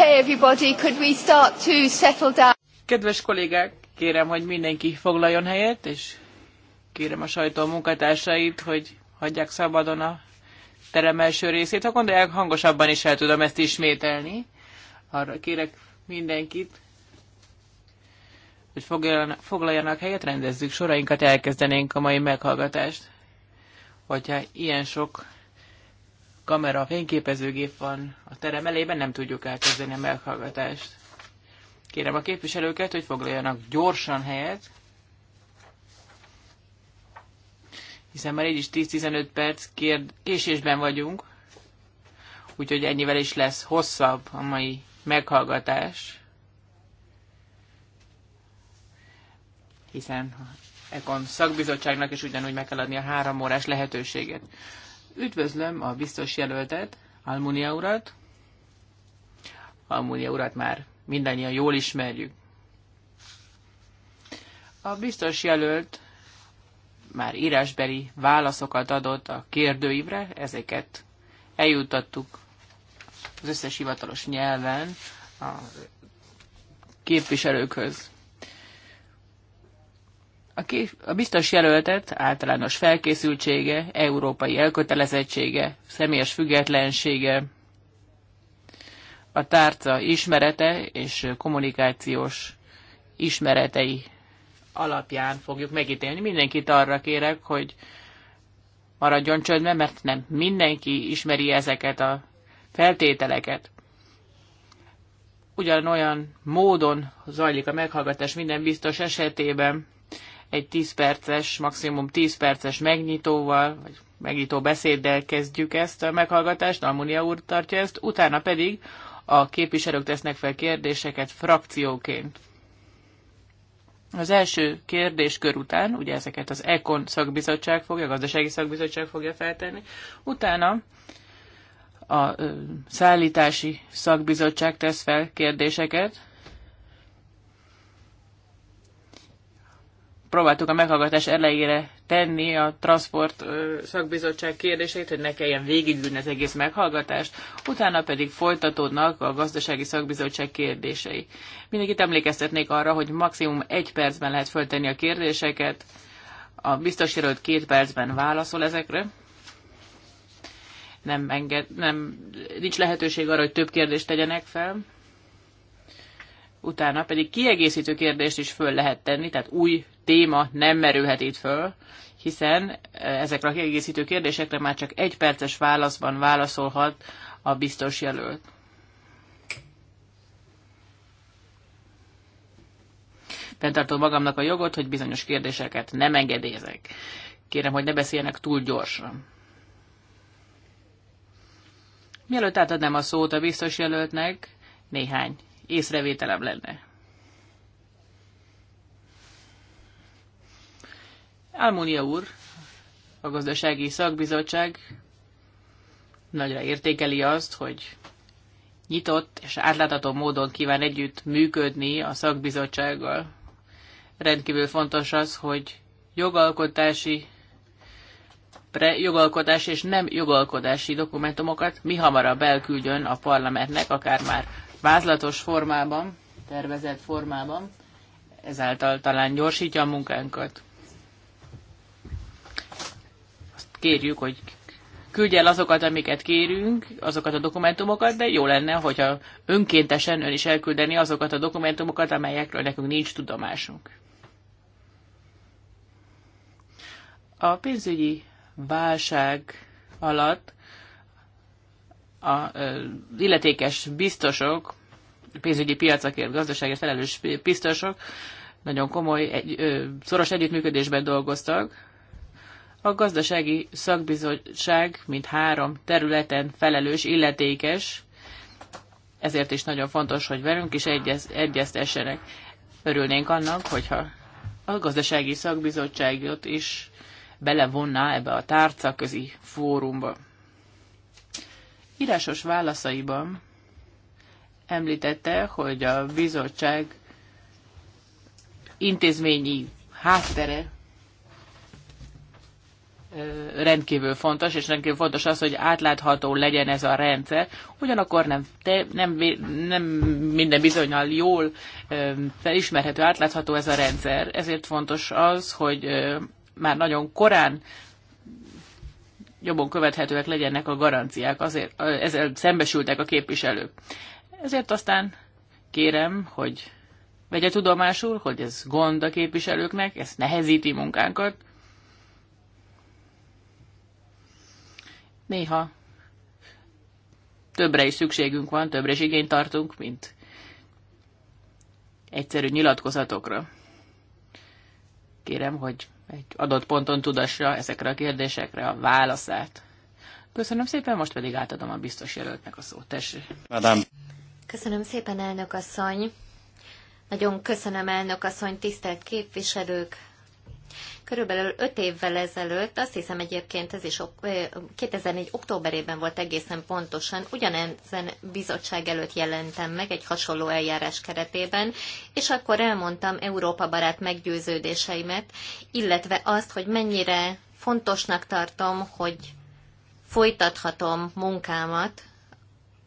Okay, everybody, could we start to settle down? Kedves kollégák, kérem, hogy mindenki foglaljon helyet, és kérem a sajtó munkatársait, hogy hagyják szabadon a terem első részét. Ha gondolják, hangosabban is el tudom ezt ismételni. Arra kérek mindenkit, hogy foglaljanak, foglaljanak helyet, rendezzük sorainkat, elkezdenénk a mai meghallgatást. Hogyha ilyen sok kamera, fényképezőgép van a terem elében, nem tudjuk elkezdeni a meghallgatást. Kérem a képviselőket, hogy foglaljanak gyorsan helyet, hiszen már így is 10-15 perc kérd, késésben vagyunk, úgyhogy ennyivel is lesz hosszabb a mai meghallgatás, hiszen Ekon szakbizottságnak is ugyanúgy meg kell adni a három órás lehetőséget. Üdvözlöm a biztos jelöltet, Almunia urat. Almunia urat már mindannyian jól ismerjük. A biztos jelölt már írásbeli válaszokat adott a kérdőívre, ezeket eljuttattuk az összes hivatalos nyelven a képviselőkhöz. A, a biztos jelöltet általános felkészültsége, európai elkötelezettsége, személyes függetlensége, a tárca ismerete és kommunikációs ismeretei alapján fogjuk megítélni. Mindenkit arra kérek, hogy maradjon csöndben, mert nem mindenki ismeri ezeket a feltételeket. Ugyanolyan módon zajlik a meghallgatás minden biztos esetében, egy 10 perces, maximum 10 perces megnyitóval, vagy megnyitó beszéddel kezdjük ezt a meghallgatást, Almunia úr tartja ezt, utána pedig a képviselők tesznek fel kérdéseket frakcióként. Az első kérdéskör után, ugye ezeket az ECON szakbizottság fogja, a gazdasági szakbizottság fogja feltenni, utána a szállítási szakbizottság tesz fel kérdéseket, próbáltuk a meghallgatás elejére tenni a transport szakbizottság kérdéseit, hogy ne kelljen végigülni az egész meghallgatást, utána pedig folytatódnak a gazdasági szakbizottság kérdései. itt emlékeztetnék arra, hogy maximum egy percben lehet föltenni a kérdéseket, a biztos jelölt két percben válaszol ezekre, nem enged, nem, nincs lehetőség arra, hogy több kérdést tegyenek fel utána pedig kiegészítő kérdést is föl lehet tenni, tehát új téma nem merülhet itt föl, hiszen e, ezekre a kiegészítő kérdésekre már csak egy perces válaszban válaszolhat a biztos jelölt. Fentartom magamnak a jogot, hogy bizonyos kérdéseket nem engedézek. Kérem, hogy ne beszéljenek túl gyorsan. Mielőtt átadnám a szót a biztos jelöltnek, néhány észrevételem lenne. Almunia úr, a gazdasági szakbizottság nagyra értékeli azt, hogy nyitott és átlátható módon kíván együtt működni a szakbizottsággal. Rendkívül fontos az, hogy jogalkotási, pre, jogalkotási és nem jogalkotási dokumentumokat mi hamarabb elküldjön a parlamentnek, akár már vázlatos formában, tervezett formában, ezáltal talán gyorsítja a munkánkat. Azt kérjük, hogy küldj el azokat, amiket kérünk, azokat a dokumentumokat, de jó lenne, hogyha önkéntesen ön is elküldeni azokat a dokumentumokat, amelyekről nekünk nincs tudomásunk. A pénzügyi válság alatt a illetékes biztosok, pénzügyi piacakért gazdaságért felelős biztosok nagyon komoly, egy, ö, szoros együttműködésben dolgoztak. A gazdasági szakbizottság mint három területen felelős, illetékes, ezért is nagyon fontos, hogy velünk is egyez, egyeztessenek. Örülnénk annak, hogyha a gazdasági szakbizottságot is belevonná ebbe a tárcaközi fórumba. Írásos válaszaiban említette, hogy a bizottság intézményi háttere rendkívül fontos, és rendkívül fontos az, hogy átlátható legyen ez a rendszer, ugyanakkor nem, te, nem, nem minden bizonyal jól felismerhető, átlátható ez a rendszer. Ezért fontos az, hogy már nagyon korán Jobban követhetőek legyenek a garanciák, azért, ezzel szembesültek a képviselők. Ezért aztán kérem, hogy vegye tudomásul, hogy ez gond a képviselőknek, ez nehezíti munkánkat. Néha többre is szükségünk van, többre is igényt tartunk, mint egyszerű nyilatkozatokra kérem, hogy egy adott ponton tudassa ezekre a kérdésekre a válaszát. Köszönöm szépen, most pedig átadom a biztos jelöltnek a szót. Tessék. Köszönöm szépen, elnök asszony. Nagyon köszönöm, elnök asszony, tisztelt képviselők, Körülbelül 5 évvel ezelőtt, azt hiszem egyébként ez is 2004. októberében volt egészen pontosan, ugyanezen bizottság előtt jelentem meg egy hasonló eljárás keretében, és akkor elmondtam Európa barát meggyőződéseimet, illetve azt, hogy mennyire fontosnak tartom, hogy folytathatom munkámat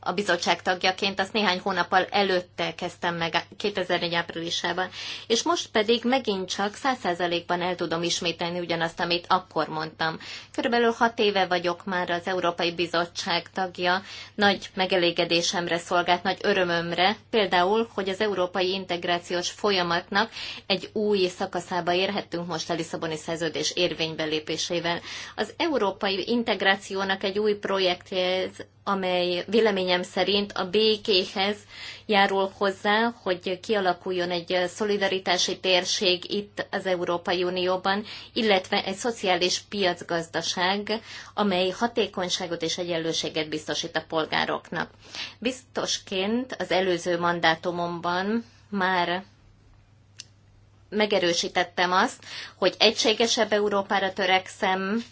a bizottság tagjaként, azt néhány hónappal előtte kezdtem meg 2004 áprilisában, és most pedig megint csak 100%-ban el tudom ismételni ugyanazt, amit akkor mondtam. Körülbelül 6 éve vagyok már az Európai Bizottság tagja, nagy megelégedésemre szolgált, nagy örömömre, például, hogy az európai integrációs folyamatnak egy új szakaszába érhettünk most a Lisszaboni szerződés érvénybelépésével. Az európai integrációnak egy új projektje amely véleményem szerint a békéhez járul hozzá, hogy kialakuljon egy szolidaritási térség itt az Európai Unióban, illetve egy szociális piacgazdaság, amely hatékonyságot és egyenlőséget biztosít a polgároknak. Biztosként az előző mandátumomban már megerősítettem azt, hogy egységesebb Európára törekszem,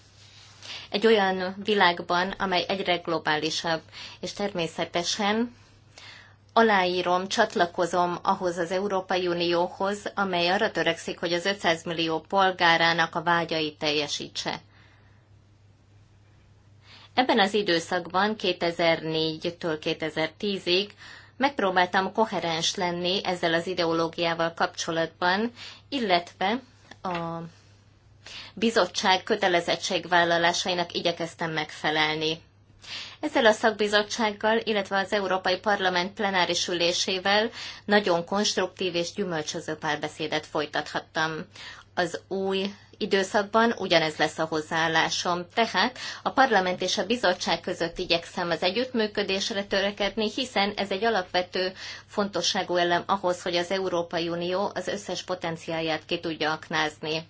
egy olyan világban, amely egyre globálisabb, és természetesen aláírom, csatlakozom ahhoz az Európai Unióhoz, amely arra törekszik, hogy az 500 millió polgárának a vágyait teljesítse. Ebben az időszakban 2004-től 2010-ig megpróbáltam koherens lenni ezzel az ideológiával kapcsolatban, illetve a bizottság kötelezettségvállalásainak igyekeztem megfelelni. Ezzel a szakbizottsággal, illetve az Európai Parlament plenáris ülésével nagyon konstruktív és gyümölcsöző párbeszédet folytathattam. Az új időszakban ugyanez lesz a hozzáállásom. Tehát a parlament és a bizottság között igyekszem az együttműködésre törekedni, hiszen ez egy alapvető fontosságú elem ahhoz, hogy az Európai Unió az összes potenciáját ki tudja aknázni.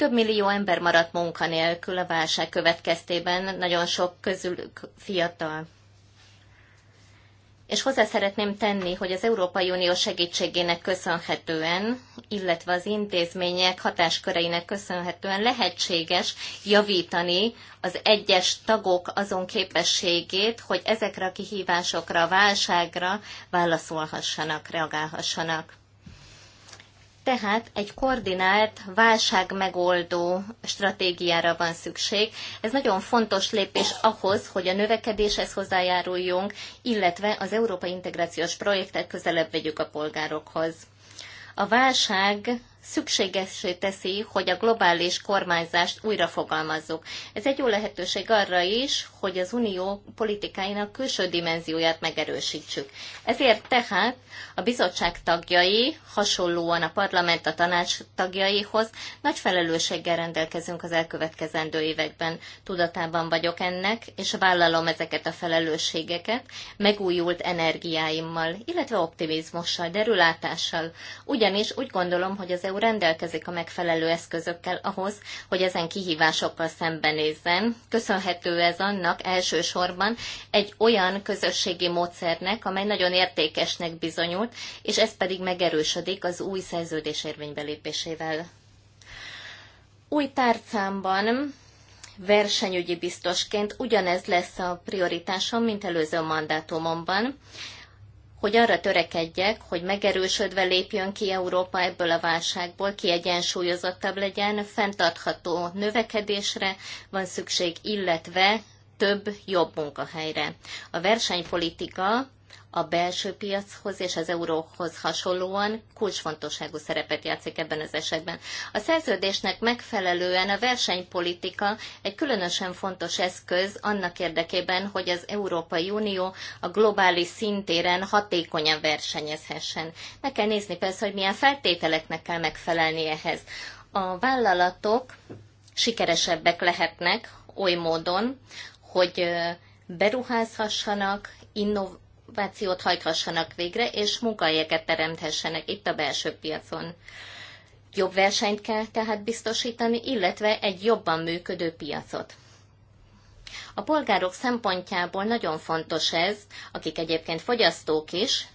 Több millió ember maradt munkanélkül a válság következtében, nagyon sok közülük fiatal. És hozzá szeretném tenni, hogy az Európai Unió segítségének köszönhetően, illetve az intézmények hatásköreinek köszönhetően lehetséges javítani az egyes tagok azon képességét, hogy ezekre a kihívásokra, a válságra válaszolhassanak, reagálhassanak. Tehát egy koordinált válságmegoldó stratégiára van szükség. Ez nagyon fontos lépés ahhoz, hogy a növekedéshez hozzájáruljunk, illetve az európai integrációs projektet közelebb vegyük a polgárokhoz. A válság szükségessé teszi, hogy a globális kormányzást újra fogalmazzuk. Ez egy jó lehetőség arra is, hogy az unió politikáinak külső dimenzióját megerősítsük. Ezért tehát a bizottság tagjai, hasonlóan a parlament a tanács tagjaihoz nagy felelősséggel rendelkezünk az elkövetkezendő években. Tudatában vagyok ennek, és vállalom ezeket a felelősségeket megújult energiáimmal, illetve optimizmussal, derülátással. Ugyanis úgy gondolom, hogy az EU rendelkezik a megfelelő eszközökkel ahhoz, hogy ezen kihívásokkal szembenézzen. Köszönhető ez annak elsősorban egy olyan közösségi módszernek, amely nagyon értékesnek bizonyult, és ez pedig megerősödik az új szerződés érvénybelépésével. Új tárcámban versenyügyi biztosként ugyanez lesz a prioritásom, mint előző mandátumomban hogy arra törekedjek, hogy megerősödve lépjön ki Európa ebből a válságból, kiegyensúlyozottabb legyen, fenntartható növekedésre van szükség, illetve több jobb munkahelyre. A versenypolitika a belső piachoz és az euróhoz hasonlóan kulcsfontosságú szerepet játszik ebben az esetben. A szerződésnek megfelelően a versenypolitika egy különösen fontos eszköz annak érdekében, hogy az Európai Unió a globális szintéren hatékonyan versenyezhessen. Meg kell nézni persze, hogy milyen feltételeknek kell megfelelni ehhez. A vállalatok sikeresebbek lehetnek oly módon, hogy beruházhassanak, innov- innovációt hajthassanak végre, és munkahelyeket teremthessenek itt a belső piacon. Jobb versenyt kell tehát biztosítani, illetve egy jobban működő piacot. A polgárok szempontjából nagyon fontos ez, akik egyébként fogyasztók is,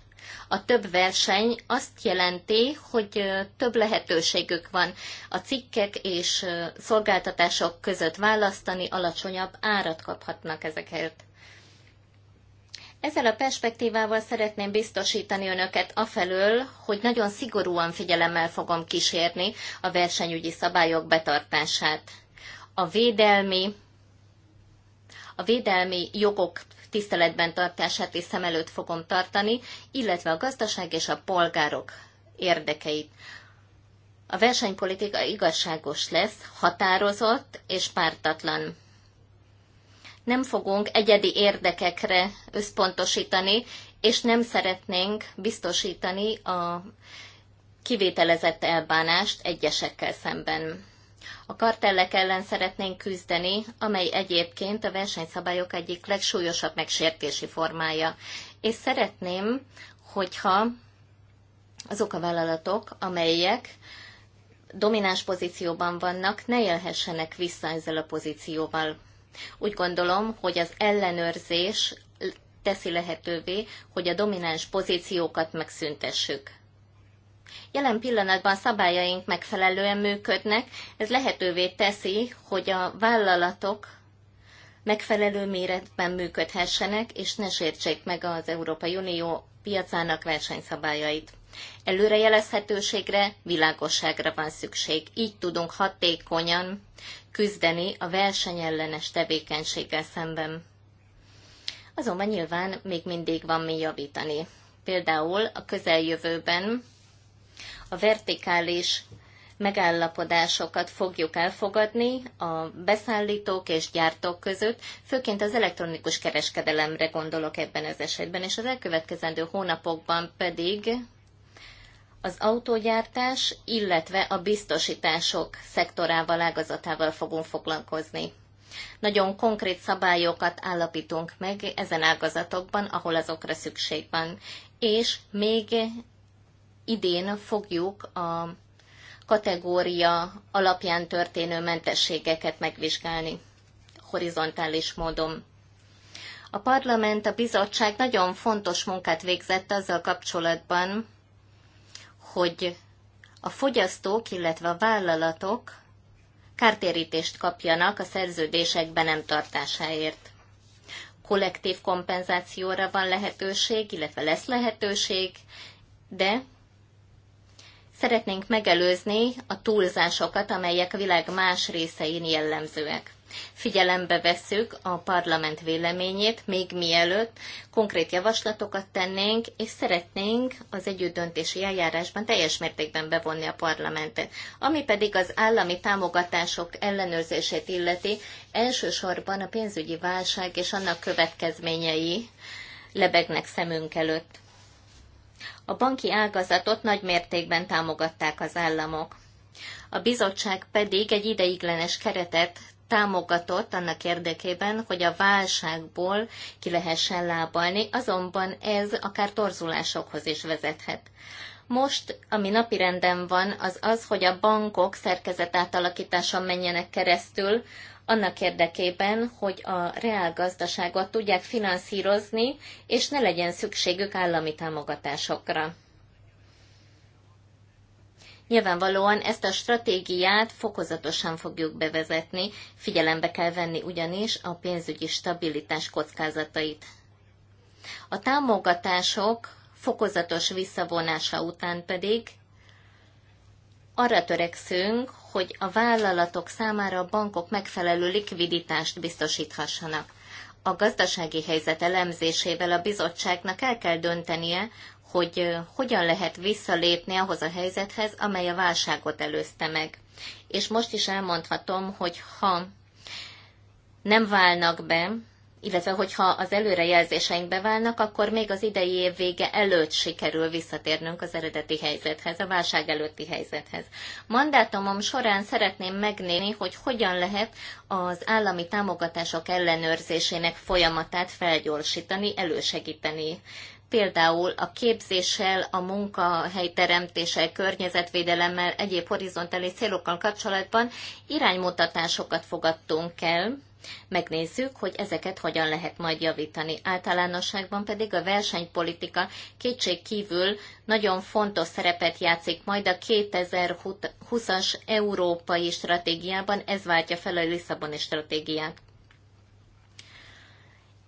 a több verseny azt jelenti, hogy több lehetőségük van a cikkek és szolgáltatások között választani, alacsonyabb árat kaphatnak ezekért. Ezzel a perspektívával szeretném biztosítani önöket afelől, hogy nagyon szigorúan figyelemmel fogom kísérni a versenyügyi szabályok betartását. A védelmi, a védelmi jogok tiszteletben tartását is szem előtt fogom tartani, illetve a gazdaság és a polgárok érdekeit. A versenypolitika igazságos lesz, határozott és pártatlan nem fogunk egyedi érdekekre összpontosítani, és nem szeretnénk biztosítani a kivételezett elbánást egyesekkel szemben. A kartellek ellen szeretnénk küzdeni, amely egyébként a versenyszabályok egyik legsúlyosabb megsértési formája. És szeretném, hogyha azok a vállalatok, amelyek domináns pozícióban vannak, ne élhessenek vissza ezzel a pozícióval. Úgy gondolom, hogy az ellenőrzés teszi lehetővé, hogy a domináns pozíciókat megszüntessük. Jelen pillanatban szabályaink megfelelően működnek, ez lehetővé teszi, hogy a vállalatok megfelelő méretben működhessenek, és ne sértsék meg az Európai Unió piacának versenyszabályait. Előrejelezhetőségre, világosságra van szükség. Így tudunk hatékonyan küzdeni a versenyellenes tevékenységgel szemben. Azonban nyilván még mindig van mi javítani. Például a közeljövőben a vertikális megállapodásokat fogjuk elfogadni a beszállítók és gyártók között, főként az elektronikus kereskedelemre gondolok ebben az esetben, és az elkövetkezendő hónapokban pedig az autógyártás, illetve a biztosítások szektorával, ágazatával fogunk foglalkozni. Nagyon konkrét szabályokat állapítunk meg ezen ágazatokban, ahol azokra szükség van. És még idén fogjuk a kategória alapján történő mentességeket megvizsgálni horizontális módon. A parlament, a bizottság nagyon fontos munkát végzett azzal kapcsolatban, hogy a fogyasztók, illetve a vállalatok kártérítést kapjanak a szerződésekben nem tartásáért. Kollektív kompenzációra van lehetőség, illetve lesz lehetőség, de szeretnénk megelőzni a túlzásokat, amelyek a világ más részein jellemzőek figyelembe vesszük a parlament véleményét, még mielőtt konkrét javaslatokat tennénk, és szeretnénk az együttdöntési eljárásban teljes mértékben bevonni a parlamentet. Ami pedig az állami támogatások ellenőrzését illeti, elsősorban a pénzügyi válság és annak következményei lebegnek szemünk előtt. A banki ágazatot nagy mértékben támogatták az államok. A bizottság pedig egy ideiglenes keretet támogatott annak érdekében, hogy a válságból ki lehessen lábalni, azonban ez akár torzulásokhoz is vezethet. Most, ami napirenden van, az az, hogy a bankok szerkezetátalakításon menjenek keresztül, annak érdekében, hogy a reálgazdaságot tudják finanszírozni, és ne legyen szükségük állami támogatásokra. Nyilvánvalóan ezt a stratégiát fokozatosan fogjuk bevezetni, figyelembe kell venni ugyanis a pénzügyi stabilitás kockázatait. A támogatások fokozatos visszavonása után pedig arra törekszünk, hogy a vállalatok számára a bankok megfelelő likviditást biztosíthassanak. A gazdasági helyzet elemzésével a bizottságnak el kell döntenie, hogy hogyan lehet visszalépni ahhoz a helyzethez, amely a válságot előzte meg. És most is elmondhatom, hogy ha nem válnak be, illetve hogyha az előrejelzéseink beválnak, akkor még az idei év vége előtt sikerül visszatérnünk az eredeti helyzethez, a válság előtti helyzethez. Mandátumom során szeretném megnézni, hogy hogyan lehet az állami támogatások ellenőrzésének folyamatát felgyorsítani, elősegíteni például a képzéssel, a munkahelyteremtéssel, környezetvédelemmel, egyéb horizontális célokkal kapcsolatban iránymutatásokat fogadtunk el, Megnézzük, hogy ezeket hogyan lehet majd javítani. Általánosságban pedig a versenypolitika kétség kívül nagyon fontos szerepet játszik majd a 2020-as európai stratégiában, ez váltja fel a Lisszaboni stratégiát.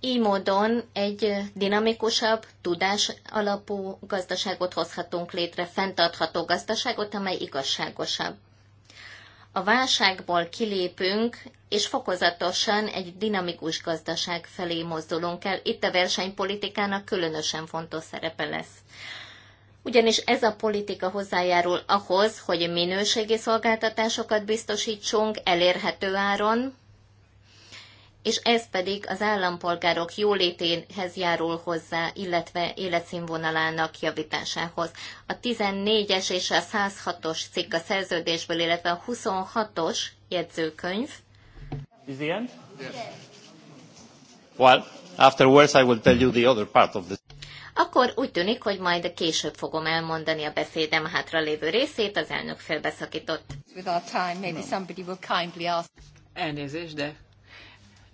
Így módon egy dinamikusabb, tudás alapú gazdaságot hozhatunk létre, fenntartható gazdaságot, amely igazságosabb. A válságból kilépünk, és fokozatosan egy dinamikus gazdaság felé mozdulunk el. Itt a versenypolitikának különösen fontos szerepe lesz ugyanis ez a politika hozzájárul ahhoz, hogy minőségi szolgáltatásokat biztosítsunk elérhető áron, és ez pedig az állampolgárok jólétéhez járul hozzá, illetve életszínvonalának javításához. A 14-es és a 106-os cikk a szerződésből, illetve a 26-os jegyzőkönyv. Is the end? Yes. Well, afterwards I will tell you the other part of this. Akkor úgy tűnik, hogy majd később fogom elmondani a beszédem hátralévő részét, az elnök félbeszakított. With our time, maybe somebody will kindly ask. Elnézést, de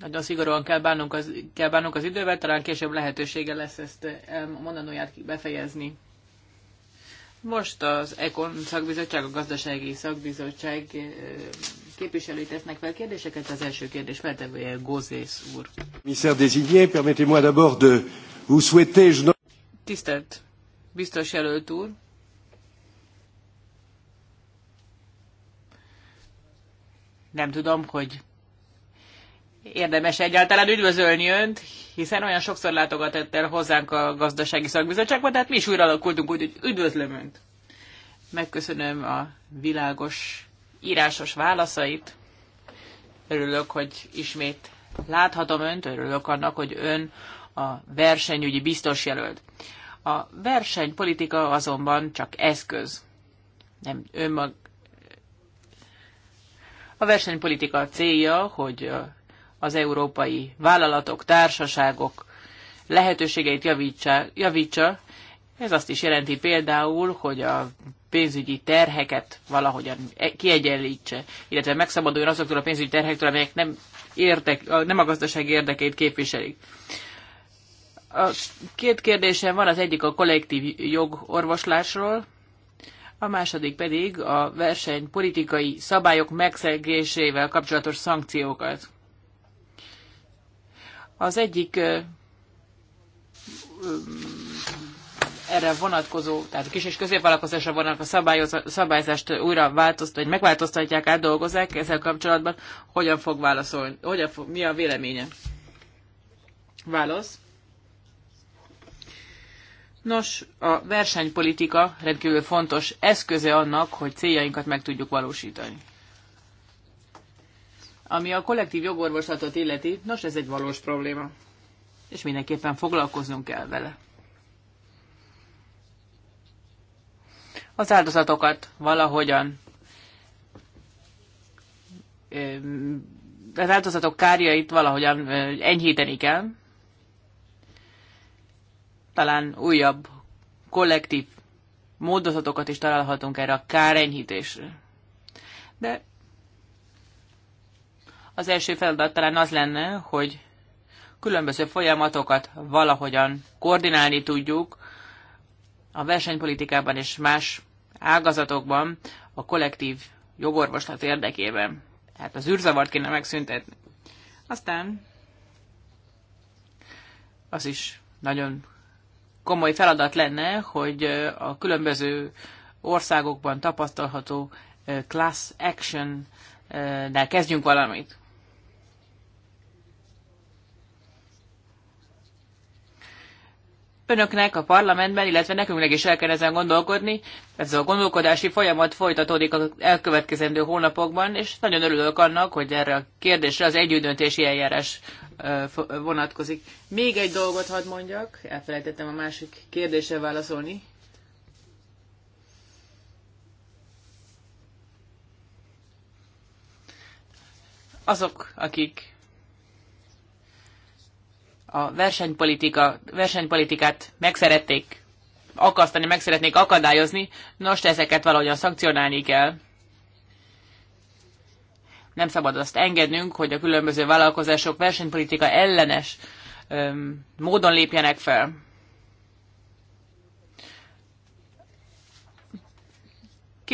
nagyon szigorúan kell bánnunk az, kell bánnunk az idővel, talán később lehetősége lesz ezt a eh, mondanóját befejezni. Most az EKON szakbizottság, a gazdasági szakbizottság eh, képviselői tesznek fel kérdéseket. Az első kérdés feltevője Gózész úr. Minister désigné, permettez-moi d'abord de vous souhaiter... Tisztelt biztos jelölt úr, nem tudom, hogy érdemes egyáltalán üdvözölni önt, hiszen olyan sokszor látogatott el hozzánk a gazdasági szakbizottságba, tehát mi is újra alakultunk, úgyhogy üdvözlöm önt. Megköszönöm a világos írásos válaszait. Örülök, hogy ismét láthatom önt, örülök annak, hogy ön a versenyügyi biztos jelölt. A versenypolitika azonban csak eszköz. Nem önmag... A versenypolitika célja, hogy a az európai vállalatok, társaságok lehetőségeit javítsa, javítsa. Ez azt is jelenti például, hogy a pénzügyi terheket valahogyan e- kiegyenlítse, illetve megszabaduljon azoktól a pénzügyi terhektől, amelyek nem, érdek, nem a gazdaság érdekét képviselik. A két kérdésem van, az egyik a kollektív jogorvoslásról, a második pedig a verseny politikai szabályok megszegésével kapcsolatos szankciókat. Az egyik erre vonatkozó, tehát a kis és középvállalkozásra vonatkozó szabályzást újra változtatják, vagy megváltoztatják, átdolgozzák ezzel kapcsolatban, hogyan fog válaszolni, hogyan fog, mi a véleménye? Válasz. Nos, a versenypolitika rendkívül fontos eszköze annak, hogy céljainkat meg tudjuk valósítani. Ami a kollektív jogorvoslatot illeti, nos ez egy valós probléma, és mindenképpen foglalkoznunk kell vele. Az áldozatokat valahogyan az áldozatok kárjait valahogyan enyhíteni kell. Talán újabb kollektív módozatokat is találhatunk erre a kárenyhítésre. De az első feladat talán az lenne, hogy különböző folyamatokat valahogyan koordinálni tudjuk a versenypolitikában és más ágazatokban a kollektív jogorvoslat érdekében. Hát az űrzavart kéne megszüntetni. Aztán az is nagyon komoly feladat lenne, hogy a különböző országokban tapasztalható class action nál kezdjünk valamit. önöknek a parlamentben, illetve nekünknek is el kell ezen gondolkodni. Ez a gondolkodási folyamat folytatódik az elkövetkezendő hónapokban, és nagyon örülök annak, hogy erre a kérdésre az együttdöntési eljárás vonatkozik. Még egy dolgot hadd mondjak, elfelejtettem a másik kérdésre válaszolni. Azok, akik a versenypolitika, versenypolitikát megszerették akasztani, meg szeretnék akadályozni, nos, ezeket valahogyan szankcionálni kell. Nem szabad azt engednünk, hogy a különböző vállalkozások versenypolitika ellenes öm, módon lépjenek fel.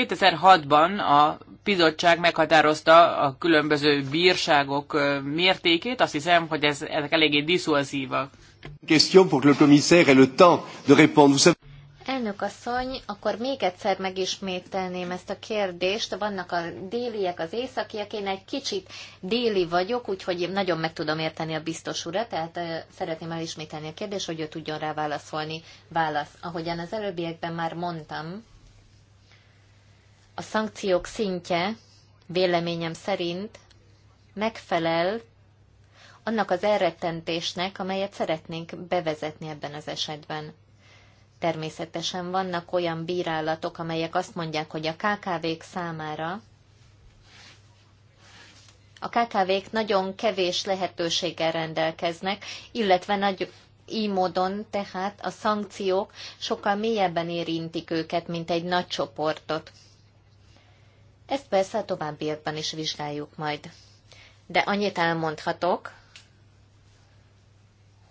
2006-ban a bizottság meghatározta a különböző bírságok mértékét, azt hiszem, hogy ez, ezek eléggé diszuazívak. Elnök asszony, akkor még egyszer megismételném ezt a kérdést. Vannak a déliek, az északiak, én egy kicsit déli vagyok, úgyhogy nagyon meg tudom érteni a biztos urat, tehát szeretném elismételni a kérdést, hogy ő tudjon rá válaszolni. Válasz, ahogyan az előbbiekben már mondtam, a szankciók szintje véleményem szerint megfelel annak az elrettentésnek, amelyet szeretnénk bevezetni ebben az esetben. Természetesen vannak olyan bírálatok, amelyek azt mondják, hogy a KKV-k számára a KKV-k nagyon kevés lehetőséggel rendelkeznek, illetve nagy így módon tehát a szankciók sokkal mélyebben érintik őket, mint egy nagy csoportot. Ezt persze a továbbiakban is vizsgáljuk majd. De annyit elmondhatok,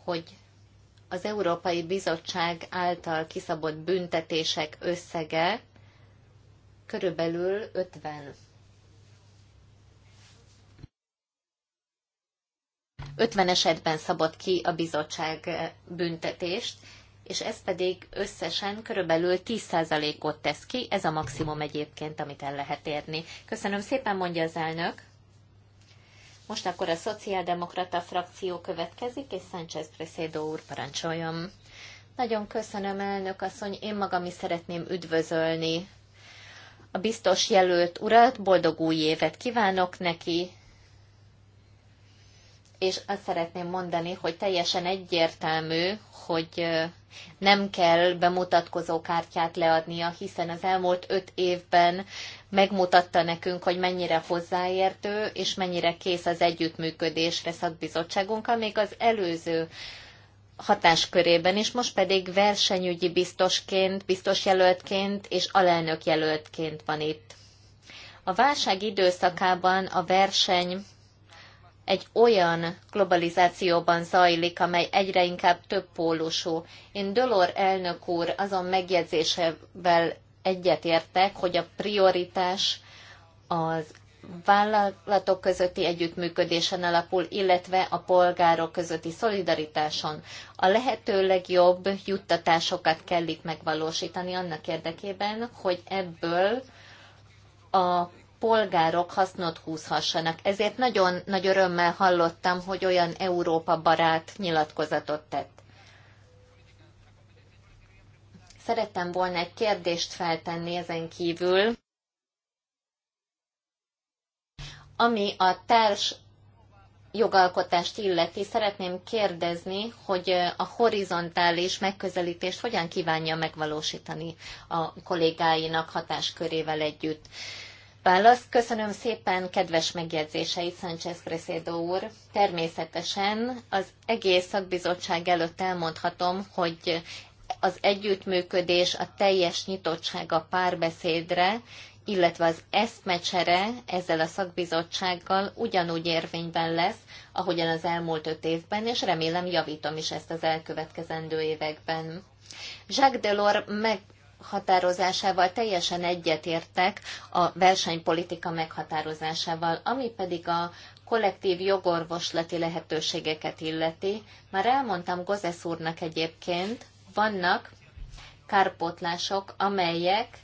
hogy az Európai Bizottság által kiszabott büntetések összege körülbelül 50 50 esetben szabott ki a bizottság büntetést, és ez pedig összesen körülbelül 10%-ot tesz ki, ez a maximum egyébként, amit el lehet érni. Köszönöm szépen, mondja az elnök. Most akkor a szociáldemokrata frakció következik, és Sánchez Presedo úr parancsoljon. Nagyon köszönöm, elnök asszony, én magam is szeretném üdvözölni a biztos jelölt urat, boldog új évet kívánok neki, és azt szeretném mondani, hogy teljesen egyértelmű, hogy nem kell bemutatkozó kártyát leadnia, hiszen az elmúlt öt évben megmutatta nekünk, hogy mennyire hozzáértő és mennyire kész az együttműködésre szakbizottságunk, még az előző hatáskörében is, most pedig versenyügyi biztosként, biztos jelöltként és alelnök jelöltként van itt. A válság időszakában a verseny egy olyan globalizációban zajlik, amely egyre inkább több pólusú. Én Dolor elnök úr azon megjegyzésevel egyetértek, hogy a prioritás az vállalatok közötti együttműködésen alapul, illetve a polgárok közötti szolidaritáson. A lehető legjobb juttatásokat kell itt megvalósítani annak érdekében, hogy ebből a polgárok hasznot húzhassanak. Ezért nagyon nagy örömmel hallottam, hogy olyan Európa barát nyilatkozatot tett. Szerettem volna egy kérdést feltenni ezen kívül, ami a társ jogalkotást illeti, szeretném kérdezni, hogy a horizontális megközelítést hogyan kívánja megvalósítani a kollégáinak hatáskörével együtt. Válasz, köszönöm szépen kedves megjegyzéseit, Sánchez Presedo úr. Természetesen az egész szakbizottság előtt elmondhatom, hogy az együttműködés, a teljes nyitottság a párbeszédre, illetve az eszmecsere ezzel a szakbizottsággal ugyanúgy érvényben lesz, ahogyan az elmúlt öt évben, és remélem javítom is ezt az elkövetkezendő években. Jacques Delors meg meghatározásával teljesen egyetértek a versenypolitika meghatározásával, ami pedig a kollektív jogorvoslati lehetőségeket illeti. Már elmondtam Gozesz úrnak egyébként, vannak kárpótlások, amelyek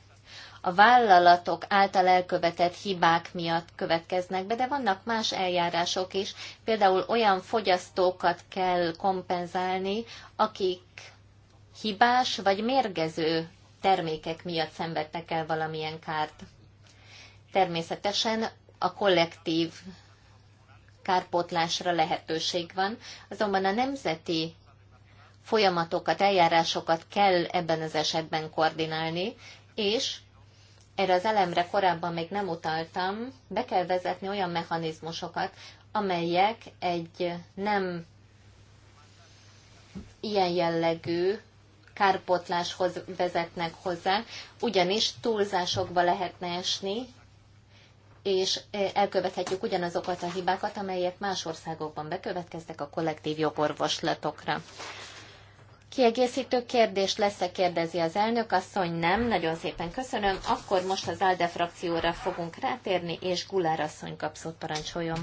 a vállalatok által elkövetett hibák miatt következnek be, de vannak más eljárások is. Például olyan fogyasztókat kell kompenzálni, akik hibás vagy mérgező termékek miatt szenvedtek el valamilyen kárt. Természetesen a kollektív kárpótlásra lehetőség van, azonban a nemzeti folyamatokat, eljárásokat kell ebben az esetben koordinálni, és erre az elemre korábban még nem utaltam, be kell vezetni olyan mechanizmusokat, amelyek egy nem ilyen jellegű kárpotláshoz vezetnek hozzá, ugyanis túlzásokba lehetne esni, és e, elkövethetjük ugyanazokat a hibákat, amelyek más országokban bekövetkeztek a kollektív jogorvoslatokra. Kiegészítő kérdés lesz-e, kérdezi az elnök asszony, nem, nagyon szépen köszönöm. Akkor most az ALDE frakcióra fogunk rátérni, és Gulár asszony kapszót parancsoljon.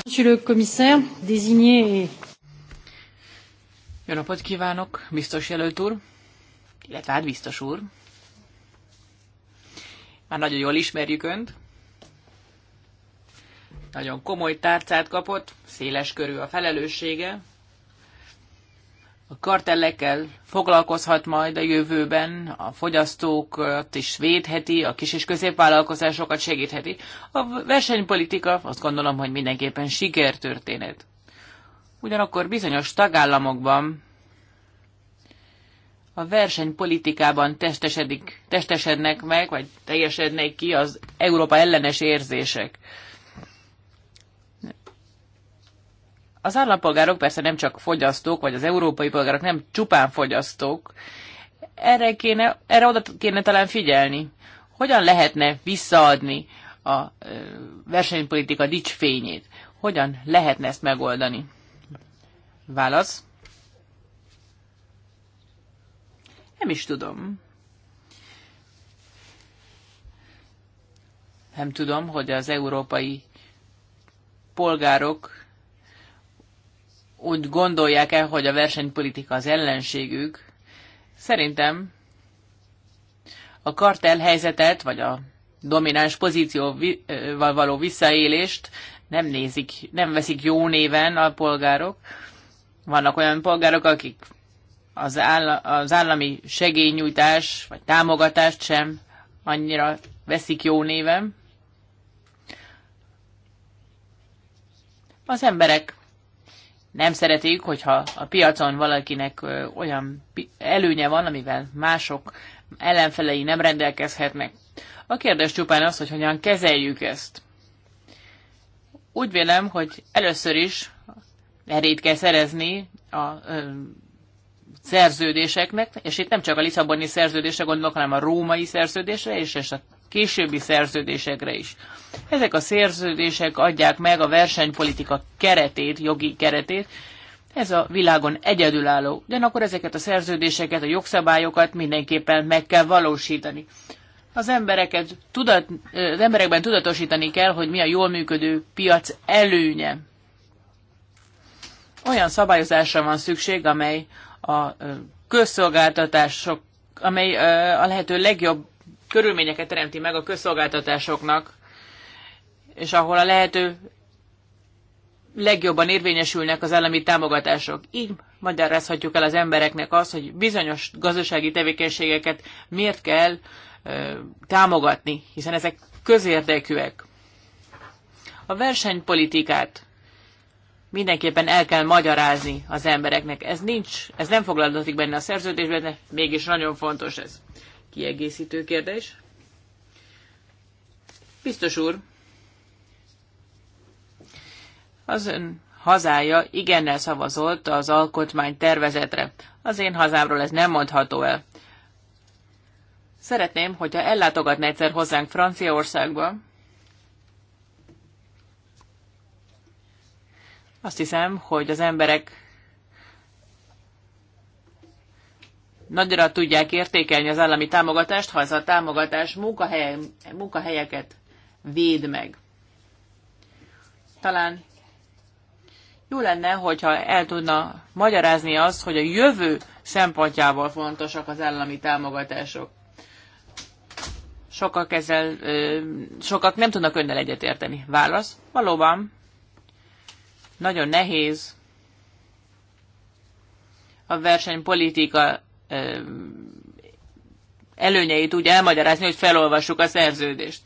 désigné. Jó napot kívánok, biztos jelölt úr! illetve hát biztos úr. Már nagyon jól ismerjük önt. Nagyon komoly tárcát kapott, széles körű a felelőssége. A kartellekkel foglalkozhat majd a jövőben, a fogyasztókat is védheti, a kis és középvállalkozásokat segítheti. A versenypolitika azt gondolom, hogy mindenképpen sikertörténet. Ugyanakkor bizonyos tagállamokban a versenypolitikában testesedik, testesednek meg, vagy teljesednek ki az Európa ellenes érzések. Az állampolgárok persze nem csak fogyasztók, vagy az európai polgárok nem csupán fogyasztók. Erre, kéne, erre oda kéne talán figyelni. Hogyan lehetne visszaadni a versenypolitika dicsfényét? Hogyan lehetne ezt megoldani? Válasz. Nem is tudom. Nem tudom, hogy az európai polgárok úgy gondolják-e, hogy a versenypolitika az ellenségük. Szerintem a kartel helyzetet, vagy a domináns pozícióval való visszaélést nem nézik, nem veszik jó néven a polgárok. Vannak olyan polgárok, akik az, áll, az állami segélynyújtás vagy támogatást sem annyira veszik jó névem. Az emberek nem szeretik, hogyha a piacon valakinek olyan előnye van, amivel mások ellenfelei nem rendelkezhetnek. A kérdés csupán az, hogy hogyan kezeljük ezt. Úgy vélem, hogy először is erét kell szerezni a szerződéseknek, és itt nem csak a Lisszaboni szerződésre gondolok, hanem a római szerződésre és a későbbi szerződésekre is. Ezek a szerződések adják meg a versenypolitika keretét, jogi keretét, ez a világon egyedülálló, de akkor ezeket a szerződéseket, a jogszabályokat mindenképpen meg kell valósítani. Az, embereket tudat, az emberekben tudatosítani kell, hogy mi a jól működő piac előnye. Olyan szabályozásra van szükség, amely a közszolgáltatások, amely a lehető legjobb körülményeket teremti meg a közszolgáltatásoknak, és ahol a lehető legjobban érvényesülnek az állami támogatások. Így magyarázhatjuk el az embereknek azt, hogy bizonyos gazdasági tevékenységeket miért kell ö, támogatni, hiszen ezek közérdekűek. A versenypolitikát mindenképpen el kell magyarázni az embereknek. Ez nincs, ez nem foglalkozik benne a szerződésben, de mégis nagyon fontos ez. Kiegészítő kérdés. Biztos úr, az ön hazája igennel szavazott az alkotmány tervezetre. Az én hazámról ez nem mondható el. Szeretném, hogyha ellátogatna egyszer hozzánk Franciaországba, Azt hiszem, hogy az emberek nagyra tudják értékelni az állami támogatást, ha ez a támogatás munkahelye, munkahelyeket véd meg. Talán jó lenne, hogyha el tudna magyarázni azt, hogy a jövő szempontjából fontosak az állami támogatások. Sokak, ezzel, sokak nem tudnak önnel egyetérteni. Válasz? Valóban. Nagyon nehéz a versenypolitika előnyeit úgy elmagyarázni, hogy felolvassuk a szerződést.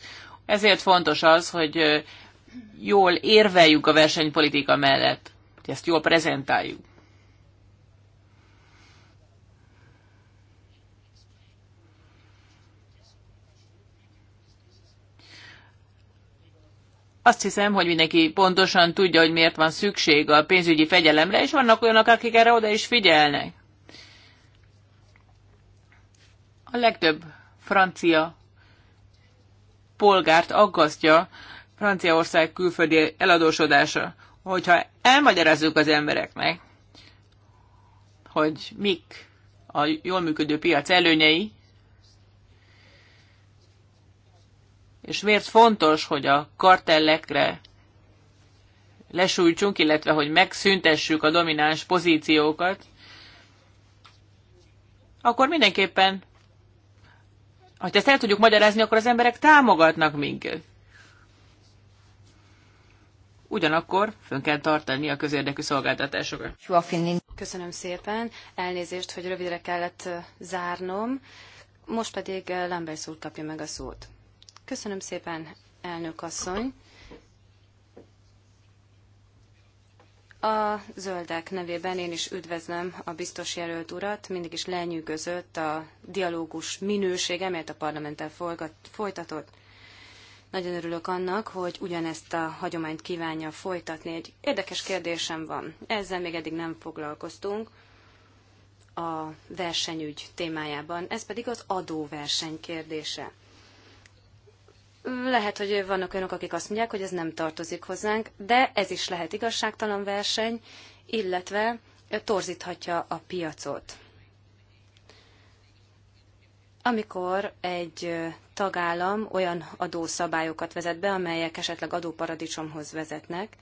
Ezért fontos az, hogy jól érveljük a versenypolitika mellett, hogy ezt jól prezentáljuk. azt hiszem, hogy mindenki pontosan tudja, hogy miért van szükség a pénzügyi fegyelemre, és vannak olyanok, akik erre oda is figyelnek. A legtöbb francia polgárt aggasztja Franciaország külföldi eladósodása. Hogyha elmagyarázzuk az embereknek, hogy mik a jól működő piac előnyei, és miért fontos, hogy a kartellekre lesújtsunk, illetve hogy megszüntessük a domináns pozíciókat, akkor mindenképpen, ha ezt el tudjuk magyarázni, akkor az emberek támogatnak minket. Ugyanakkor fönn kell tartani a közérdekű szolgáltatásokat. Köszönöm szépen. Elnézést, hogy rövidre kellett zárnom. Most pedig Lambert úr kapja meg a szót. Köszönöm szépen, elnök asszony. A zöldek nevében én is üdvözlöm a biztos jelölt urat, mindig is lenyűgözött a dialógus minősége, amelyet a parlamenttel folytatott. Nagyon örülök annak, hogy ugyanezt a hagyományt kívánja folytatni. Egy érdekes kérdésem van. Ezzel még eddig nem foglalkoztunk a versenyügy témájában. Ez pedig az adóverseny kérdése. Lehet, hogy vannak olyanok, akik azt mondják, hogy ez nem tartozik hozzánk, de ez is lehet igazságtalan verseny, illetve torzíthatja a piacot. Amikor egy tagállam olyan adószabályokat vezet be, amelyek esetleg adóparadicsomhoz vezetnek,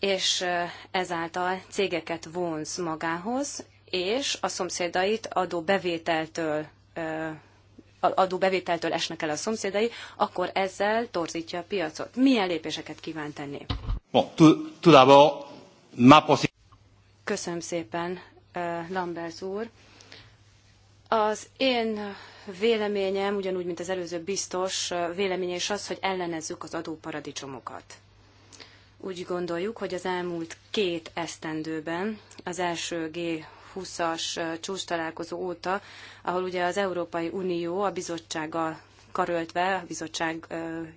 és ezáltal cégeket vonz magához, és a szomszédait adóbevételtől adóbevételtől esnek el a szomszédai, akkor ezzel torzítja a piacot. Milyen lépéseket kíván tenni? Köszönöm szépen, Lambert úr. Az én véleményem, ugyanúgy, mint az előző biztos véleménye is az, hogy ellenezzük az adóparadicsomokat. Úgy gondoljuk, hogy az elmúlt két esztendőben, az első 2020-as csúcs találkozó óta, ahol ugye az Európai Unió a bizottsággal karöltve, a bizottsággal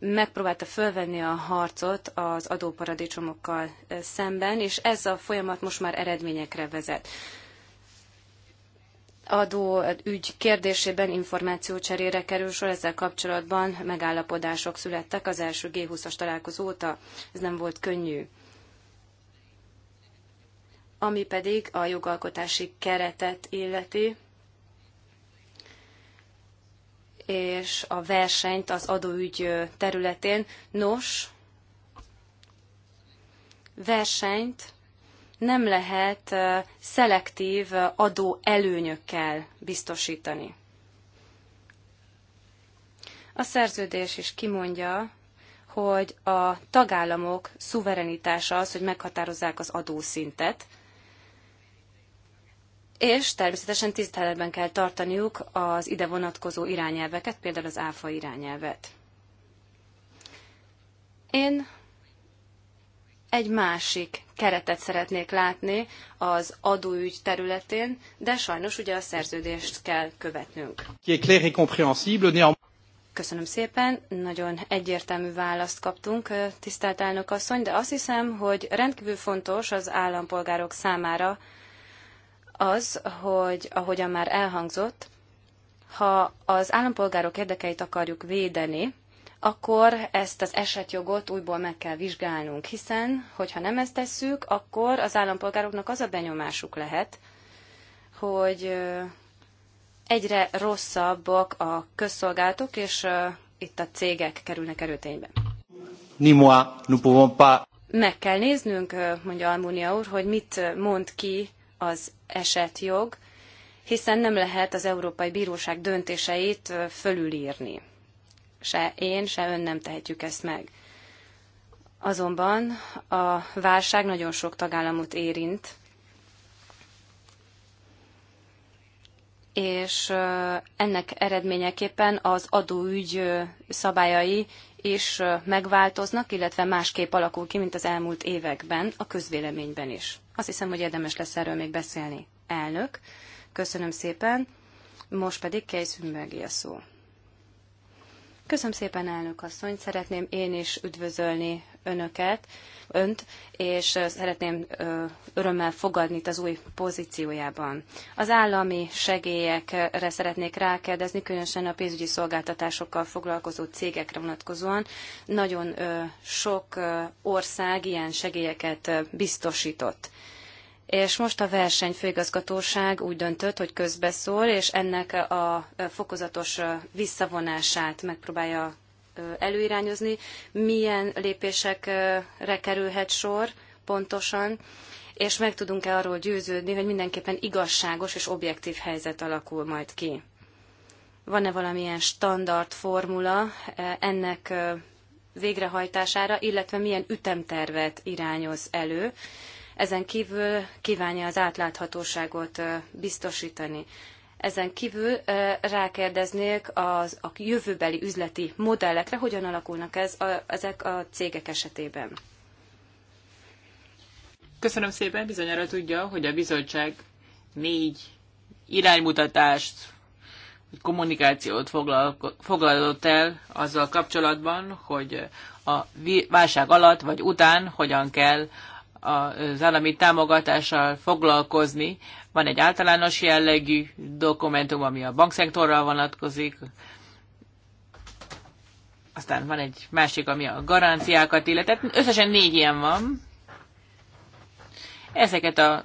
megpróbálta fölvenni a harcot az adóparadicsomokkal szemben, és ez a folyamat most már eredményekre vezet adó ügy kérdésében információcserére kerül sor, ezzel kapcsolatban megállapodások születtek az első G20-as találkozó óta. Ez nem volt könnyű ami pedig a jogalkotási keretet illeti, és a versenyt az adóügy területén. Nos, versenyt nem lehet szelektív adó előnyökkel biztosítani. A szerződés is kimondja, hogy a tagállamok szuverenitása az, hogy meghatározzák az adószintet, és természetesen tiszteletben kell tartaniuk az ide vonatkozó irányelveket, például az ÁFA irányelvet. Én egy másik keretet szeretnék látni az adóügy területén, de sajnos ugye a szerződést kell követnünk. Köszönöm szépen, nagyon egyértelmű választ kaptunk, tisztelt elnök asszony, de azt hiszem, hogy rendkívül fontos az állampolgárok számára, az, hogy ahogyan már elhangzott, ha az állampolgárok érdekeit akarjuk védeni, akkor ezt az esetjogot újból meg kell vizsgálnunk, hiszen, hogyha nem ezt tesszük, akkor az állampolgároknak az a benyomásuk lehet, hogy egyre rosszabbak a közszolgálatok, és itt a cégek kerülnek erőténybe. Ni Meg kell néznünk, mondja Almunia úr, hogy mit mond ki az esetjog, hiszen nem lehet az Európai Bíróság döntéseit fölülírni. Se én, se ön nem tehetjük ezt meg. Azonban a válság nagyon sok tagállamot érint, és ennek eredményeképpen az adóügy szabályai is megváltoznak, illetve másképp alakul ki, mint az elmúlt években a közvéleményben is. Azt hiszem, hogy érdemes lesz erről még beszélni. Elnök, köszönöm szépen, most pedig Kejszűnbergi a szó. Köszönöm szépen, elnök asszony. Szeretném én is üdvözölni önöket, önt, és szeretném örömmel fogadni itt az új pozíciójában. Az állami segélyekre szeretnék rákérdezni, különösen a pénzügyi szolgáltatásokkal foglalkozó cégekre vonatkozóan. Nagyon sok ország ilyen segélyeket biztosított és most a versenyfőigazgatóság úgy döntött, hogy közbeszól, és ennek a fokozatos visszavonását megpróbálja előirányozni, milyen lépésekre kerülhet sor pontosan, és meg tudunk-e arról győződni, hogy mindenképpen igazságos és objektív helyzet alakul majd ki. Van-e valamilyen standard formula ennek végrehajtására, illetve milyen ütemtervet irányoz elő, ezen kívül kívánja az átláthatóságot biztosítani. Ezen kívül rákérdeznék az, a jövőbeli üzleti modellekre, hogyan alakulnak ez a, ezek a cégek esetében. Köszönöm szépen, bizonyára tudja, hogy a bizottság négy iránymutatást, kommunikációt foglalott el azzal kapcsolatban, hogy a válság alatt vagy után hogyan kell az állami támogatással foglalkozni. Van egy általános jellegű dokumentum, ami a bankszektorral vonatkozik, aztán van egy másik, ami a garanciákat illetett. Összesen négy ilyen van. Ezeket a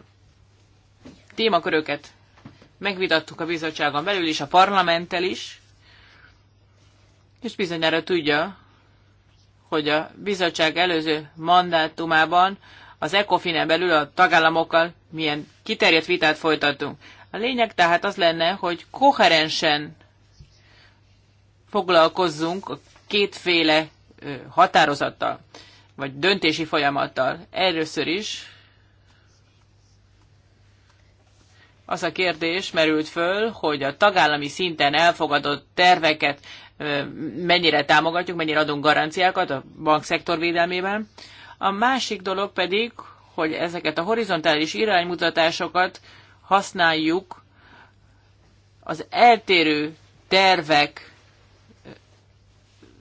témaköröket megvitattuk a bizottságon belül is, a parlamenttel is, és bizonyára tudja, hogy a bizottság előző mandátumában az ecofin belül a tagállamokkal milyen kiterjedt vitát folytatunk. A lényeg tehát az lenne, hogy koherensen foglalkozzunk a kétféle határozattal, vagy döntési folyamattal. Először is az a kérdés merült föl, hogy a tagállami szinten elfogadott terveket mennyire támogatjuk, mennyire adunk garanciákat a bankszektor védelmében. A másik dolog pedig, hogy ezeket a horizontális iránymutatásokat használjuk az eltérő tervek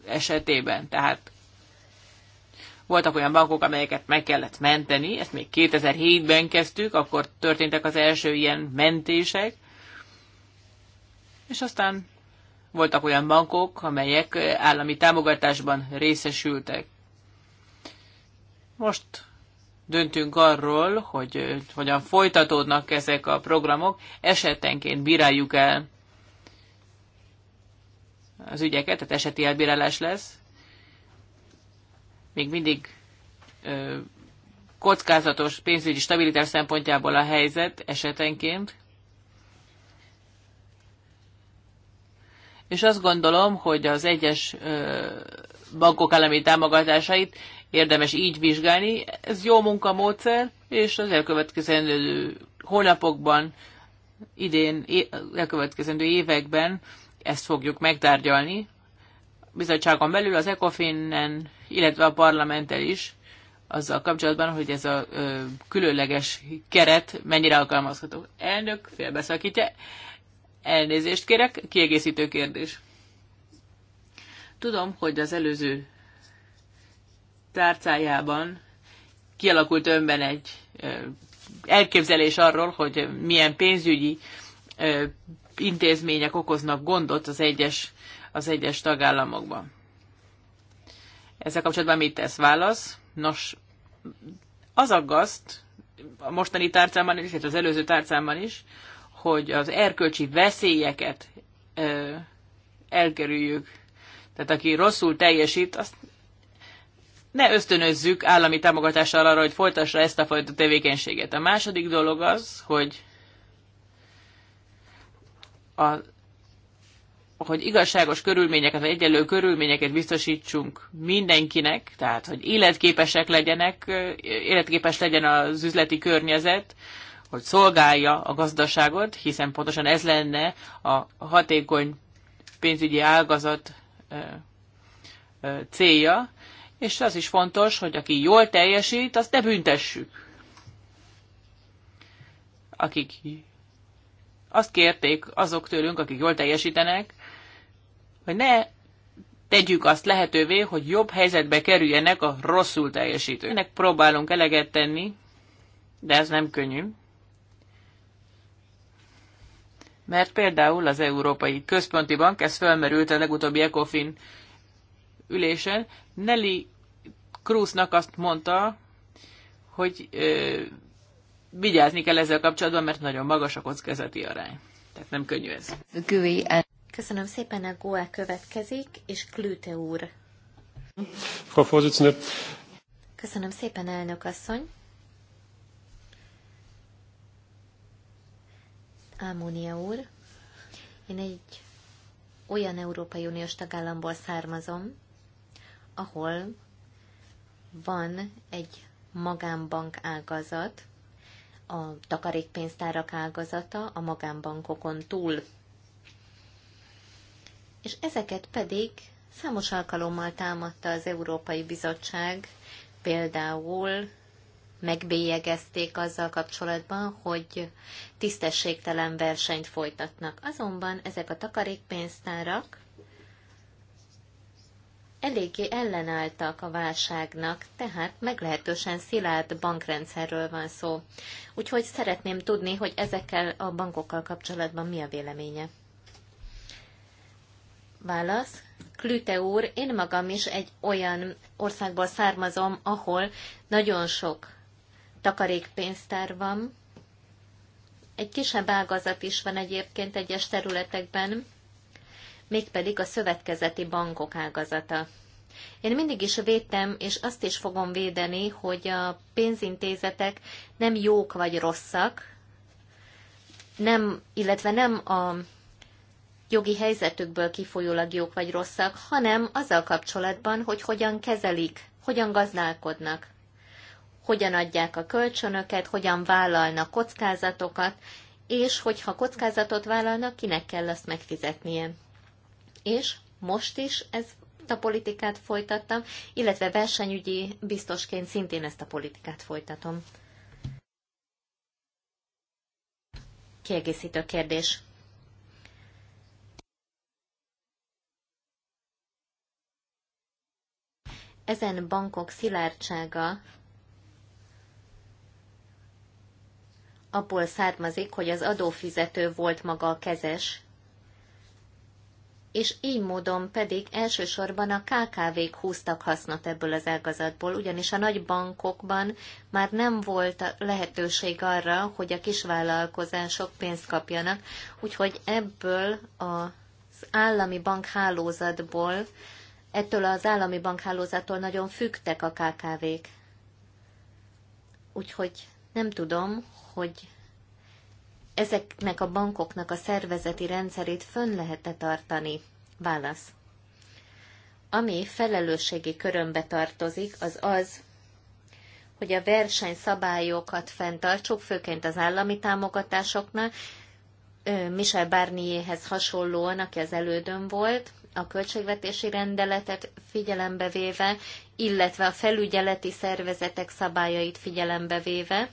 esetében. Tehát voltak olyan bankok, amelyeket meg kellett menteni, ezt még 2007-ben kezdtük, akkor történtek az első ilyen mentések, és aztán voltak olyan bankok, amelyek állami támogatásban részesültek. Most döntünk arról, hogy hogyan folytatódnak ezek a programok, esetenként bíráljuk el az ügyeket, tehát eseti elbírálás lesz. Még mindig ö, kockázatos pénzügyi stabilitás szempontjából a helyzet esetenként. És azt gondolom, hogy az egyes ö, bankok elemi támogatásait érdemes így vizsgálni. Ez jó munkamódszer, és az elkövetkezendő hónapokban, idén, az elkövetkezendő években ezt fogjuk megtárgyalni. Bizottságon belül az ECOFIN-en, illetve a parlamenttel is, azzal kapcsolatban, hogy ez a ö, különleges keret mennyire alkalmazható. Elnök félbeszakítja. Elnézést kérek, kiegészítő kérdés. Tudom, hogy az előző tárcájában kialakult önben egy elképzelés arról, hogy milyen pénzügyi intézmények okoznak gondot az egyes, az egyes tagállamokban. Ezzel kapcsolatban mit tesz válasz? Nos, az aggaszt, a mostani tárcámban is, és az előző tárcámban is, hogy az erkölcsi veszélyeket ö, elkerüljük. Tehát aki rosszul teljesít, azt ne ösztönözzük állami támogatással arra, hogy folytassa ezt a fajta tevékenységet. A második dolog az, hogy a, hogy igazságos körülményeket, vagy egyenlő körülményeket biztosítsunk mindenkinek, tehát hogy életképesek legyenek, életképes legyen az üzleti környezet, hogy szolgálja a gazdaságot, hiszen pontosan ez lenne a hatékony pénzügyi ágazat célja, és az is fontos, hogy aki jól teljesít, azt ne büntessük. Akik azt kérték azok tőlünk, akik jól teljesítenek, hogy ne tegyük azt lehetővé, hogy jobb helyzetbe kerüljenek a rosszul teljesítők. Ennek próbálunk eleget tenni, de ez nem könnyű. Mert például az Európai Központi Bank, ez felmerült a legutóbbi ECOFIN ülésen, Nelly Krúznak azt mondta, hogy ö, vigyázni kell ezzel kapcsolatban, mert nagyon magas a kockázati arány. Tehát nem könnyű ez. E- Köszönöm szépen, a Goa következik, és Klüte úr. Frau Vorsitzende. Köszönöm szépen, elnök asszony. Ámónia úr, én egy olyan Európai Uniós tagállamból származom, ahol van egy magánbank ágazat, a takarékpénztárak ágazata a magánbankokon túl. És ezeket pedig számos alkalommal támadta az Európai Bizottság, például megbélyegezték azzal kapcsolatban, hogy tisztességtelen versenyt folytatnak. Azonban ezek a takarékpénztárak eléggé ellenálltak a válságnak, tehát meglehetősen szilárd bankrendszerről van szó. Úgyhogy szeretném tudni, hogy ezekkel a bankokkal kapcsolatban mi a véleménye. Válasz. Klüte úr, én magam is egy olyan országból származom, ahol nagyon sok takarékpénztár van. Egy kisebb ágazat is van egyébként egyes területekben, mégpedig a szövetkezeti bankok ágazata. Én mindig is védtem, és azt is fogom védeni, hogy a pénzintézetek nem jók vagy rosszak, nem, illetve nem a jogi helyzetükből kifolyólag jók vagy rosszak, hanem azzal kapcsolatban, hogy hogyan kezelik, hogyan gazdálkodnak, hogyan adják a kölcsönöket, hogyan vállalnak kockázatokat, és hogyha kockázatot vállalnak, kinek kell azt megfizetnie és most is ez a politikát folytattam, illetve versenyügyi biztosként szintén ezt a politikát folytatom. Kiegészítő kérdés. Ezen bankok szilárdsága abból származik, hogy az adófizető volt maga a kezes, és így módon pedig elsősorban a KKV-k húztak hasznot ebből az ágazatból, ugyanis a nagy bankokban már nem volt lehetőség arra, hogy a kisvállalkozások pénzt kapjanak, úgyhogy ebből az állami bankhálózatból, ettől az állami bankhálózattól nagyon fügtek a KKV-k. Úgyhogy nem tudom, hogy ezeknek a bankoknak a szervezeti rendszerét fönn -e tartani? Válasz. Ami felelősségi körömbe tartozik, az az, hogy a versenyszabályokat fenntartsuk, főként az állami támogatásoknál. Michel Barnierhez hasonlóan, aki az elődön volt, a költségvetési rendeletet figyelembe véve, illetve a felügyeleti szervezetek szabályait figyelembe véve,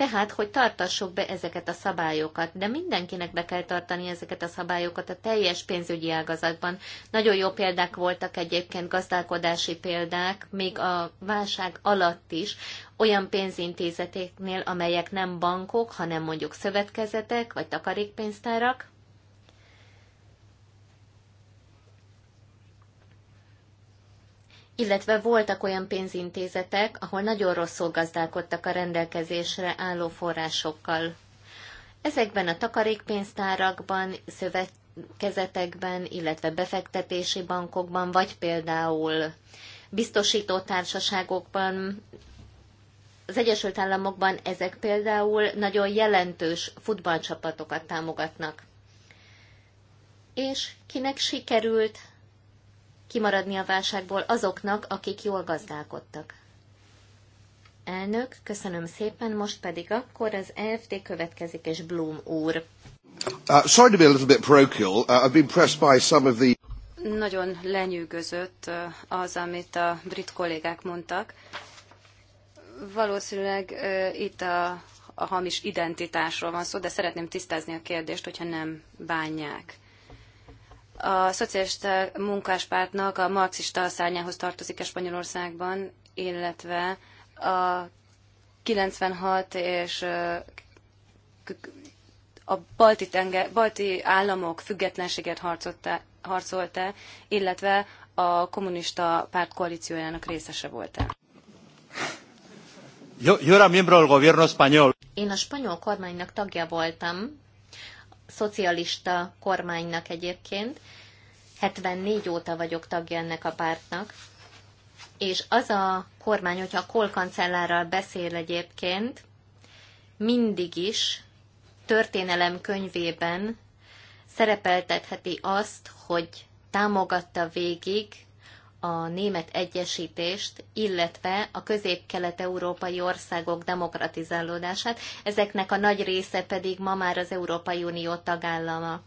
tehát, hogy tartassuk be ezeket a szabályokat, de mindenkinek be kell tartani ezeket a szabályokat a teljes pénzügyi ágazatban. Nagyon jó példák voltak egyébként, gazdálkodási példák, még a válság alatt is, olyan pénzintézetéknél, amelyek nem bankok, hanem mondjuk szövetkezetek vagy takarékpénztárak, illetve voltak olyan pénzintézetek, ahol nagyon rosszul gazdálkodtak a rendelkezésre álló forrásokkal. Ezekben a takarékpénztárakban, szövetkezetekben, illetve befektetési bankokban, vagy például biztosító társaságokban, az Egyesült Államokban ezek például nagyon jelentős futballcsapatokat támogatnak. És kinek sikerült kimaradni a válságból azoknak, akik jól gazdálkodtak. Elnök, köszönöm szépen, most pedig akkor az EFT következik, és Bloom úr. Uh, sorry to be a little bit parochial. Uh, I've been pressed by some of the... Nagyon lenyűgözött uh, az, amit a brit kollégák mondtak. Valószínűleg uh, itt a a hamis identitásról van szó, de szeretném tisztázni a kérdést, hogyha nem bánják a szocialista munkáspártnak a marxista szárnyához tartozik a -e Spanyolországban, illetve a 96 és a balti, tenge, balti államok függetlenséget harcolta, -e, illetve a kommunista párt koalíciójának részese -e. Yo, yo era miembro del gobierno español. Én a spanyol kormánynak tagja voltam, szocialista kormánynak egyébként. 74 óta vagyok tagja ennek a pártnak. És az a kormány, hogyha a kolkancellárral beszél egyébként, mindig is történelem könyvében szerepeltetheti azt, hogy támogatta végig a német egyesítést, illetve a közép-kelet-európai országok demokratizálódását, ezeknek a nagy része pedig ma már az Európai Unió tagállama.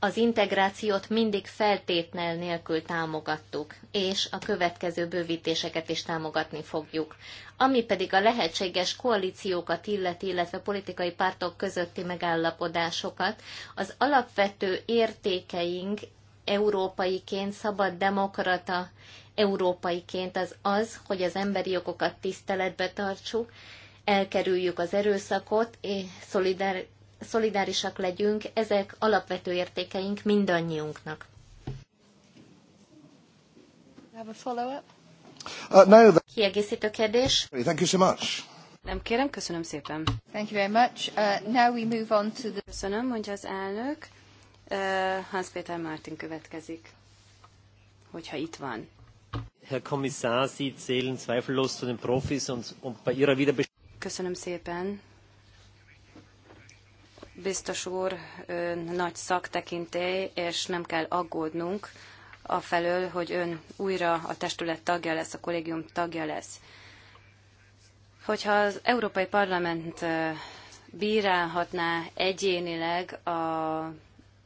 Az integrációt mindig feltétnel nélkül támogattuk, és a következő bővítéseket is támogatni fogjuk. Ami pedig a lehetséges koalíciókat illeti, illetve politikai pártok közötti megállapodásokat, az alapvető értékeink európaiként, szabad demokrata európaiként az az, hogy az emberi jogokat tiszteletbe tartsuk, elkerüljük az erőszakot, és szolidár, szolidárisak legyünk, ezek alapvető értékeink mindannyiunknak. Uh, Kiegészítő kérdés? Thank you so much. Nem kérem, köszönöm szépen. Thank you very much. Uh, now we move on to the... Köszönöm, mondja az elnök. Hans Peter Martin következik, hogyha itt van. Herr Kommissar, Sie zählen zweifellos zu den Profis und, und bei Ihrer Wiederbeschäftigung. Köszönöm szépen. Biztos úr, ön nagy szaktekintély, és nem kell aggódnunk afelől, hogy ön újra a testület tagja lesz, a kollégium tagja lesz. Hogyha az Európai Parlament bírálhatná egyénileg a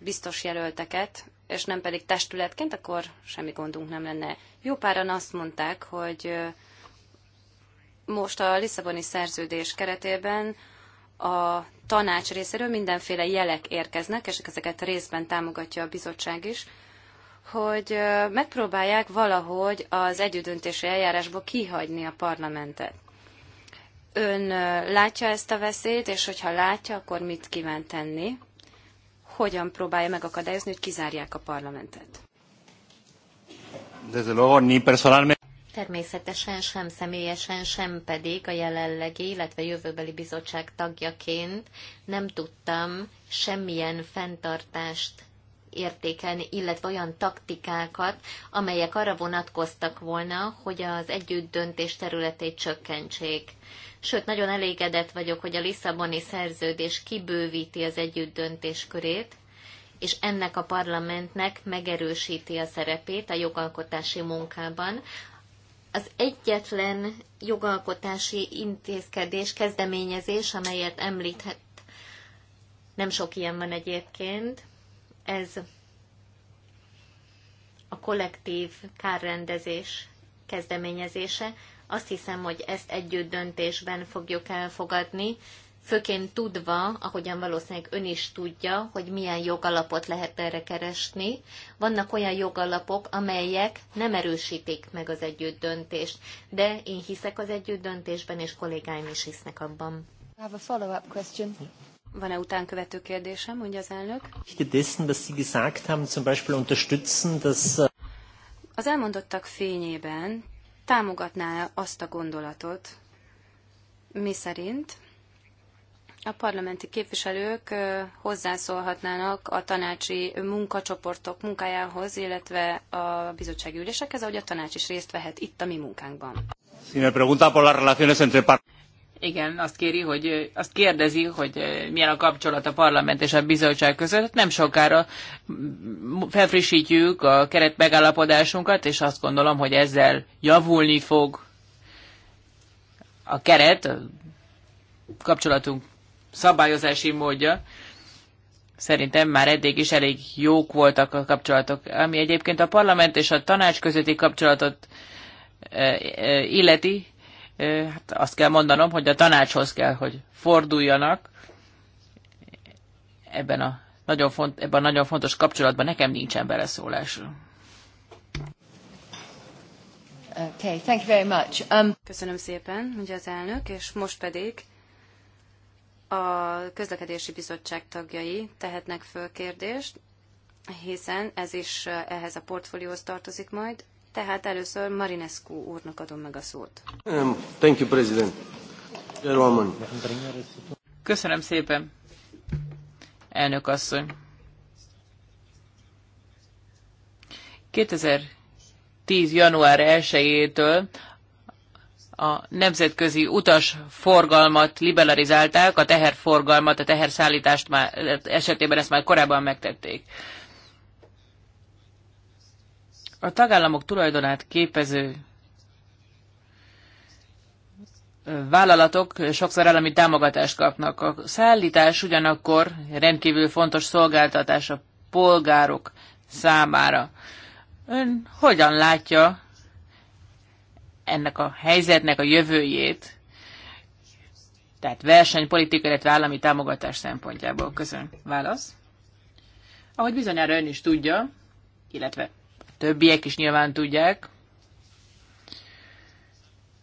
biztos jelölteket, és nem pedig testületként, akkor semmi gondunk nem lenne. Jó páran azt mondták, hogy most a Lisszaboni szerződés keretében a tanács részéről mindenféle jelek érkeznek, és ezeket részben támogatja a bizottság is, hogy megpróbálják valahogy az együttdöntési eljárásból kihagyni a parlamentet. Ön látja ezt a veszélyt, és hogyha látja, akkor mit kíván tenni? hogyan próbálja megakadályozni, hogy kizárják a parlamentet? Desde luego, ni personalmente. Természetesen sem személyesen, sem pedig a jelenlegi, illetve jövőbeli bizottság tagjaként nem tudtam semmilyen fenntartást értékelni, illetve olyan taktikákat, amelyek arra vonatkoztak volna, hogy az együtt döntés területét csökkentsék. Sőt, nagyon elégedett vagyok, hogy a Lisszaboni szerződés kibővíti az együtt döntés körét, és ennek a parlamentnek megerősíti a szerepét a jogalkotási munkában. Az egyetlen jogalkotási intézkedés, kezdeményezés, amelyet említhet, nem sok ilyen van egyébként, ez a kollektív kárrendezés kezdeményezése. Azt hiszem, hogy ezt együtt döntésben fogjuk elfogadni, főként tudva, ahogyan valószínűleg ön is tudja, hogy milyen jogalapot lehet erre keresni. Vannak olyan jogalapok, amelyek nem erősítik meg az együtt döntést, de én hiszek az együtt döntésben, és kollégáim is hisznek abban. I have a follow-up question. Van-e utánkövető kérdésem, mondja az elnök? Äh, az elmondottak fényében támogatná azt a gondolatot, mi szerint a parlamenti képviselők hozzászólhatnának a tanácsi munkacsoportok munkájához, illetve a bizottsági ülésekhez, ahogy a tanács is részt vehet itt a mi munkánkban. Si me pregunta por las relaciones entre igen, azt kéri, hogy azt kérdezi, hogy eh, milyen a kapcsolat a parlament és a bizottság között. Nem sokára felfrissítjük a keret megállapodásunkat, és azt gondolom, hogy ezzel javulni fog a keret, a kapcsolatunk szabályozási módja. Szerintem már eddig is elég jók voltak a kapcsolatok, ami egyébként a parlament és a tanács közötti kapcsolatot eh, eh, illeti, hát azt kell mondanom, hogy a tanácshoz kell, hogy forduljanak ebben a nagyon, font, ebben a nagyon fontos kapcsolatban nekem nincsen beleszólás. Okay, thank you very much. Um... Köszönöm szépen, ugye az elnök, és most pedig a közlekedési bizottság tagjai tehetnek föl kérdést, hiszen ez is eh, ehhez a portfólióhoz tartozik majd. Tehát először Marinescu úrnak adom meg a szót. Um, thank you, President. Köszönöm szépen, elnök asszony. 2010. január 1-től a nemzetközi utas forgalmat liberalizálták, a teherforgalmat, a teherszállítást már, esetében ezt már korábban megtették. A tagállamok tulajdonát képező vállalatok sokszor állami támogatást kapnak. A szállítás ugyanakkor rendkívül fontos szolgáltatás a polgárok számára. Ön hogyan látja ennek a helyzetnek a jövőjét, tehát versenypolitika, illetve állami támogatás szempontjából? Köszönöm. Válasz? Ahogy bizonyára ön is tudja, illetve többiek is nyilván tudják.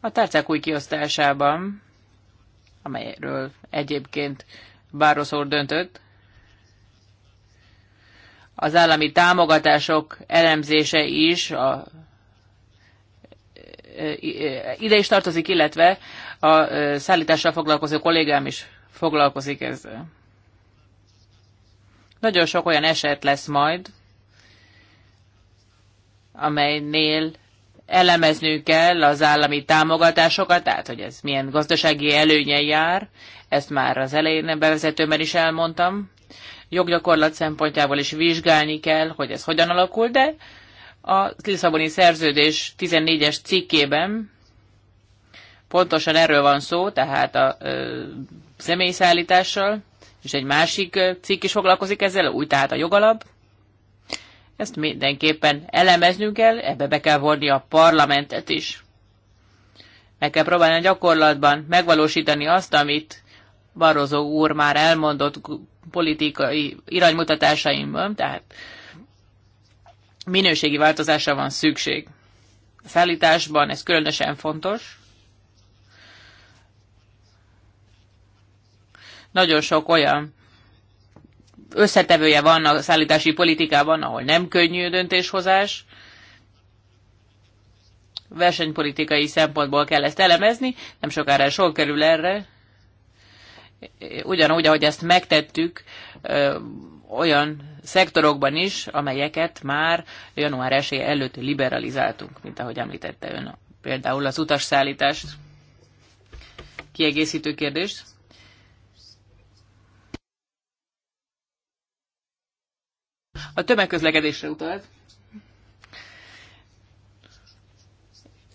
A tárcák új kiosztásában, amelyről egyébként Bároszor döntött, az állami támogatások elemzése is a, e, e, ide is tartozik, illetve a e, szállítással foglalkozó kollégám is foglalkozik ezzel. Nagyon sok olyan eset lesz majd, amelynél elemeznünk kell az állami támogatásokat, tehát hogy ez milyen gazdasági előnye jár, ezt már az elején bevezetőben is elmondtam. Joggyakorlat szempontjából is vizsgálni kell, hogy ez hogyan alakul, de a Lisszaboni szerződés 14-es cikkében pontosan erről van szó, tehát a ö, személyszállítással, és egy másik cikk is foglalkozik ezzel, úgy tehát a jogalap, ezt mindenképpen elemeznünk kell, ebbe be kell vonni a parlamentet is. Meg kell próbálni a gyakorlatban megvalósítani azt, amit Barozó úr már elmondott politikai iránymutatásaimban, tehát minőségi változásra van szükség. A szállításban ez különösen fontos. Nagyon sok olyan összetevője van a szállítási politikában, ahol nem könnyű döntéshozás. Versenypolitikai szempontból kell ezt elemezni, nem sokára sor kerül erre. Ugyanúgy, ahogy ezt megtettük, olyan szektorokban is, amelyeket már január esélye előtt liberalizáltunk, mint ahogy említette ön, például az utasszállítást. Kiegészítő kérdést? a tömegközlekedésre utalt.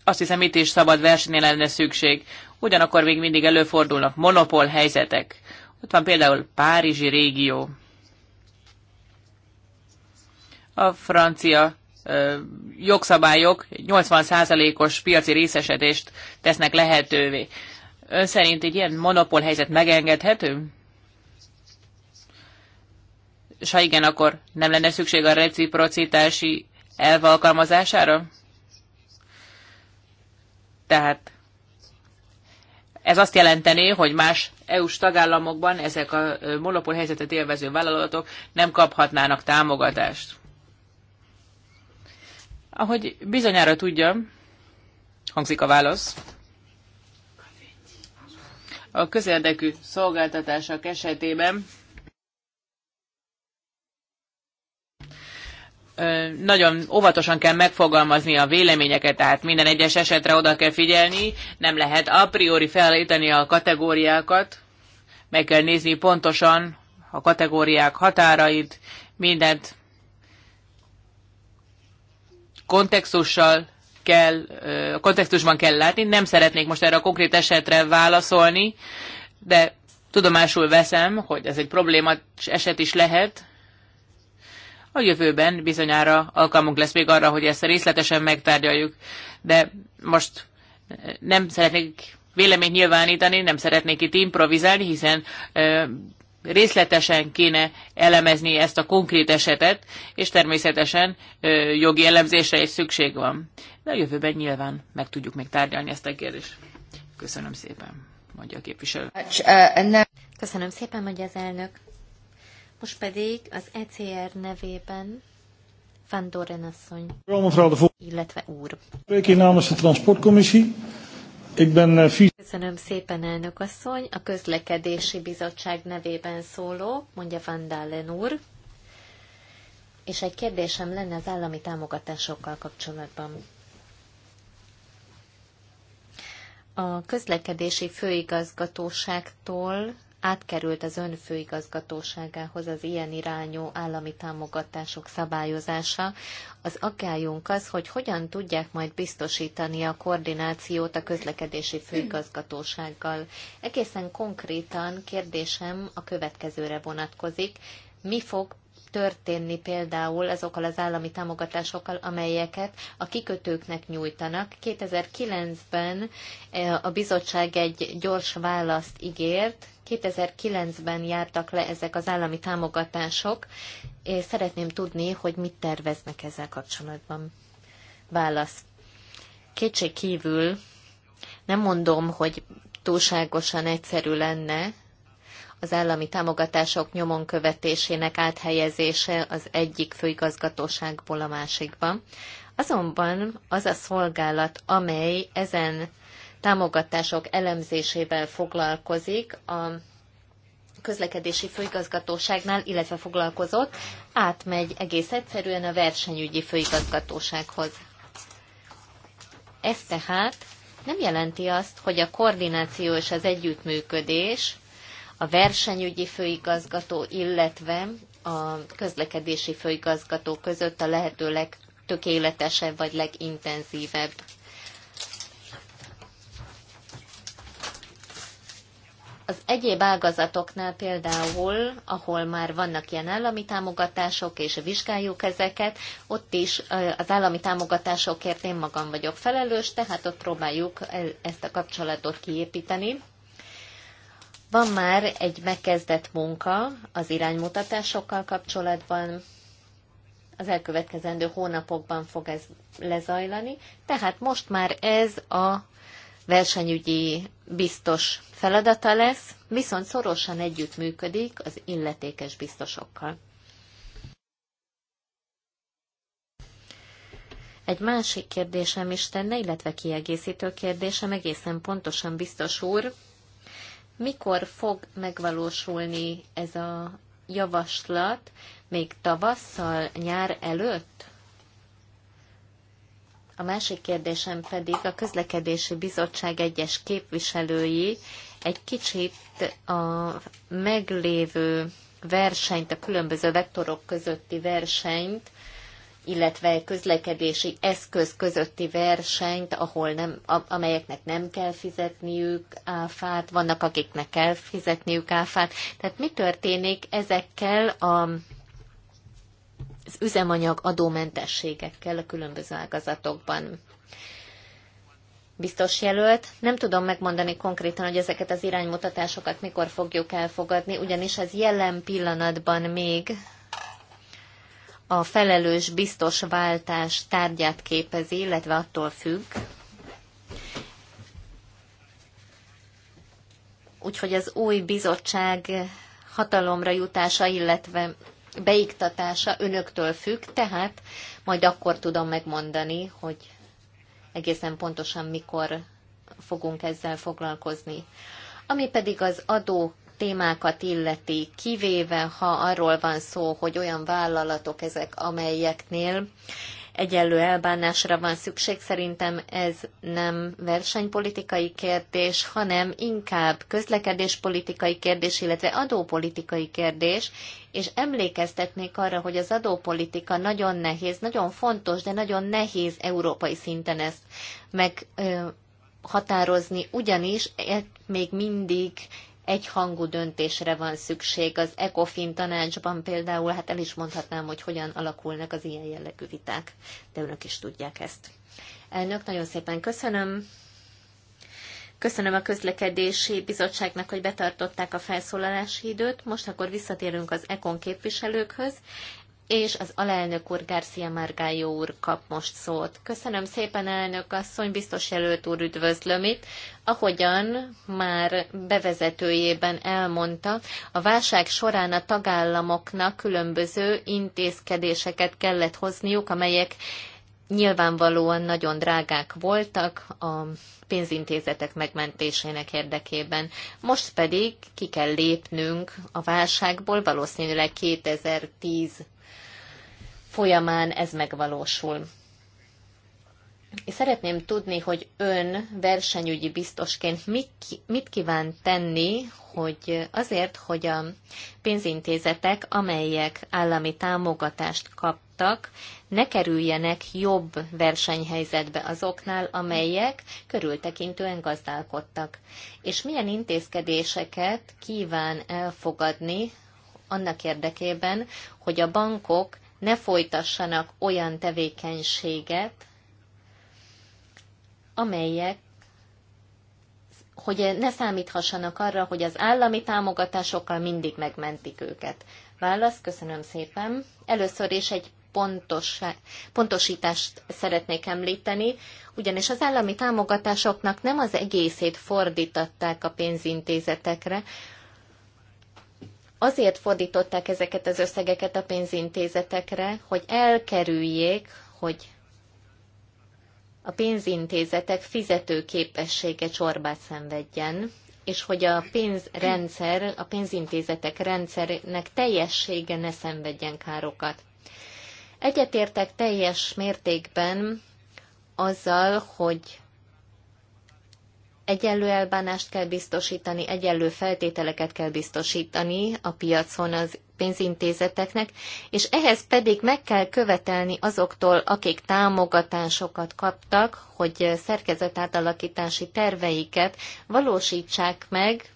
Azt hiszem, itt is szabad versenyre lenne szükség. Ugyanakkor még mindig előfordulnak monopól helyzetek. Ott van például Párizsi régió. A francia ö, jogszabályok 80%-os piaci részesedést tesznek lehetővé. Ön szerint egy ilyen monopól helyzet megengedhető? És ha igen, akkor nem lenne szükség a reciprocitási elv alkalmazására? Tehát ez azt jelenteni, hogy más EU-s tagállamokban ezek a monopól helyzetet élvező vállalatok nem kaphatnának támogatást. Ahogy bizonyára tudja, hangzik a válasz, a közérdekű szolgáltatások esetében nagyon óvatosan kell megfogalmazni a véleményeket, tehát minden egyes esetre oda kell figyelni, nem lehet a priori felállítani a kategóriákat, meg kell nézni pontosan a kategóriák határait, mindent kontextussal kell, kontextusban kell látni. Nem szeretnék most erre a konkrét esetre válaszolni, de tudomásul veszem, hogy ez egy probléma eset is lehet, a jövőben bizonyára alkalmunk lesz még arra, hogy ezt részletesen megtárgyaljuk, de most eh, nem szeretnék véleményt nyilvánítani, nem szeretnék itt improvizálni, hiszen eh, részletesen kéne elemezni ezt a konkrét esetet, és természetesen eh, jogi elemzésre is szükség van. De a jövőben nyilván meg tudjuk még tárgyalni ezt a kérdést. Köszönöm szépen, mondja a képviselő. Uh, Köszönöm szépen, mondja az elnök. Most pedig az ECR nevében Van Doren asszony, illetve úr. Spreek namens de transportcommissie. Ik ben eh, Köszönöm szépen, elnök asszony. A közlekedési bizottság nevében szóló, mondja Van Dalen úr. És egy kérdésem lenne az állami támogatásokkal kapcsolatban. A közlekedési főigazgatóságtól átkerült az ön főigazgatóságához az ilyen irányú állami támogatások szabályozása. Az aggályunk az, hogy hogyan tudják majd biztosítani a koordinációt a közlekedési főigazgatósággal. Egészen konkrétan kérdésem a következőre vonatkozik. Mi fog történni például azokkal az állami támogatásokkal, amelyeket a kikötőknek nyújtanak. 2009-ben eh, a bizottság egy gyors választ ígért, 2009-ben jártak le ezek az állami támogatások, és szeretném tudni, hogy mit terveznek ezzel kapcsolatban. Válasz. Kétség kívül nem mondom, hogy túlságosan egyszerű lenne az állami támogatások nyomon követésének áthelyezése az egyik főigazgatóságból a másikba. Azonban az a szolgálat, amely ezen támogatások elemzésével foglalkozik, a közlekedési főigazgatóságnál, illetve foglalkozott, átmegy egész egyszerűen a versenyügyi főigazgatósághoz. Ez tehát nem jelenti azt, hogy a koordináció és az együttműködés a versenyügyi főigazgató, illetve a közlekedési főigazgató között a lehető legtökéletesebb vagy legintenzívebb Az egyéb ágazatoknál például, ahol már vannak ilyen állami támogatások, és vizsgáljuk ezeket, ott is az állami támogatásokért én magam vagyok felelős, tehát ott próbáljuk ezt a kapcsolatot kiépíteni. Van már egy megkezdett munka az iránymutatásokkal kapcsolatban, az elkövetkezendő hónapokban fog ez lezajlani, tehát most már ez a versenyügyi biztos feladata lesz, viszont szorosan együttműködik az illetékes biztosokkal. Egy másik kérdésem is tenne, illetve kiegészítő kérdésem egészen pontosan biztos úr, mikor fog megvalósulni ez a javaslat? Még tavasszal, nyár előtt? A másik kérdésem pedig a közlekedési bizottság egyes képviselői egy kicsit a meglévő versenyt, a különböző vektorok közötti versenyt illetve közlekedési eszköz közötti versenyt, ahol nem, amelyeknek nem kell fizetniük áfát, vannak akiknek kell fizetniük áfát. Tehát mi történik ezekkel a, az üzemanyag adómentességekkel a különböző ágazatokban? biztos jelölt. Nem tudom megmondani konkrétan, hogy ezeket az iránymutatásokat mikor fogjuk elfogadni, ugyanis ez jelen pillanatban még a felelős biztos váltás tárgyát képezi, illetve attól függ, úgyhogy az új bizottság hatalomra jutása, illetve beiktatása önöktől függ, tehát majd akkor tudom megmondani, hogy egészen pontosan mikor fogunk ezzel foglalkozni. Ami pedig az adó témákat illeti, kivéve ha arról van szó, hogy olyan vállalatok ezek, amelyeknél egyenlő elbánásra van szükség. Szerintem ez nem versenypolitikai kérdés, hanem inkább közlekedéspolitikai kérdés, illetve adópolitikai kérdés, és emlékeztetnék arra, hogy az adópolitika nagyon nehéz, nagyon fontos, de nagyon nehéz európai szinten ezt meg határozni, ugyanis e- még mindig egyhangú döntésre van szükség. Az ECOFIN tanácsban például, hát el is mondhatnám, hogy hogyan alakulnak az ilyen jellegű viták, de önök is tudják ezt. Elnök, nagyon szépen köszönöm. Köszönöm a közlekedési bizottságnak, hogy betartották a felszólalási időt. Most akkor visszatérünk az ECON képviselőkhöz és az alelnök úr García Márgájó úr kap most szót. Köszönöm szépen, elnök asszony, biztos jelölt úr üdvözlöm itt. Ahogyan már bevezetőjében elmondta, a válság során a tagállamoknak különböző intézkedéseket kellett hozniuk, amelyek nyilvánvalóan nagyon drágák voltak a pénzintézetek megmentésének érdekében. Most pedig ki kell lépnünk a válságból, valószínűleg 2010 folyamán ez megvalósul. És szeretném tudni, hogy ön versenyügyi biztosként mit, mit kíván tenni, hogy azért, hogy a pénzintézetek, amelyek állami támogatást kaptak, ne kerüljenek jobb versenyhelyzetbe azoknál, amelyek körültekintően gazdálkodtak. És milyen intézkedéseket kíván elfogadni annak érdekében, hogy a bankok ne folytassanak olyan tevékenységet, amelyek hogy ne számíthassanak arra, hogy az állami támogatásokkal mindig megmentik őket. Válasz, köszönöm szépen. Először is egy pontos, pontosítást szeretnék említeni, ugyanis az állami támogatásoknak nem az egészét fordították a pénzintézetekre, Azért fordították ezeket az összegeket a pénzintézetekre, hogy elkerüljék, hogy a pénzintézetek fizetőképessége csorbát szenvedjen, és hogy a pénzrendszer, a pénzintézetek rendszernek teljessége ne szenvedjen károkat. Egyetértek teljes mértékben azzal, hogy egyenlő elbánást kell biztosítani, egyenlő feltételeket kell biztosítani a piacon az pénzintézeteknek, és ehhez pedig meg kell követelni azoktól, akik támogatásokat kaptak, hogy szerkezetátalakítási terveiket valósítsák meg,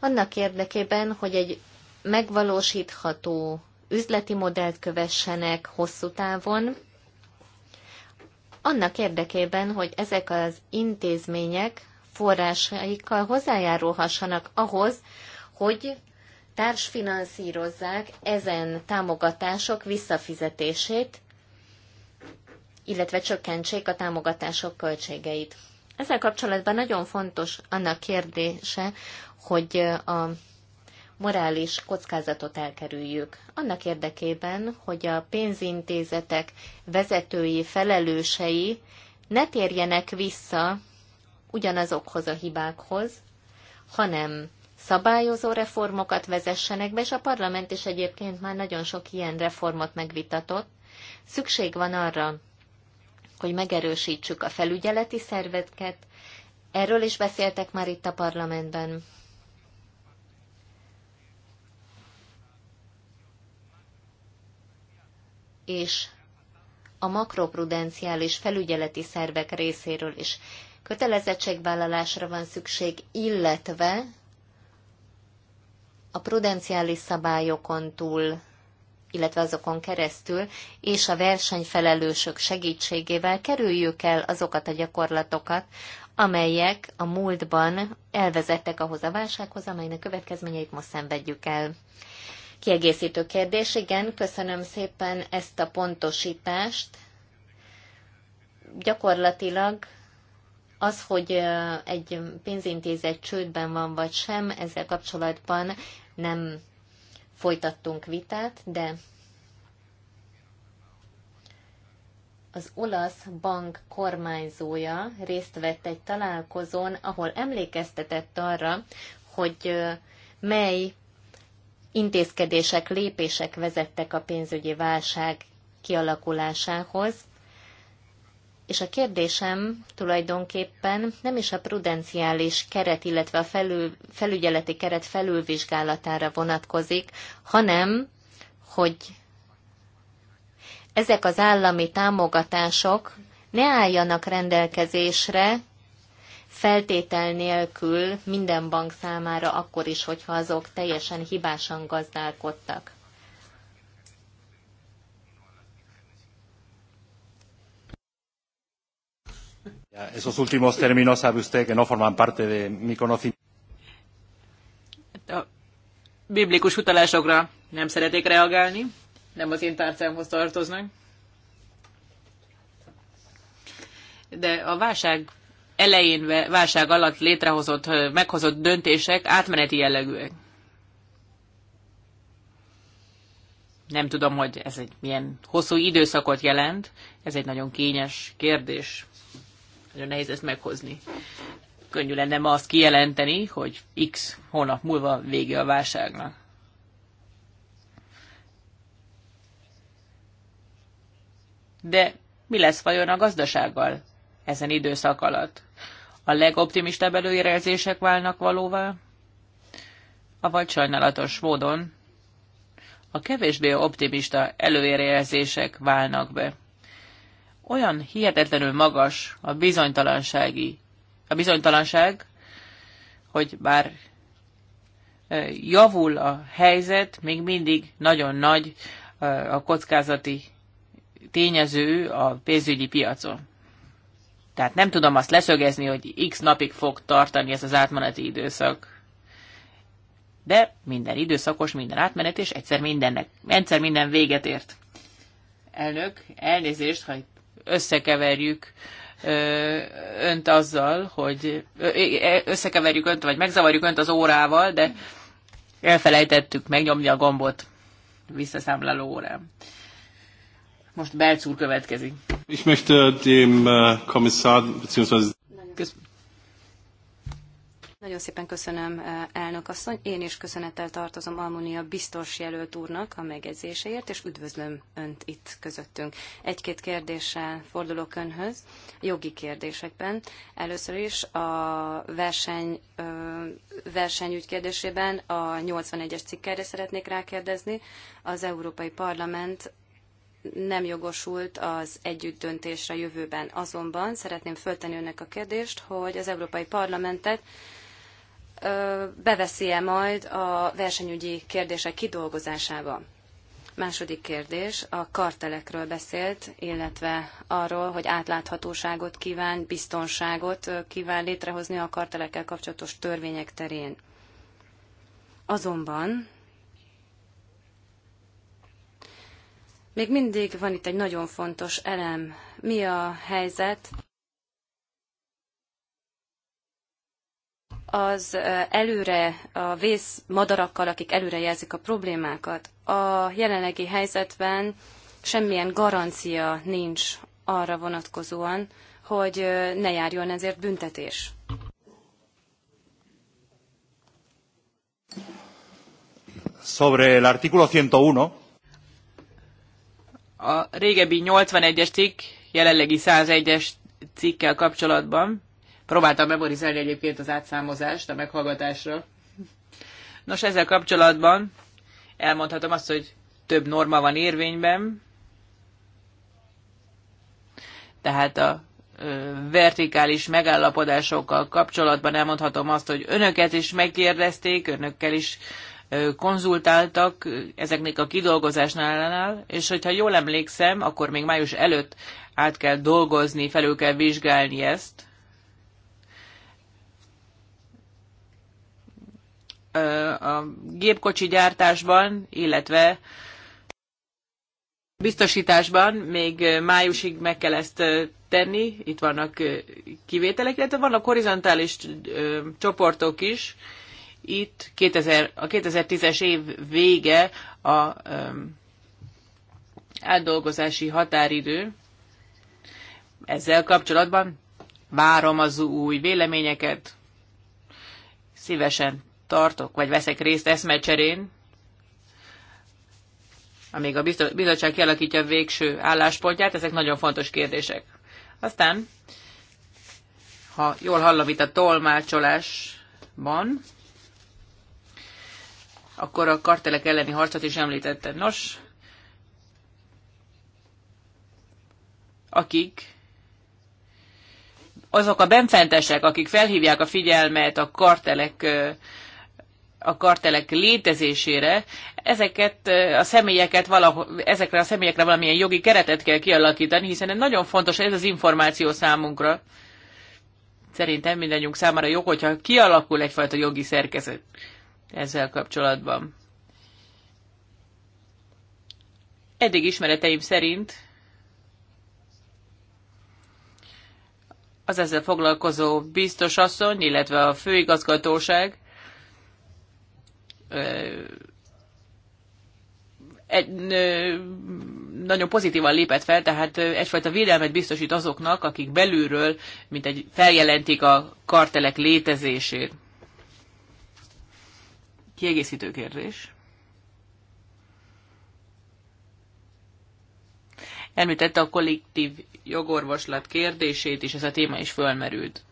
annak érdekében, hogy egy megvalósítható üzleti modellt kövessenek hosszú távon, annak érdekében, hogy ezek az intézmények forrásaikkal hozzájárulhassanak ahhoz, hogy társfinanszírozzák ezen támogatások visszafizetését, illetve csökkentsék a támogatások költségeit. Ezzel kapcsolatban nagyon fontos annak kérdése, hogy a morális kockázatot elkerüljük. Annak érdekében, hogy a pénzintézetek vezetői, felelősei ne térjenek vissza ugyanazokhoz a hibákhoz, hanem szabályozó reformokat vezessenek be, és a parlament is egyébként már nagyon sok ilyen reformot megvitatott. Szükség van arra, hogy megerősítsük a felügyeleti szerveket, erről is beszéltek már itt a parlamentben. és a makroprudenciális felügyeleti szervek részéről is kötelezettségvállalásra van szükség, illetve a prudenciális szabályokon túl, illetve azokon keresztül, és a versenyfelelősök segítségével kerüljük el azokat a gyakorlatokat, amelyek a múltban elvezettek ahhoz a válsághoz, amelynek következményeit most szenvedjük el. Kiegészítő kérdés, igen, köszönöm szépen ezt a pontosítást. Gyakorlatilag az, hogy egy pénzintézet csődben van vagy sem, ezzel kapcsolatban nem folytattunk vitát, de az olasz bank kormányzója részt vett egy találkozón, ahol emlékeztetett arra, hogy mely intézkedések, lépések vezettek a pénzügyi válság kialakulásához, és a kérdésem tulajdonképpen nem is a prudenciális keret, illetve a felül, felügyeleti keret felülvizsgálatára vonatkozik, hanem hogy ezek az állami támogatások ne álljanak rendelkezésre feltétel nélkül minden bank számára akkor is, hogyha azok teljesen hibásan gazdálkodtak. Hát a biblikus utalásokra nem szeretek reagálni, nem az én tárcámhoz tartoznak. De a válság elején válság alatt létrehozott, meghozott döntések átmeneti jellegűek. Nem tudom, hogy ez egy milyen hosszú időszakot jelent. Ez egy nagyon kényes kérdés. Nagyon nehéz ezt meghozni. Könnyű lenne ma azt kijelenteni, hogy x hónap múlva vége a válságnak. De mi lesz vajon a gazdasággal? ezen időszak alatt. A legoptimistább előérezések válnak valóvá, avagy sajnálatos módon a kevésbé optimista előérezések válnak be. Olyan hihetetlenül magas a bizonytalansági, a bizonytalanság, hogy bár javul a helyzet, még mindig nagyon nagy a kockázati tényező a pénzügyi piacon. Tehát nem tudom azt leszögezni, hogy x napig fog tartani ez az átmeneti időszak. De minden időszakos, minden átmenet, és egyszer mindennek, egyszer minden véget ért. Elnök, elnézést, ha összekeverjük önt azzal, hogy összekeverjük önt, vagy megzavarjuk önt az órával, de elfelejtettük megnyomni a gombot visszaszámláló órán. Most Belc úr következik. Ich möchte dem äh, Kommissar bzw. Nagyon szépen köszönöm, äh, elnök asszony. Én is köszönettel tartozom Almunia biztos jelölt úrnak a megjegyzéseért, és üdvözlöm Önt itt közöttünk. Egy-két kérdéssel fordulok Önhöz, jogi kérdésekben. Először is a verseny, versenyügy kérdésében a 81-es cikkelre szeretnék rákérdezni. Az Európai Parlament nem jogosult az együttdöntésre jövőben. Azonban szeretném föltenni önnek a kérdést, hogy az Európai Parlamentet beveszi-e majd a versenyügyi kérdések kidolgozásába? Második kérdés, a kartelekről beszélt, illetve arról, hogy átláthatóságot kíván, biztonságot kíván létrehozni a kartelekkel kapcsolatos törvények terén. Azonban Még mindig van itt egy nagyon fontos elem. Mi a helyzet? az előre a vész madarakkal, akik előre jelzik a problémákat. A jelenlegi helyzetben semmilyen garancia nincs arra vonatkozóan, hogy ne járjon ezért büntetés. Sobre el artículo 101, a régebbi 81-es cikk, jelenlegi 101-es cikkel kapcsolatban. Próbáltam memorizálni egyébként az átszámozást a meghallgatásra. Nos, ezzel kapcsolatban elmondhatom azt, hogy több norma van érvényben, tehát a vertikális megállapodásokkal kapcsolatban elmondhatom azt, hogy önöket is megkérdezték, önökkel is konzultáltak ezeknek a kidolgozásnál, és hogyha jól emlékszem, akkor még május előtt át kell dolgozni, felül kell vizsgálni ezt. A gépkocsi gyártásban, illetve biztosításban még májusig meg kell ezt tenni, itt vannak kivételek, illetve vannak horizontális csoportok is, itt 2000, a 2010-es év vége a um, átdolgozási határidő. Ezzel kapcsolatban várom az új véleményeket, szívesen tartok, vagy veszek részt eszmecserén, amíg a bizottság kialakítja a végső álláspontját, ezek nagyon fontos kérdések. Aztán, ha jól hallom itt a tolmácsolásban, akkor a kartelek elleni harcot is említette. Nos, akik azok a benfentesek, akik felhívják a figyelmet a kartelek a kartelek létezésére, ezeket a személyeket valaho, ezekre a személyekre valamilyen jogi keretet kell kialakítani, hiszen ez nagyon fontos ez az információ számunkra. Szerintem mindannyiunk számára jó, hogyha kialakul egyfajta jogi szerkezet ezzel kapcsolatban. Eddig ismereteim szerint az ezzel foglalkozó biztos asszony, illetve a főigazgatóság egy, nagyon pozitívan lépett fel, tehát egyfajta védelmet biztosít azoknak, akik belülről, mint egy feljelentik a kartelek létezését. Kiegészítő kérdés. Említette a kollektív jogorvoslat kérdését, és ez a téma is fölmerült.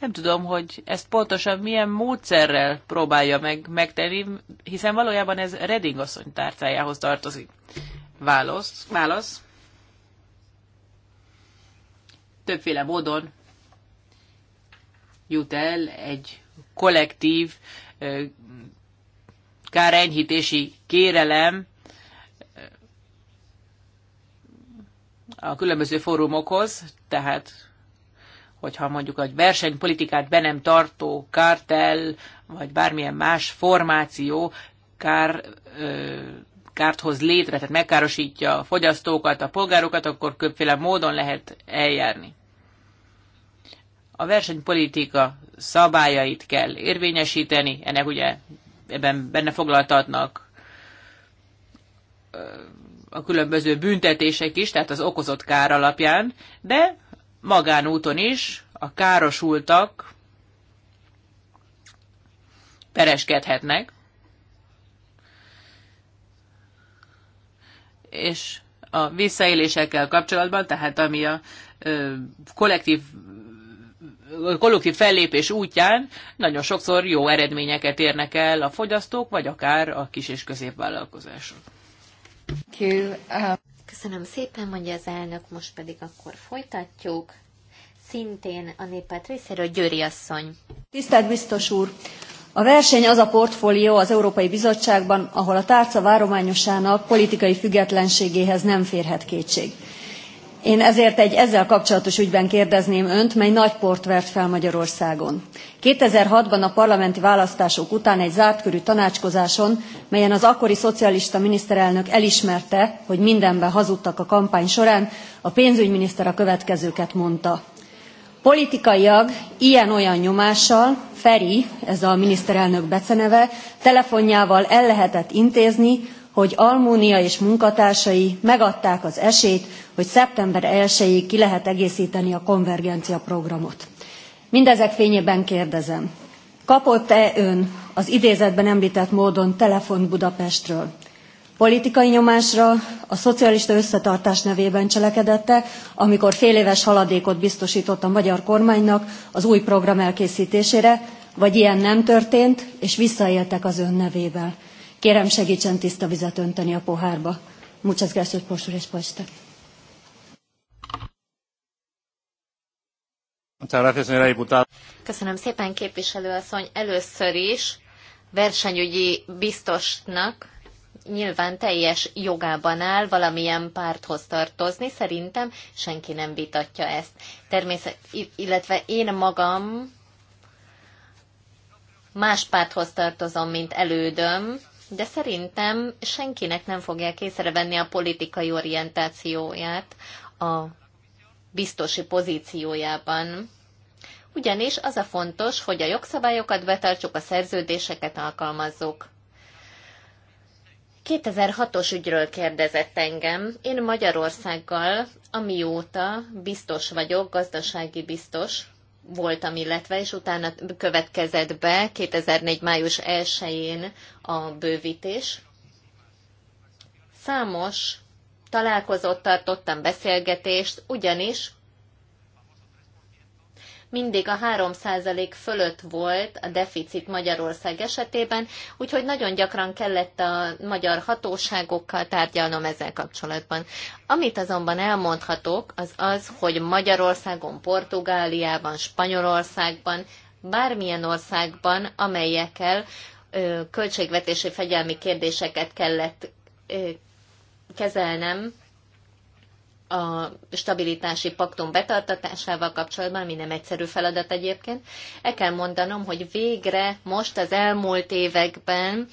Nem tudom, hogy ezt pontosan milyen módszerrel próbálja meg megtenni, hiszen valójában ez Reding asszony tárcájához tartozik. Válasz. Válasz. Többféle módon jut el egy kollektív kárenyhítési kérelem a különböző fórumokhoz, tehát hogyha mondjuk egy versenypolitikát be nem tartó kártel, vagy bármilyen más formáció kár, kárt hoz létre, tehát megkárosítja a fogyasztókat, a polgárokat, akkor többféle módon lehet eljárni. A versenypolitika szabályait kell érvényesíteni, ennek ugye ebben benne foglaltatnak a különböző büntetések is, tehát az okozott kár alapján, de magánúton is a károsultak pereskedhetnek, és a visszaélésekkel kapcsolatban, tehát ami a ö, kollektív kollektív fellépés útján nagyon sokszor jó eredményeket érnek el a fogyasztók, vagy akár a kis- és középvállalkozások. Uh, Köszönöm szépen, mondja az elnök, most pedig akkor folytatjuk. Szintén a néppárt részéről Győri asszony. Tisztelt biztos úr! A verseny az a portfólió az Európai Bizottságban, ahol a tárca várományosának politikai függetlenségéhez nem férhet kétség. Én ezért egy ezzel kapcsolatos ügyben kérdezném önt, mely nagy port vert fel Magyarországon. 2006-ban a parlamenti választások után egy körű tanácskozáson, melyen az akkori szocialista miniszterelnök elismerte, hogy mindenben hazudtak a kampány során, a pénzügyminiszter a következőket mondta. Politikailag ilyen-olyan nyomással Feri, ez a miniszterelnök beceneve, telefonjával el lehetett intézni, hogy Almúnia és munkatársai megadták az esélyt, hogy szeptember 1-ig ki lehet egészíteni a konvergencia programot. Mindezek fényében kérdezem, kapott-e ön az idézetben említett módon telefon Budapestről? Politikai nyomásra a szocialista összetartás nevében cselekedette, amikor féléves haladékot biztosított a magyar kormánynak az új program elkészítésére, vagy ilyen nem történt, és visszaéltek az ön nevével. Kérem, segítsen tiszta vizet önteni a pohárba. Muchas gracias por su respuesta. Köszönöm szépen, képviselőasszony. Először is versenyügyi biztosnak nyilván teljes jogában áll valamilyen párthoz tartozni, szerintem senki nem vitatja ezt. Természet, illetve én magam más párthoz tartozom, mint elődöm, de szerintem senkinek nem fogják észrevenni a politikai orientációját a biztosi pozíciójában. Ugyanis az a fontos, hogy a jogszabályokat betartsuk, a szerződéseket alkalmazzuk. 2006-os ügyről kérdezett engem. Én Magyarországgal, amióta biztos vagyok, gazdasági biztos, voltam, illetve, és utána következett be 2004. május 1-én a bővítés. Számos találkozót tartottam, beszélgetést, ugyanis mindig a 3% fölött volt a deficit Magyarország esetében, úgyhogy nagyon gyakran kellett a magyar hatóságokkal tárgyalnom ezzel kapcsolatban. Amit azonban elmondhatok, az az, hogy Magyarországon, Portugáliában, Spanyolországban, bármilyen országban, amelyekkel költségvetési fegyelmi kérdéseket kellett kezelnem, a stabilitási paktum betartatásával kapcsolatban, ami nem egyszerű feladat egyébként. El kell mondanom, hogy végre most az elmúlt években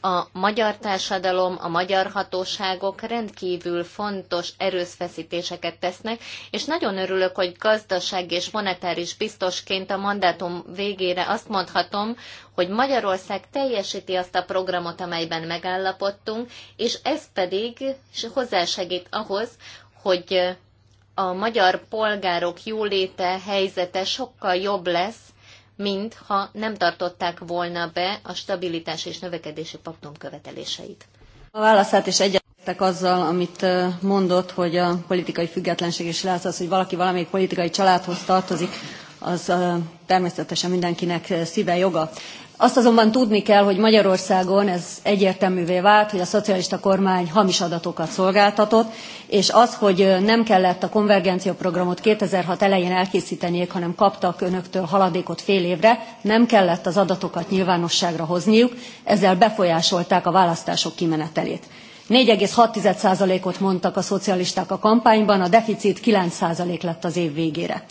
a magyar társadalom, a magyar hatóságok rendkívül fontos erőszfeszítéseket tesznek, és nagyon örülök, hogy gazdaság és monetáris biztosként a mandátum végére azt mondhatom, hogy Magyarország teljesíti azt a programot, amelyben megállapodtunk, és ez pedig hozzásegít ahhoz, hogy a magyar polgárok jóléte, helyzete sokkal jobb lesz, mint ha nem tartották volna be a stabilitás és növekedési paktum követeléseit. A válaszát is egyetértek azzal, amit mondott, hogy a politikai függetlenség is lehet az, hogy valaki valamelyik politikai családhoz tartozik, az természetesen mindenkinek szíve joga. Azt azonban tudni kell, hogy Magyarországon ez egyértelművé vált, hogy a szocialista kormány hamis adatokat szolgáltatott, és az, hogy nem kellett a konvergenciaprogramot 2006 elején elkészíteniük, hanem kaptak önöktől haladékot fél évre, nem kellett az adatokat nyilvánosságra hozniuk, ezzel befolyásolták a választások kimenetelét. 4,6%-ot mondtak a szocialisták a kampányban, a deficit 9% lett az év végére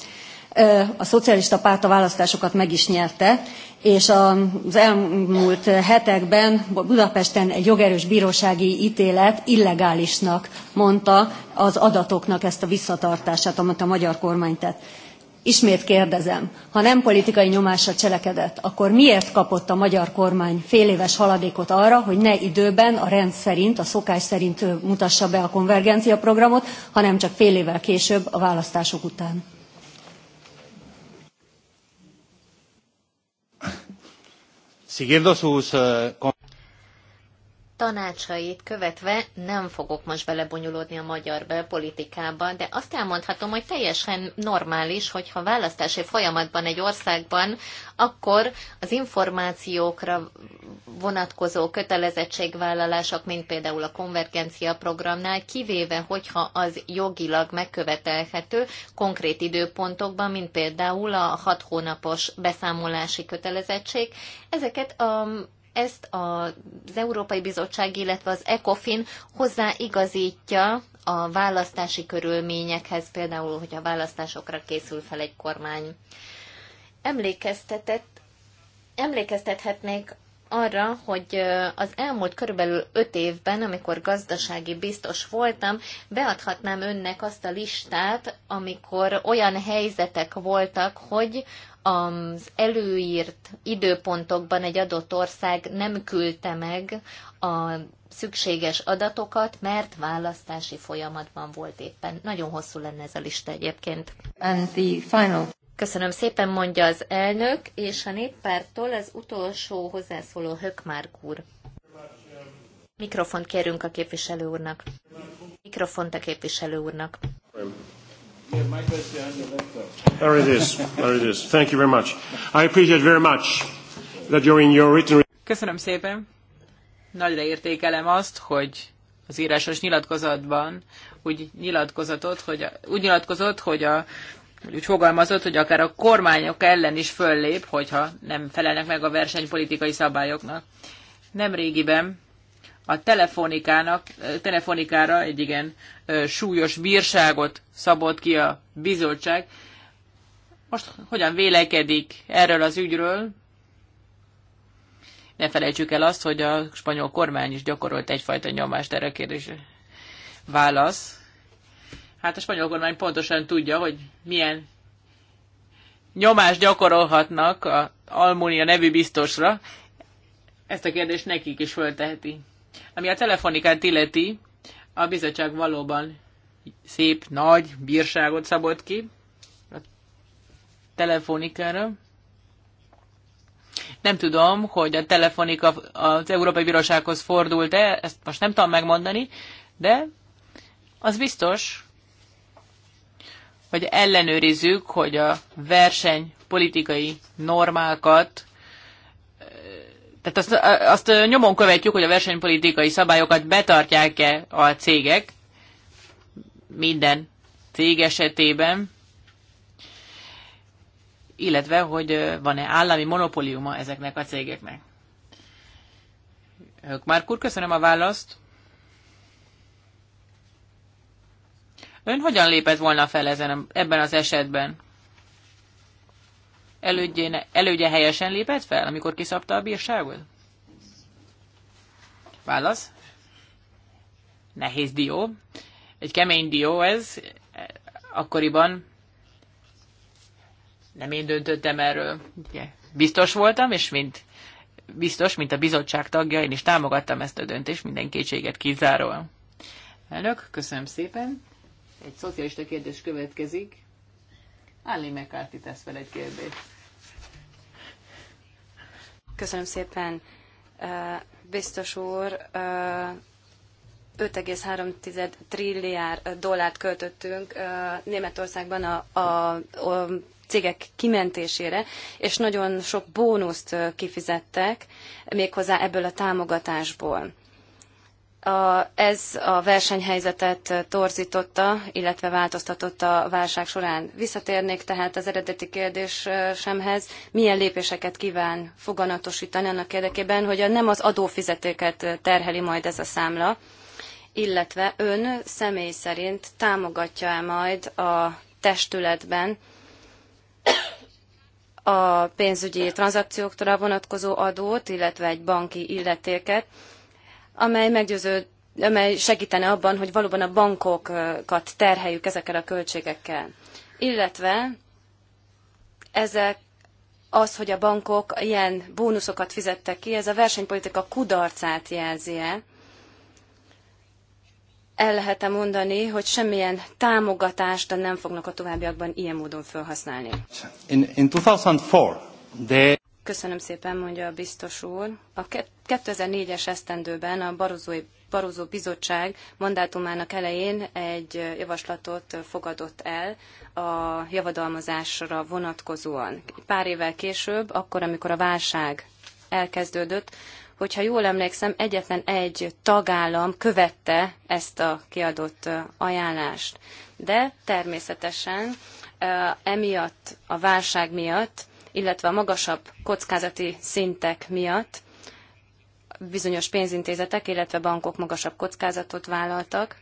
a szocialista párt a választásokat meg is nyerte, és az elmúlt hetekben Budapesten egy jogerős bírósági ítélet illegálisnak mondta az adatoknak ezt a visszatartását, amit a magyar kormány tett. Ismét kérdezem, ha nem politikai nyomásra cselekedett, akkor miért kapott a magyar kormány féléves haladékot arra, hogy ne időben a rend szerint, a szokás szerint mutassa be a konvergencia programot, hanem csak fél évvel később a választások után? siguiendo sus. Uh, tanácsait követve nem fogok most belebonyolódni a magyar belpolitikába, de azt elmondhatom, hogy teljesen normális, hogyha választási folyamatban egy országban, akkor az információkra vonatkozó kötelezettségvállalások, mint például a konvergencia programnál, kivéve, hogyha az jogilag megkövetelhető konkrét időpontokban, mint például a hat hónapos beszámolási kötelezettség, ezeket a ezt az Európai Bizottság, illetve az ECOFIN hozzáigazítja a választási körülményekhez, például, hogy a választásokra készül fel egy kormány. Emlékeztetett, emlékeztethetnék arra, hogy az elmúlt körülbelül öt évben, amikor gazdasági biztos voltam, beadhatnám önnek azt a listát, amikor olyan helyzetek voltak, hogy az előírt időpontokban egy adott ország nem küldte meg a szükséges adatokat, mert választási folyamatban volt éppen. Nagyon hosszú lenne ez a lista egyébként. And the final. Köszönöm szépen, mondja az elnök, és a néppártól az utolsó hozzászóló Hökmárk úr. Mikrofont kérünk a képviselő úrnak. Mikrofont a képviselő úrnak. Um, There it is. There it is. Thank you very much. I appreciate very much that you're in your written... Köszönöm szépen. Nagyra értékelem azt, hogy az írásos nyilatkozatban úgy nyilatkozott, hogy a, úgy nyilatkozott, hogy a úgy fogalmazott, hogy akár a kormányok ellen is föllép, hogyha nem felelnek meg a versenypolitikai szabályoknak. Nem régiben a telefonikának, telefonikára egy igen súlyos bírságot szabott ki a bizottság. Most hogyan vélekedik erről az ügyről? Ne felejtsük el azt, hogy a spanyol kormány is gyakorolt egyfajta nyomást erre a kérdésre. Válasz. Hát a spanyol kormány pontosan tudja, hogy milyen nyomást gyakorolhatnak a Almunia nevű biztosra. Ezt a kérdést nekik is fölteheti. Ami a telefonikát illeti, a bizottság valóban szép, nagy bírságot szabott ki a telefonikára. Nem tudom, hogy a telefonika az Európai Bírósághoz fordult-e, ezt most nem tudom megmondani, de az biztos, hogy ellenőrizzük, hogy a verseny politikai normákat tehát azt, azt nyomon követjük, hogy a versenypolitikai szabályokat betartják-e a cégek minden cég esetében, illetve hogy van-e állami monopóliuma ezeknek a cégeknek. Márk úr, köszönöm a választ. Ön hogyan lépett volna fel ezen, ebben az esetben? elődjén, elődje helyesen lépett fel, amikor kiszabta a bírságot? Válasz? Nehéz dió. Egy kemény dió ez. Akkoriban nem én döntöttem erről. Biztos voltam, és mint biztos, mint a bizottság tagja, én is támogattam ezt a döntést, minden kétséget kizáról. Elnök, köszönöm szépen. Egy szocialista kérdés következik. Állni McCarthy tesz fel egy kérdést. Köszönöm szépen, biztos úr. 5,3 trilliárd dollárt költöttünk Németországban a, a, a cégek kimentésére, és nagyon sok bónuszt kifizettek méghozzá ebből a támogatásból a, ez a versenyhelyzetet torzította, illetve változtatott a válság során. Visszatérnék tehát az eredeti kérdésemhez, milyen lépéseket kíván foganatosítani annak érdekében, hogy nem az adófizetéket terheli majd ez a számla, illetve ön személy szerint támogatja-e majd a testületben a pénzügyi tranzakciókra vonatkozó adót, illetve egy banki illetéket, amely meggyőző, amely segítene abban, hogy valóban a bankokat terheljük ezekkel a költségekkel. Illetve ezek az, hogy a bankok ilyen bónuszokat fizettek ki, ez a versenypolitika kudarcát jelzi -e. El lehet -e mondani, hogy semmilyen támogatást nem fognak a továbbiakban ilyen módon felhasználni? In, in 2004, they... Köszönöm szépen, mondja a biztos úr. A 2004-es esztendőben a Barozói Barozó Bizottság mandátumának elején egy javaslatot fogadott el a javadalmazásra vonatkozóan. Pár évvel később, akkor, amikor a válság elkezdődött, hogyha jól emlékszem, egyetlen egy tagállam követte ezt a kiadott ajánlást. De természetesen eh, emiatt, a válság miatt illetve a magasabb kockázati szintek miatt bizonyos pénzintézetek, illetve bankok magasabb kockázatot vállaltak.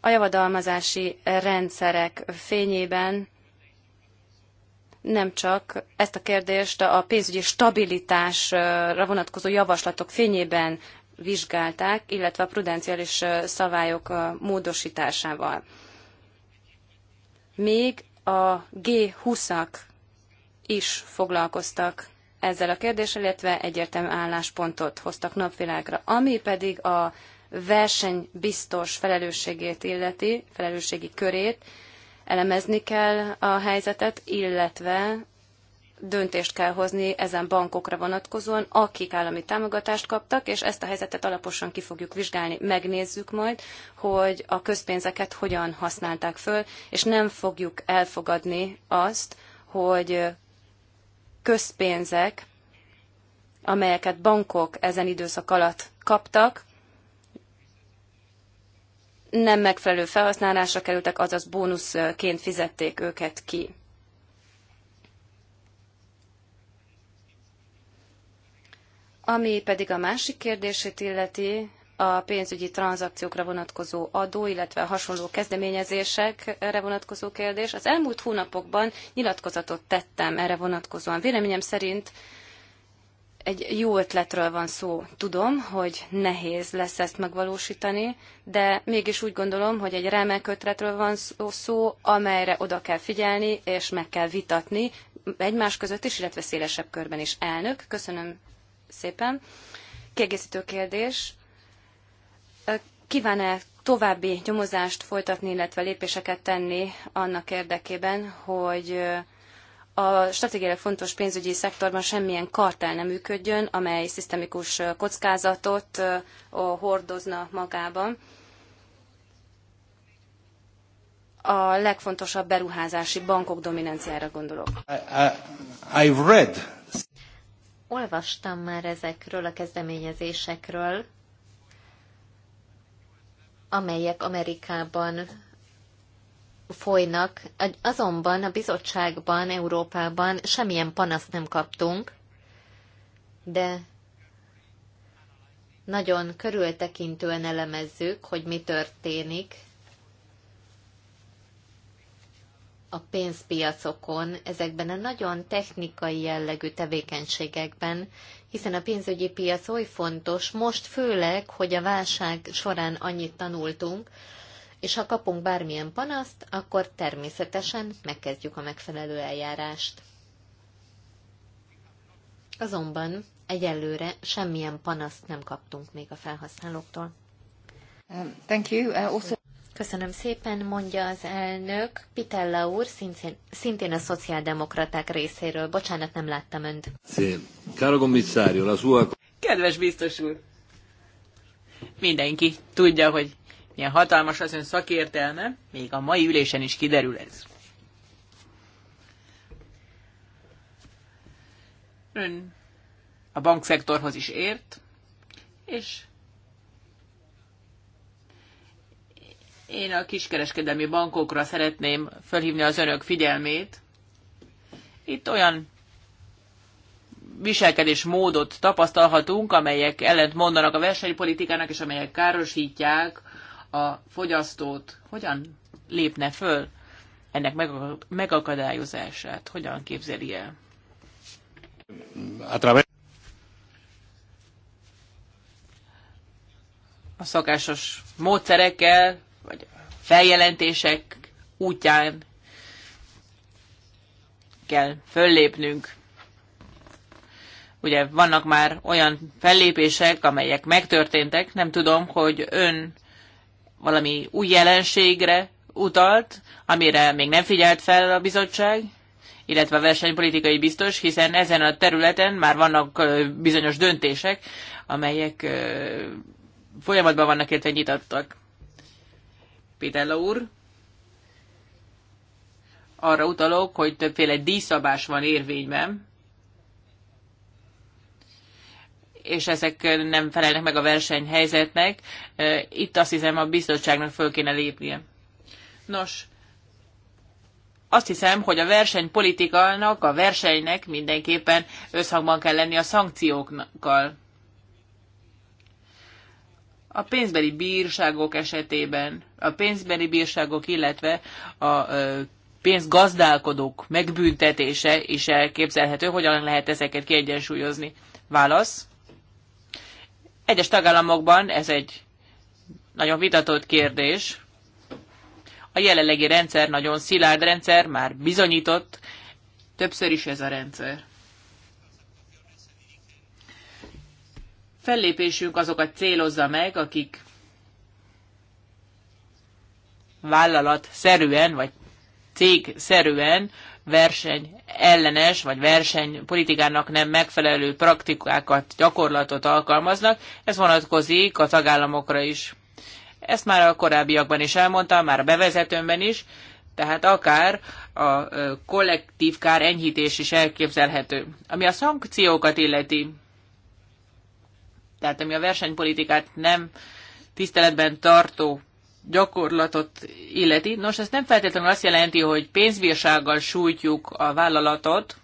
A javadalmazási rendszerek fényében nem csak ezt a kérdést a pénzügyi stabilitásra vonatkozó javaslatok fényében vizsgálták, illetve a prudenciális szabályok módosításával. Még a G20-ak is foglalkoztak ezzel a kérdéssel, illetve egyértelmű álláspontot hoztak napvilágra. Ami pedig a versenybiztos felelősségét illeti, felelősségi körét, elemezni kell a helyzetet, illetve döntést kell hozni ezen bankokra vonatkozóan, akik állami támogatást kaptak, és ezt a helyzetet alaposan ki fogjuk vizsgálni. Megnézzük majd, hogy a közpénzeket hogyan használták föl, és nem fogjuk elfogadni azt, hogy közpénzek, amelyeket bankok ezen időszak alatt kaptak, nem megfelelő felhasználásra kerültek, azaz bónuszként fizették őket ki. Ami pedig a másik kérdését illeti, a pénzügyi tranzakciókra vonatkozó adó, illetve hasonló kezdeményezésekre vonatkozó kérdés. Az elmúlt hónapokban nyilatkozatot tettem erre vonatkozóan. Véleményem szerint egy jó ötletről van szó. Tudom, hogy nehéz lesz ezt megvalósítani, de mégis úgy gondolom, hogy egy remek ötletről van szó, szó amelyre oda kell figyelni, és meg kell vitatni egymás között is, illetve szélesebb körben is. Elnök, köszönöm szépen. Kiegészítő kérdés. Kíván-e további nyomozást folytatni, illetve lépéseket tenni annak érdekében, hogy a stratégiailag fontos pénzügyi szektorban semmilyen kartel nem működjön, amely szisztemikus kockázatot hordozna magában. A legfontosabb beruházási bankok dominanciára gondolok. I, I, I've read olvastam már ezekről a kezdeményezésekről, amelyek Amerikában folynak, azonban a bizottságban, Európában semmilyen panaszt nem kaptunk, de nagyon körültekintően elemezzük, hogy mi történik a pénzpiacokon, ezekben a nagyon technikai jellegű tevékenységekben, hiszen a pénzügyi piac oly fontos, most főleg, hogy a válság során annyit tanultunk, és ha kapunk bármilyen panaszt, akkor természetesen megkezdjük a megfelelő eljárást. Azonban egyelőre semmilyen panaszt nem kaptunk még a felhasználóktól. Um, thank you. Uh, also... Köszönöm szépen, mondja az elnök. Pitella úr, szintén, szintén a szociáldemokraták részéről. Bocsánat, nem láttam önt. Szép. Caro commissario, la sua... Kedves biztos úr! Mindenki tudja, hogy milyen hatalmas az ön szakértelme, még a mai ülésen is kiderül ez. Ön a bankszektorhoz is ért, és Én a kiskereskedelmi bankokra szeretném felhívni az önök figyelmét. Itt olyan viselkedés módot tapasztalhatunk, amelyek ellent mondanak a versenypolitikának, és amelyek károsítják a fogyasztót. Hogyan lépne föl ennek megakadályozását? Hogyan képzeli el? A szokásos módszerekkel vagy feljelentések útján kell föllépnünk. Ugye vannak már olyan fellépések, amelyek megtörténtek, nem tudom, hogy ön valami új jelenségre utalt, amire még nem figyelt fel a bizottság, illetve a versenypolitikai biztos, hiszen ezen a területen már vannak bizonyos döntések, amelyek folyamatban vannak, illetve nyitottak. Pidella úr, arra utalok, hogy többféle díszabás van érvényben, és ezek nem felelnek meg a versenyhelyzetnek. Itt azt hiszem a bizottságnak föl kéne lépnie. Nos, azt hiszem, hogy a versenypolitikának, a versenynek mindenképpen összhangban kell lenni a szankciókkal a pénzbeli bírságok esetében, a pénzbeli bírságok, illetve a pénzgazdálkodók megbüntetése is elképzelhető, hogyan lehet ezeket kiegyensúlyozni. Válasz. Egyes tagállamokban ez egy nagyon vitatott kérdés. A jelenlegi rendszer nagyon szilárd rendszer, már bizonyított, többször is ez a rendszer. fellépésünk azokat célozza meg, akik vállalat szerűen, vagy cég szerűen verseny ellenes, vagy verseny politikának nem megfelelő praktikákat, gyakorlatot alkalmaznak. Ez vonatkozik a tagállamokra is. Ezt már a korábbiakban is elmondtam, már a bevezetőmben is, tehát akár a kollektív kár enyhítés is elképzelhető. Ami a szankciókat illeti, tehát ami a versenypolitikát nem tiszteletben tartó gyakorlatot illeti. Nos, ez nem feltétlenül azt jelenti, hogy pénzbírsággal sújtjuk a vállalatot,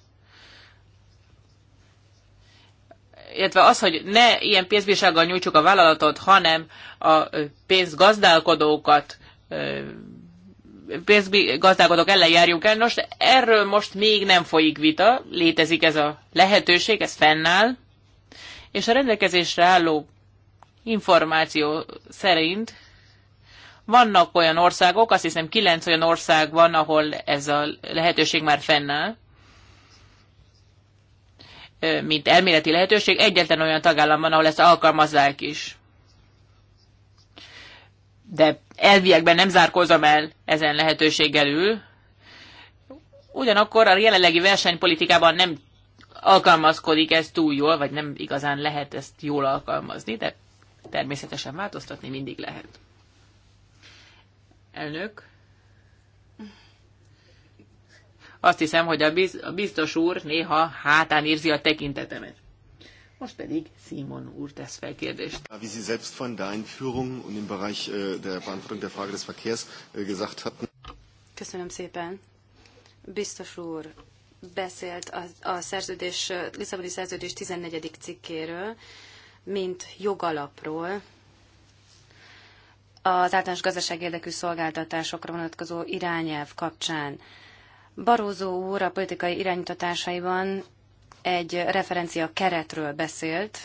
illetve az, hogy ne ilyen pénzbírsággal nyújtsuk a vállalatot, hanem a pénzgazdálkodókat, pénzgazdálkodók ellen járjunk el. Nos, erről most még nem folyik vita, létezik ez a lehetőség, ez fennáll és a rendelkezésre álló információ szerint vannak olyan országok, azt hiszem kilenc olyan ország van, ahol ez a lehetőség már fennáll, mint elméleti lehetőség, egyetlen olyan tagállam van, ahol ezt alkalmazzák is. De elviekben nem zárkozom el ezen lehetőséggel ül. Ugyanakkor a jelenlegi versenypolitikában nem alkalmazkodik ez túl jól, vagy nem igazán lehet ezt jól alkalmazni, de természetesen változtatni mindig lehet. Elnök. Azt hiszem, hogy a, biz, a biztos úr néha hátán érzi a tekintetemet. Most pedig Simon úr tesz fel kérdést. Wie Sie selbst von der Einführung und im Bereich äh, der Beantwortung der Frage des Verkehrs äh, gesagt hatten. Köszönöm szépen. Biztos úr, beszélt a, a szerződés, Lisszaboni szerződés 14. cikkéről, mint jogalapról, az általános gazdaság érdekű szolgáltatásokra vonatkozó irányelv kapcsán. Barózó úr a politikai irányítatásaiban egy referencia keretről beszélt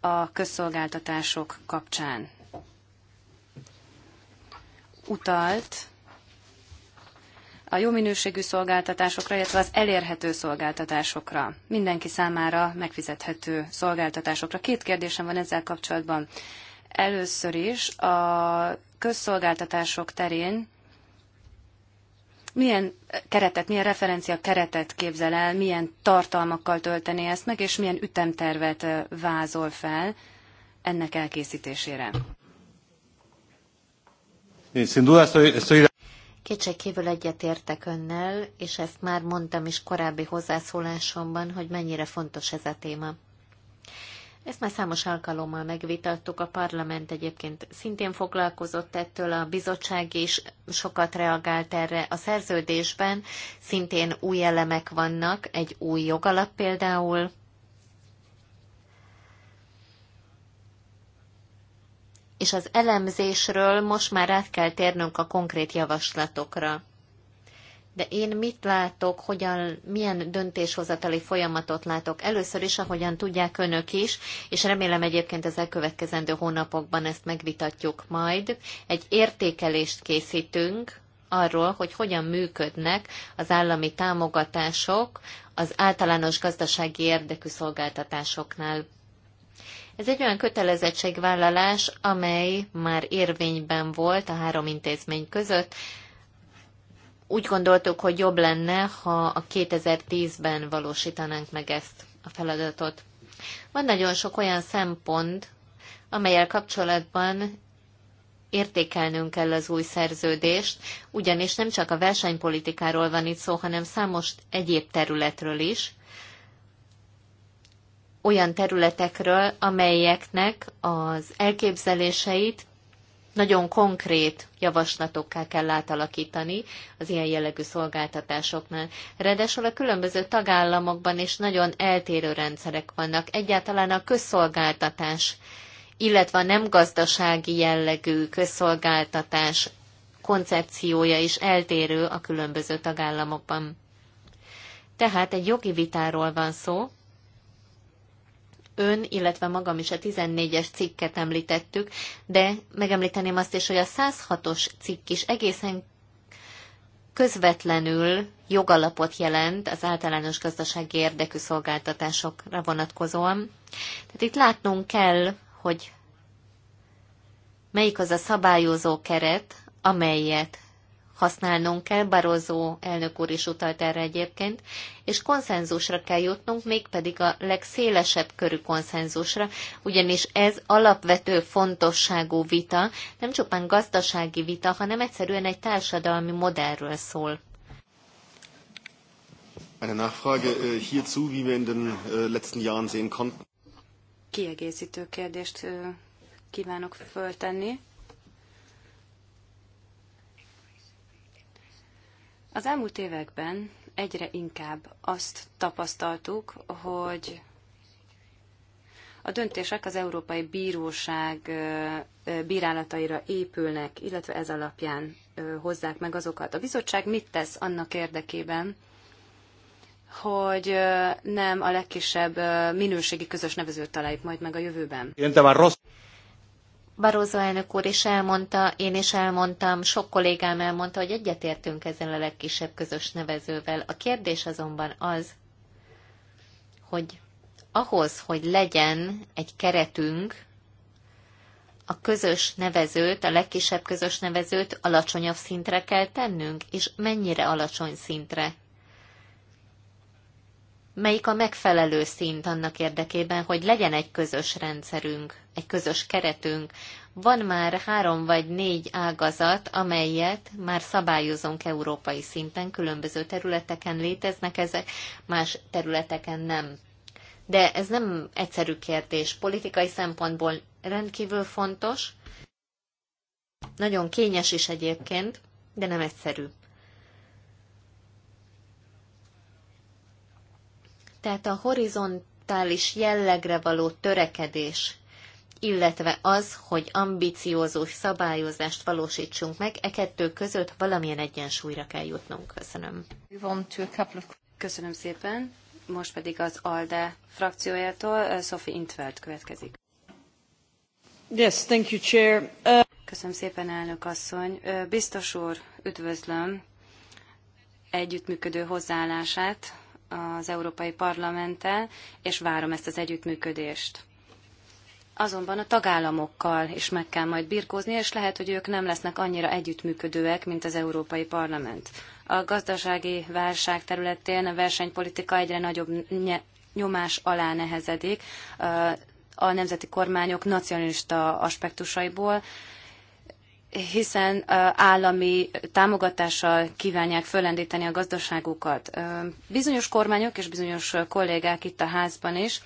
a közszolgáltatások kapcsán. Utalt a jó minőségű szolgáltatásokra, illetve az elérhető szolgáltatásokra, mindenki számára megfizethető szolgáltatásokra. Két kérdésem van ezzel kapcsolatban. Először is a közszolgáltatások terén milyen keretet, milyen referencia keretet képzel el, milyen tartalmakkal tölteni ezt meg, és milyen ütemtervet vázol fel ennek elkészítésére? Sin duda estoy, estoy... Kétségkívül egyetértek önnel, és ezt már mondtam is korábbi hozzászólásomban, hogy mennyire fontos ez a téma. Ezt már számos alkalommal megvitattuk, a parlament egyébként szintén foglalkozott ettől, a bizottság is sokat reagált erre. A szerződésben szintén új elemek vannak, egy új jogalap például, és az elemzésről most már át kell térnünk a konkrét javaslatokra. De én mit látok, hogyan, milyen döntéshozatali folyamatot látok? Először is, ahogyan tudják önök is, és remélem egyébként az elkövetkezendő hónapokban ezt megvitatjuk majd, egy értékelést készítünk arról, hogy hogyan működnek az állami támogatások az általános gazdasági érdekű szolgáltatásoknál. Ez egy olyan kötelezettségvállalás, amely már érvényben volt a három intézmény között. Úgy gondoltuk, hogy jobb lenne, ha a 2010-ben valósítanánk meg ezt a feladatot. Van nagyon sok olyan szempont, amelyel kapcsolatban értékelnünk kell az új szerződést, ugyanis nem csak a versenypolitikáról van itt szó, hanem számos egyéb területről is, olyan területekről, amelyeknek az elképzeléseit nagyon konkrét javaslatokká kell átalakítani az ilyen jellegű szolgáltatásoknál. Ráadásul a különböző tagállamokban is nagyon eltérő rendszerek vannak. Egyáltalán a közszolgáltatás, illetve a nem gazdasági jellegű közszolgáltatás koncepciója is eltérő a különböző tagállamokban. Tehát egy jogi vitáról van szó, ön, illetve magam is a 14-es cikket említettük, de megemlíteném azt is, hogy a 106-os cikk is egészen közvetlenül jogalapot jelent az általános gazdasági érdekű szolgáltatásokra vonatkozóan. Tehát itt látnunk kell, hogy melyik az a szabályozó keret, amelyet használnunk kell, Barozó elnök úr is utalt erre egyébként, és konszenzusra kell jutnunk, mégpedig a legszélesebb körű konszenzusra, ugyanis ez alapvető fontosságú vita, nem csupán gazdasági vita, hanem egyszerűen egy társadalmi modellről szól. Eine Nachfrage äh, hierzu, wie wir in den äh, letzten Jahren sehen konnten. Kiegészítő kérdést äh, kívánok föltenni. Az elmúlt években egyre inkább azt tapasztaltuk, hogy a döntések az Európai Bíróság bírálataira épülnek, illetve ez alapján hozzák meg azokat. A bizottság mit tesz annak érdekében, hogy nem a legkisebb minőségi közös nevezőt találjuk majd meg a jövőben? Barózó elnök úr is elmondta, én is elmondtam, sok kollégám elmondta, hogy egyetértünk ezzel a legkisebb közös nevezővel. A kérdés azonban az, hogy ahhoz, hogy legyen egy keretünk, a közös nevezőt, a legkisebb közös nevezőt alacsonyabb szintre kell tennünk, és mennyire alacsony szintre? melyik a megfelelő szint annak érdekében, hogy legyen egy közös rendszerünk, egy közös keretünk. Van már három vagy négy ágazat, amelyet már szabályozunk európai szinten, különböző területeken léteznek ezek, más területeken nem. De ez nem egyszerű kérdés. Politikai szempontból rendkívül fontos, nagyon kényes is egyébként, de nem egyszerű. Tehát a horizontális jellegre való törekedés, illetve az, hogy ambiciózus szabályozást valósítsunk meg, e kettő között valamilyen egyensúlyra kell jutnunk. Köszönöm. Köszönöm szépen. Most pedig az ALDE frakciójától eh, Sophie Intveld következik. Yes, thank you, Chair. Uh... Köszönöm szépen, elnök asszony. Uh, biztos úr, üdvözlöm együttműködő hozzáállását az Európai Parlamenttel, és várom ezt az együttműködést. Azonban a tagállamokkal is meg kell majd birkózni, és lehet, hogy ők nem lesznek annyira együttműködőek, mint az Európai Parlament. A gazdasági válság területén a versenypolitika egyre nagyobb nyomás alá nehezedik a nemzeti kormányok nacionalista aspektusaiból, hiszen állami támogatással kívánják fölendíteni a gazdaságukat. Bizonyos kormányok és bizonyos kollégák itt a házban is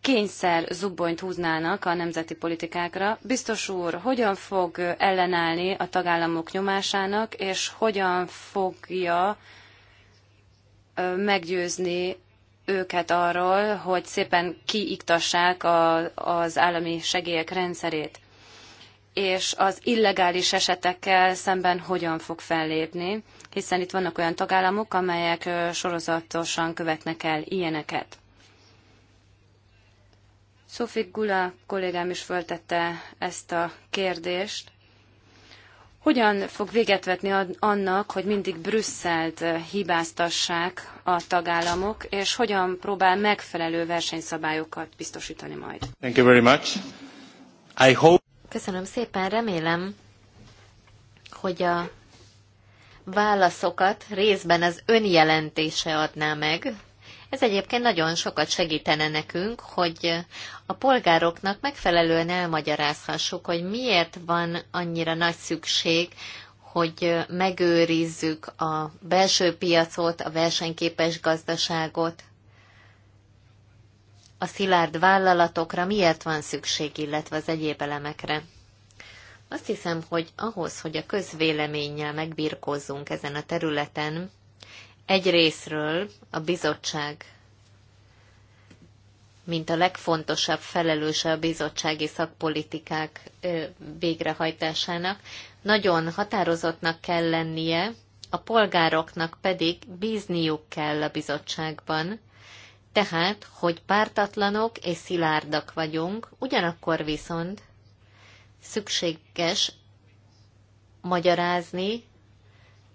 kényszer zubbonyt húznának a nemzeti politikákra. Biztos úr, hogyan fog ellenállni a tagállamok nyomásának, és hogyan fogja meggyőzni őket arról, hogy szépen kiiktassák az állami segélyek rendszerét? és az illegális esetekkel szemben hogyan fog fellépni, hiszen itt vannak olyan tagállamok, amelyek sorozatosan követnek el ilyeneket. Sophie Gula kollégám is föltette ezt a kérdést. Hogyan fog véget vetni annak, hogy mindig Brüsszelt hibáztassák a tagállamok, és hogyan próbál megfelelő versenyszabályokat biztosítani majd? Thank you very much. I hope... Köszönöm szépen, remélem, hogy a válaszokat részben az önjelentése adná meg. Ez egyébként nagyon sokat segítene nekünk, hogy a polgároknak megfelelően elmagyarázhassuk, hogy miért van annyira nagy szükség, hogy megőrizzük a belső piacot, a versenyképes gazdaságot, a szilárd vállalatokra miért van szükség, illetve az egyéb elemekre. Azt hiszem, hogy ahhoz, hogy a közvéleménnyel megbirkózzunk ezen a területen, egy részről a bizottság, mint a legfontosabb felelőse a bizottsági szakpolitikák végrehajtásának, nagyon határozottnak kell lennie, a polgároknak pedig bízniuk kell a bizottságban, tehát, hogy pártatlanok és szilárdak vagyunk, ugyanakkor viszont szükséges magyarázni,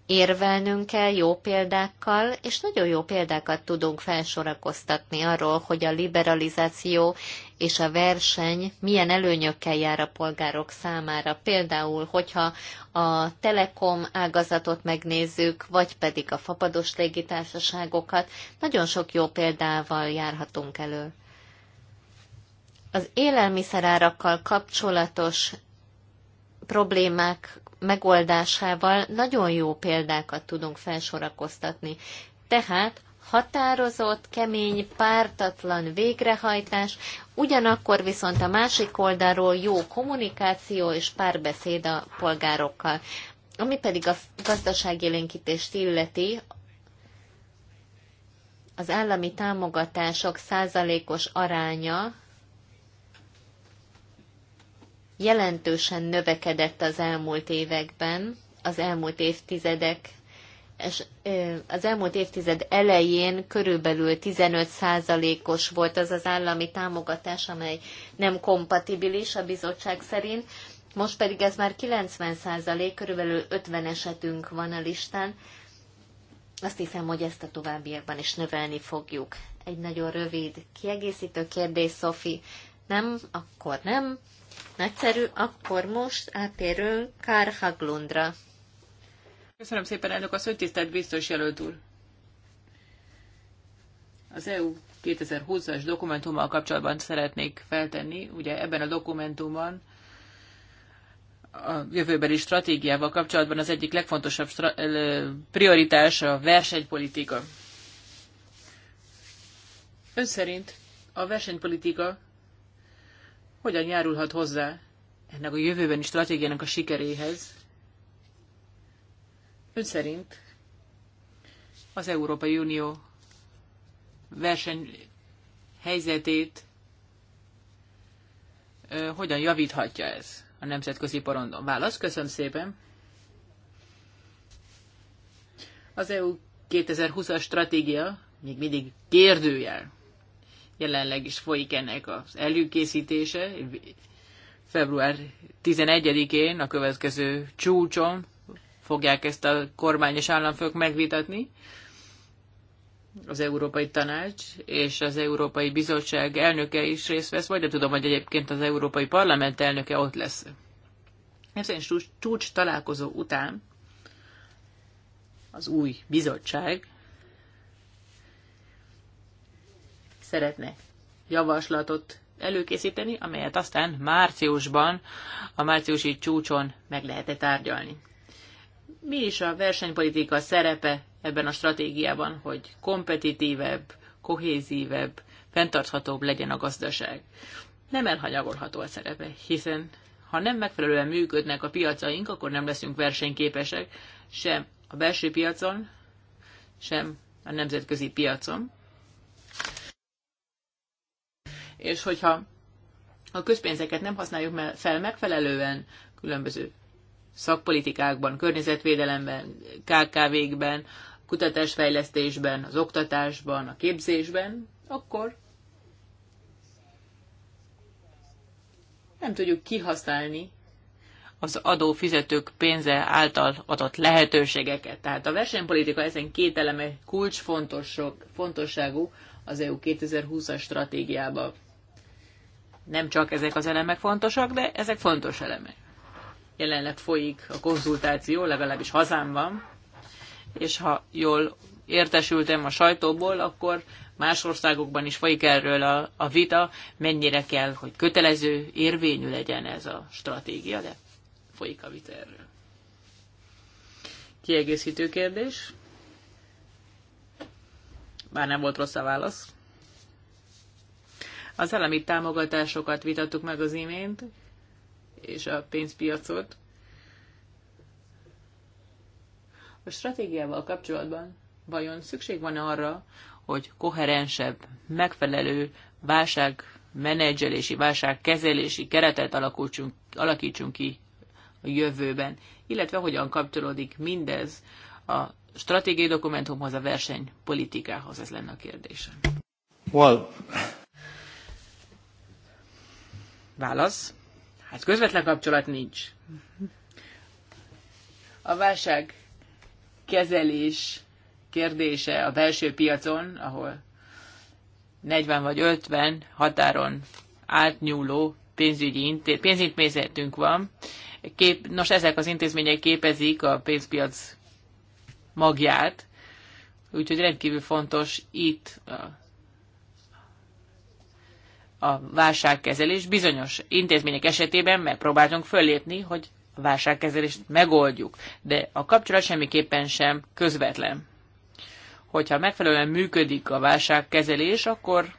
érvelnünk kell jó példákkal, és nagyon jó példákat tudunk felsorakoztatni arról, hogy a liberalizáció és a verseny milyen előnyökkel jár a polgárok számára. Például, hogyha a telekom ágazatot megnézzük, vagy pedig a fapados légitársaságokat, nagyon sok jó példával járhatunk elő. Az élelmiszerárakkal kapcsolatos problémák megoldásával nagyon jó példákat tudunk felsorakoztatni. Tehát határozott, kemény, pártatlan végrehajtás, ugyanakkor viszont a másik oldalról jó kommunikáció és párbeszéd a polgárokkal. Ami pedig a gazdaságélénkítést illeti, az állami támogatások százalékos aránya jelentősen növekedett az elmúlt években, az elmúlt évtizedek és az elmúlt évtized elején körülbelül 15%-os volt az az állami támogatás, amely nem kompatibilis a bizottság szerint, most pedig ez már 90%, körülbelül 50 esetünk van a listán. Azt hiszem, hogy ezt a továbbiakban is növelni fogjuk. Egy nagyon rövid kiegészítő kérdés, Szofi. Nem, akkor nem. Nagyszerű, akkor most átérünk Kárhaglundra. Köszönöm szépen, elnök asszony, tisztelt biztos jelölt úr. Az EU 2020-as dokumentummal kapcsolatban szeretnék feltenni. Ugye ebben a dokumentumban a jövőbeli stratégiával kapcsolatban az egyik legfontosabb prioritás a versenypolitika. Ön szerint a versenypolitika hogyan járulhat hozzá ennek a jövőbeni stratégiának a sikeréhez, Ön szerint az Európai Unió versenyhelyzetét hogyan javíthatja ez a nemzetközi porondon? Válasz, köszönöm szépen. Az EU 2020-as stratégia még mindig kérdőjel. Jelenleg is folyik ennek az előkészítése. Február 11-én a következő csúcson fogják ezt a kormány és államfők megvitatni. Az Európai Tanács és az Európai Bizottság elnöke is részt vesz, vagy de tudom, hogy egyébként az Európai Parlament elnöke ott lesz. Ezen csúcs találkozó után az új bizottság szeretne javaslatot előkészíteni, amelyet aztán márciusban, a márciusi csúcson meg lehet -e tárgyalni mi is a versenypolitika szerepe ebben a stratégiában, hogy kompetitívebb, kohézívebb, fenntarthatóbb legyen a gazdaság. Nem elhanyagolható a szerepe, hiszen ha nem megfelelően működnek a piacaink, akkor nem leszünk versenyképesek sem a belső piacon, sem a nemzetközi piacon. És hogyha a közpénzeket nem használjuk fel megfelelően, különböző szakpolitikákban, környezetvédelemben, KKV-kben, kutatásfejlesztésben, az oktatásban, a képzésben, akkor nem tudjuk kihasználni az adófizetők pénze által adott lehetőségeket. Tehát a versenypolitika ezen két eleme kulcsfontosságú az EU 2020-as stratégiában. Nem csak ezek az elemek fontosak, de ezek fontos elemek jelenleg folyik a konzultáció, legalábbis hazámban, és ha jól értesültem a sajtóból, akkor más országokban is folyik erről a, a vita, mennyire kell, hogy kötelező, érvényű legyen ez a stratégia, de folyik a vita erről. Kiegészítő kérdés? Bár nem volt rossz a válasz. Az állami támogatásokat vitattuk meg az imént és a pénzpiacot. A stratégiával kapcsolatban vajon szükség van arra, hogy koherensebb, megfelelő válságmenedzselési, válságkezelési keretet alakultsunk, alakítsunk ki a jövőben, illetve hogyan kapcsolódik mindez a stratégiai dokumentumhoz, a versenypolitikához, ez lenne a kérdésem. Well. Válasz. Hát közvetlen kapcsolat nincs. A válság kezelés kérdése a belső piacon, ahol 40 vagy 50 határon átnyúló pénzügyi inté- pénzintézetünk van. Kép- Nos, ezek az intézmények képezik a pénzpiac magját, úgyhogy rendkívül fontos itt a a válságkezelés. Bizonyos intézmények esetében megpróbáltunk föllépni, hogy a válságkezelést megoldjuk, de a kapcsolat semmiképpen sem közvetlen. Hogyha megfelelően működik a válságkezelés, akkor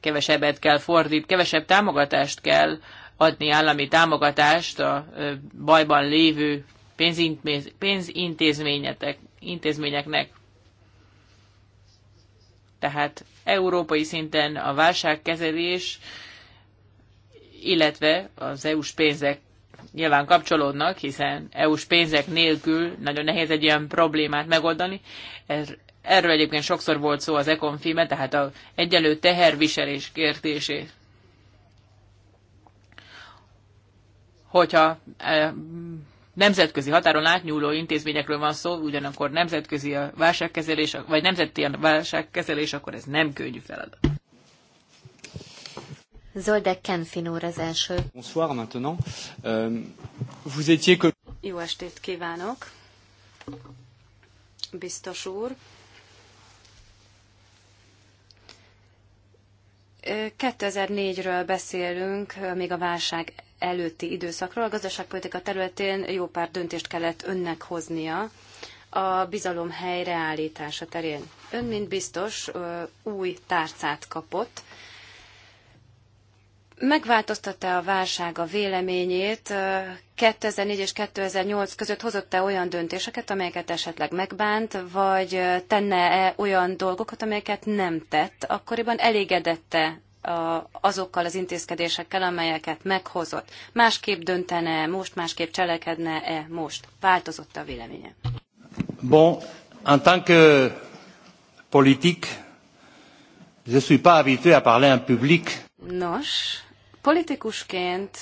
kevesebbet kell fordít, kevesebb támogatást kell adni állami támogatást a bajban lévő pénzintézményeknek tehát európai szinten a válságkezelés, illetve az EU-s pénzek nyilván kapcsolódnak, hiszen EU-s pénzek nélkül nagyon nehéz egy ilyen problémát megoldani. Er, erről egyébként sokszor volt szó az ECONFIME, tehát az egyenlő teherviselés kérdését. Hogyha eh, nemzetközi határon átnyúló intézményekről van szó, ugyanakkor nemzetközi a válságkezelés, vagy nemzeti a válságkezelés, akkor ez nem könnyű feladat. Zoldek Kenfin úr az első. Bonsoir maintenant. Euh, vous étiez... Jó estét kívánok, biztos úr. 2004-ről beszélünk, még a válság előtti időszakról. A gazdaságpolitika területén jó pár döntést kellett önnek hoznia a bizalom helyreállítása terén. Ön, mint biztos, új tárcát kapott. Megváltoztatta a válság a véleményét, 2004 és 2008 között hozott-e olyan döntéseket, amelyeket esetleg megbánt, vagy tenne-e olyan dolgokat, amelyeket nem tett, akkoriban elégedette azokkal az intézkedésekkel, amelyeket meghozott? Másképp döntene most, másképp cselekedne-e most? Változott a véleménye? Bon, en tant que politique, je suis pas habitué à parler en public. Nos, politikusként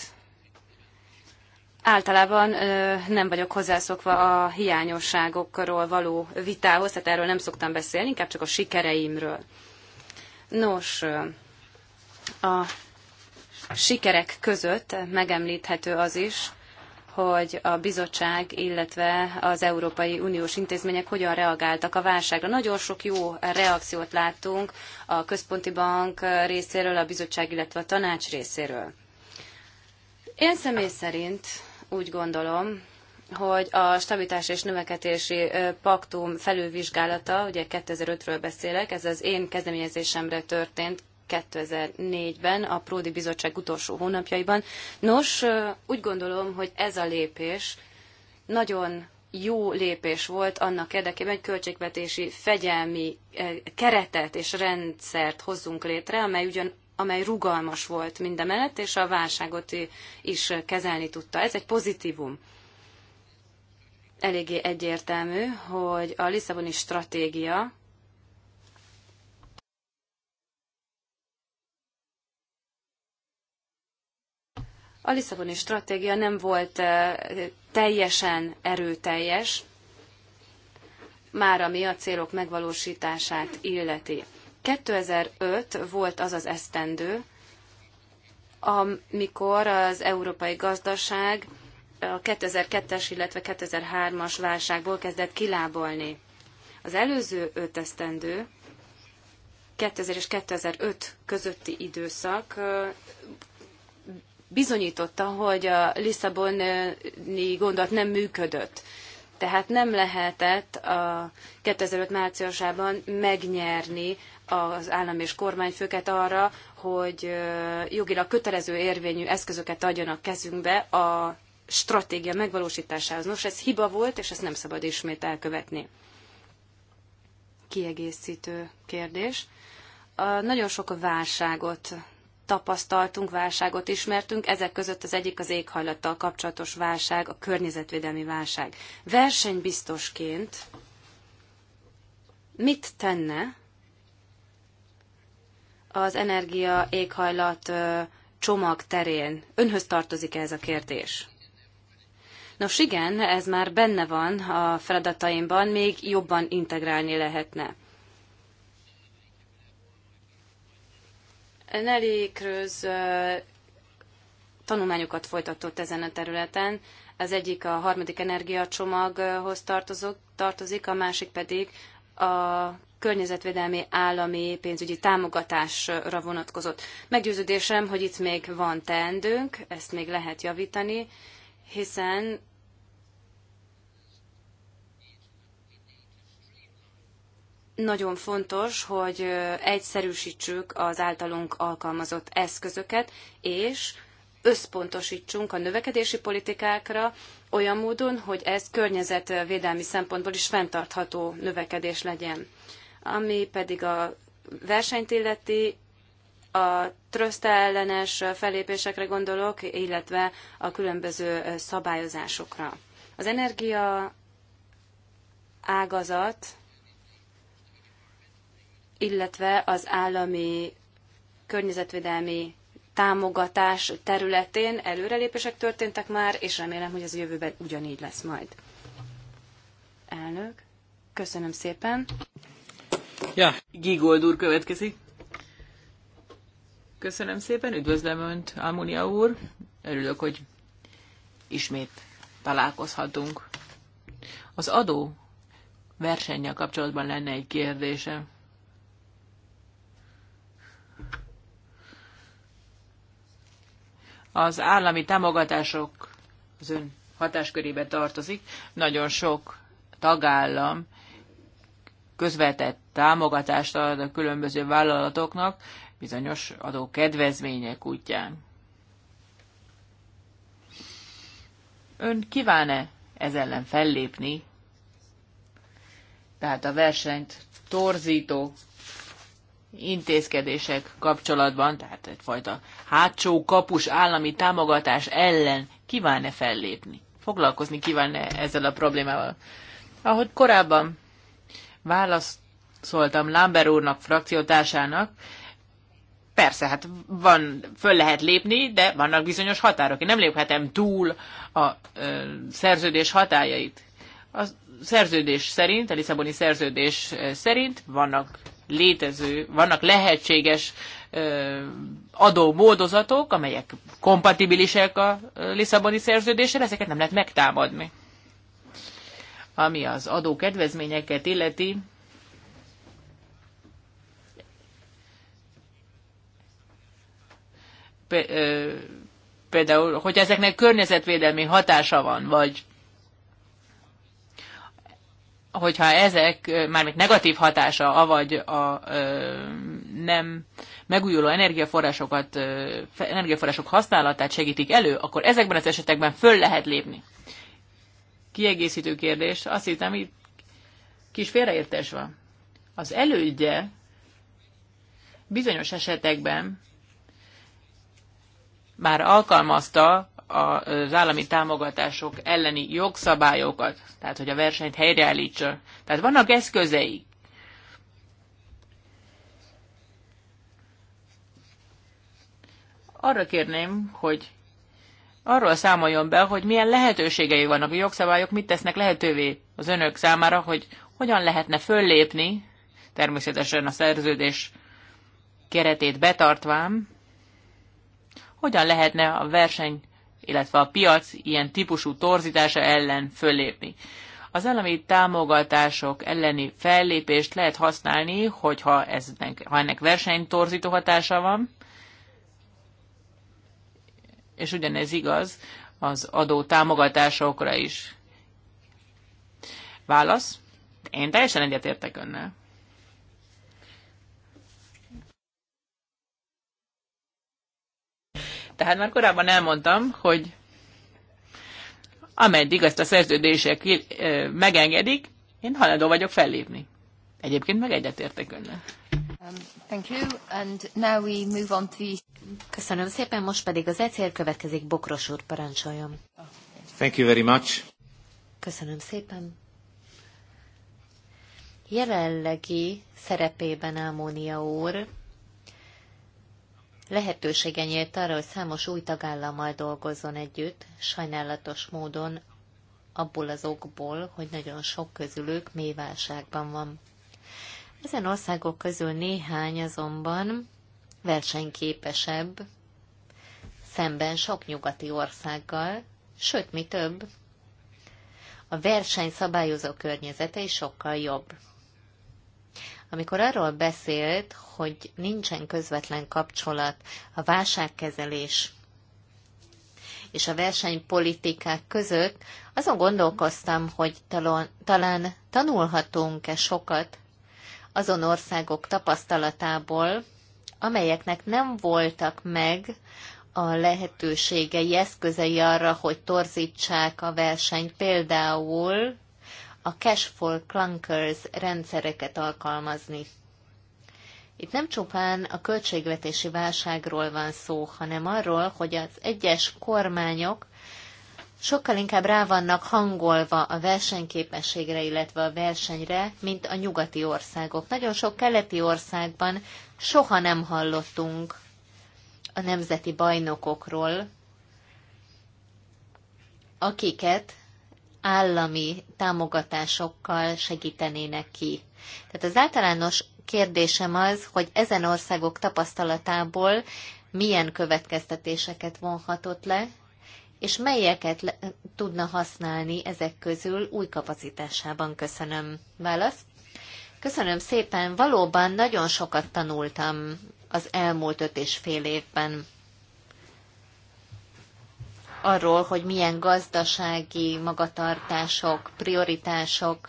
Általában ö, nem vagyok hozzászokva a hiányosságokról való vitához, tehát erről nem szoktam beszélni, inkább csak a sikereimről. Nos, a sikerek között megemlíthető az is, hogy a bizottság, illetve az Európai Uniós intézmények hogyan reagáltak a válságra. Nagyon sok jó reakciót láttunk a Központi Bank részéről, a bizottság, illetve a tanács részéről. Én személy szerint úgy gondolom, hogy a stabilitás és növekedési paktum felülvizsgálata, ugye 2005-ről beszélek, ez az én kezdeményezésemre történt 2004-ben, a Pródi Bizottság utolsó hónapjaiban. Nos, úgy gondolom, hogy ez a lépés nagyon jó lépés volt annak érdekében, hogy költségvetési fegyelmi keretet és rendszert hozzunk létre, amely ugyan amely rugalmas volt mindemellett, és a válságot is kezelni tudta. Ez egy pozitívum. Eléggé egyértelmű, hogy a Lisszaboni stratégia A Lisszaboni stratégia nem volt teljesen erőteljes, már ami a célok megvalósítását illeti. 2005 volt az az esztendő, amikor az európai gazdaság a 2002-es, illetve 2003-as válságból kezdett kilábalni. Az előző öt esztendő, 2000 és 2005 közötti időszak bizonyította, hogy a Lisszaboni gondolat nem működött. Tehát nem lehetett a 2005 márciusában megnyerni az állam és kormányfőket arra, hogy jogilag kötelező érvényű eszközöket adjanak kezünkbe a stratégia megvalósításához. Nos, ez hiba volt, és ezt nem szabad ismét elkövetni. Kiegészítő kérdés. nagyon sok válságot tapasztaltunk, válságot ismertünk, ezek között az egyik az éghajlattal kapcsolatos válság, a környezetvédelmi válság. Versenybiztosként mit tenne az energia éghajlat csomag terén? Önhöz tartozik -e ez a kérdés? Nos igen, ez már benne van a feladataimban, még jobban integrálni lehetne. Nelly Kröz tanulmányokat folytatott ezen a területen. Az egyik a harmadik energiacsomaghoz tartozik, a másik pedig a környezetvédelmi állami pénzügyi támogatásra vonatkozott. Meggyőződésem, hogy itt még van teendőnk, ezt még lehet javítani, hiszen nagyon fontos, hogy egyszerűsítsük az általunk alkalmazott eszközöket, és összpontosítsunk a növekedési politikákra olyan módon, hogy ez környezetvédelmi szempontból is fenntartható növekedés legyen. Ami pedig a versenyt illeti, a tröszt ellenes fellépésekre gondolok, illetve a különböző szabályozásokra. Az energia ágazat illetve az állami környezetvédelmi támogatás területén előrelépések történtek már, és remélem, hogy az jövőben ugyanígy lesz majd. Elnök, köszönöm szépen. Ja, Gigold úr következik. Köszönöm szépen, üdvözlöm Önt, Almunia úr. Örülök, hogy ismét találkozhatunk. Az adó versennyel kapcsolatban lenne egy kérdése. az állami támogatások az ön hatáskörébe tartozik. Nagyon sok tagállam közvetett támogatást ad a különböző vállalatoknak bizonyos adó kedvezmények útján. Ön kíván-e ez ellen fellépni? Tehát a versenyt torzító intézkedések kapcsolatban, tehát egyfajta hátsó kapus állami támogatás ellen kíván-e fellépni? Foglalkozni kíván-e ezzel a problémával? Ahogy korábban válaszoltam Lambert úrnak, frakciótársának, persze, hát van, föl lehet lépni, de vannak bizonyos határok. Én nem léphetem túl a ö, szerződés hatájait. A szerződés szerint, a Lisszaboni szerződés szerint vannak létező, vannak lehetséges adómódozatok, amelyek kompatibilisek a Lisszaboni szerződéssel, ezeket nem lehet megtámadni. Ami az adókedvezményeket illeti, például, hogy ezeknek környezetvédelmi hatása van, vagy hogyha ezek, mármint negatív hatása, avagy a ö, nem megújuló energiaforrásokat, ö, energiaforrások használatát segítik elő, akkor ezekben az esetekben föl lehet lépni. Kiegészítő kérdés, azt hittem, itt kis félreértés van. Az elődje bizonyos esetekben már alkalmazta az állami támogatások elleni jogszabályokat, tehát hogy a versenyt helyreállítsa. Tehát vannak eszközei. Arra kérném, hogy arról számoljon be, hogy milyen lehetőségei vannak a jogszabályok, mit tesznek lehetővé az önök számára, hogy hogyan lehetne föllépni, természetesen a szerződés keretét betartván, hogyan lehetne a verseny illetve a piac ilyen típusú torzítása ellen föllépni. Az állami támogatások elleni fellépést lehet használni, hogyha ez, ha ennek versenytorzító hatása van, és ugyanez igaz az adó támogatásokra is. Válasz? Én teljesen egyetértek önnel. Tehát már korábban elmondtam, hogy ameddig ezt a szerződések eh, megengedik, én hajlandó vagyok fellépni. Egyébként meg egyetértek önnel. Um, thank you, and now we move on to... Köszönöm szépen, most pedig az ECR következik, Bokros úr, parancsoljon. Thank you very much. Köszönöm szépen. Jelenlegi szerepében Ámónia úr lehetősége nyílt arra, hogy számos új tagállammal dolgozzon együtt, sajnálatos módon abból az okból, hogy nagyon sok közülük mély válságban van. Ezen országok közül néhány azonban versenyképesebb, szemben sok nyugati országgal, sőt, mi több, a verseny szabályozó környezete is sokkal jobb. Amikor arról beszélt, hogy nincsen közvetlen kapcsolat a válságkezelés és a versenypolitikák között, azon gondolkoztam, hogy talon, talán tanulhatunk-e sokat azon országok tapasztalatából, amelyeknek nem voltak meg a lehetőségei, eszközei arra, hogy torzítsák a versenyt, például a cash for clunkers rendszereket alkalmazni. Itt nem csupán a költségvetési válságról van szó, hanem arról, hogy az egyes kormányok sokkal inkább rá vannak hangolva a versenyképességre, illetve a versenyre, mint a nyugati országok. Nagyon sok keleti országban soha nem hallottunk a nemzeti bajnokokról, akiket állami támogatásokkal segítenének ki. Tehát az általános kérdésem az, hogy ezen országok tapasztalatából milyen következtetéseket vonhatott le, és melyeket le- tudna használni ezek közül új kapacitásában. Köszönöm. Válasz? Köszönöm szépen, valóban nagyon sokat tanultam az elmúlt öt és fél évben arról, hogy milyen gazdasági magatartások, prioritások,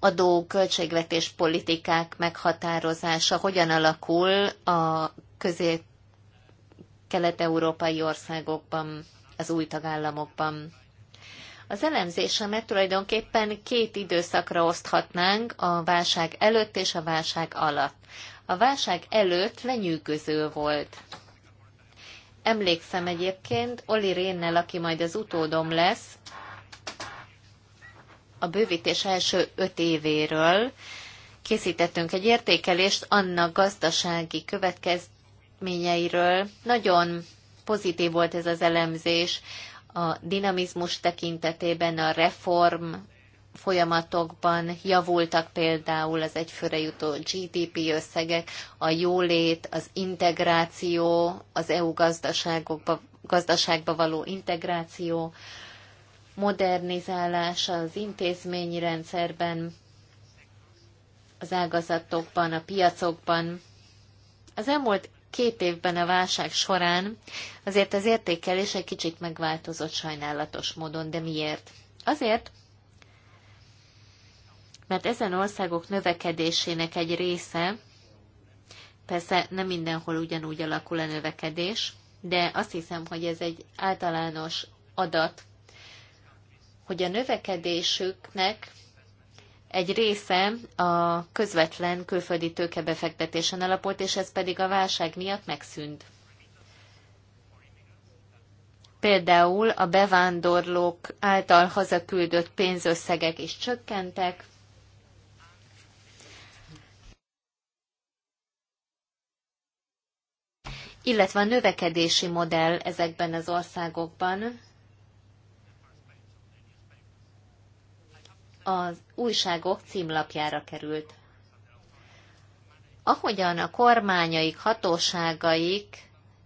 adó költségvetés politikák meghatározása hogyan alakul a közép kelet-európai országokban, az új tagállamokban. Az elemzésemet tulajdonképpen két időszakra oszthatnánk, a válság előtt és a válság alatt. A válság előtt lenyűgöző volt. Emlékszem egyébként Oli Rénnel, aki majd az utódom lesz, a bővítés első öt évéről készítettünk egy értékelést annak gazdasági következményeiről. Nagyon pozitív volt ez az elemzés a dinamizmus tekintetében, a reform folyamatokban javultak például az egyfőre jutó GDP összegek, a jólét, az integráció, az EU gazdaságokba, gazdaságba való integráció, modernizálása az intézményi rendszerben, az ágazatokban, a piacokban. Az elmúlt két évben a válság során azért az értékelés egy kicsit megváltozott sajnálatos módon, de miért? Azért, mert ezen országok növekedésének egy része, persze nem mindenhol ugyanúgy alakul a növekedés, de azt hiszem, hogy ez egy általános adat, hogy a növekedésüknek egy része a közvetlen külföldi tőkebefektetésen alapult, és ez pedig a válság miatt megszűnt. Például a bevándorlók által hazaküldött pénzösszegek is csökkentek, illetve a növekedési modell ezekben az országokban az újságok címlapjára került. Ahogyan a kormányaik, hatóságaik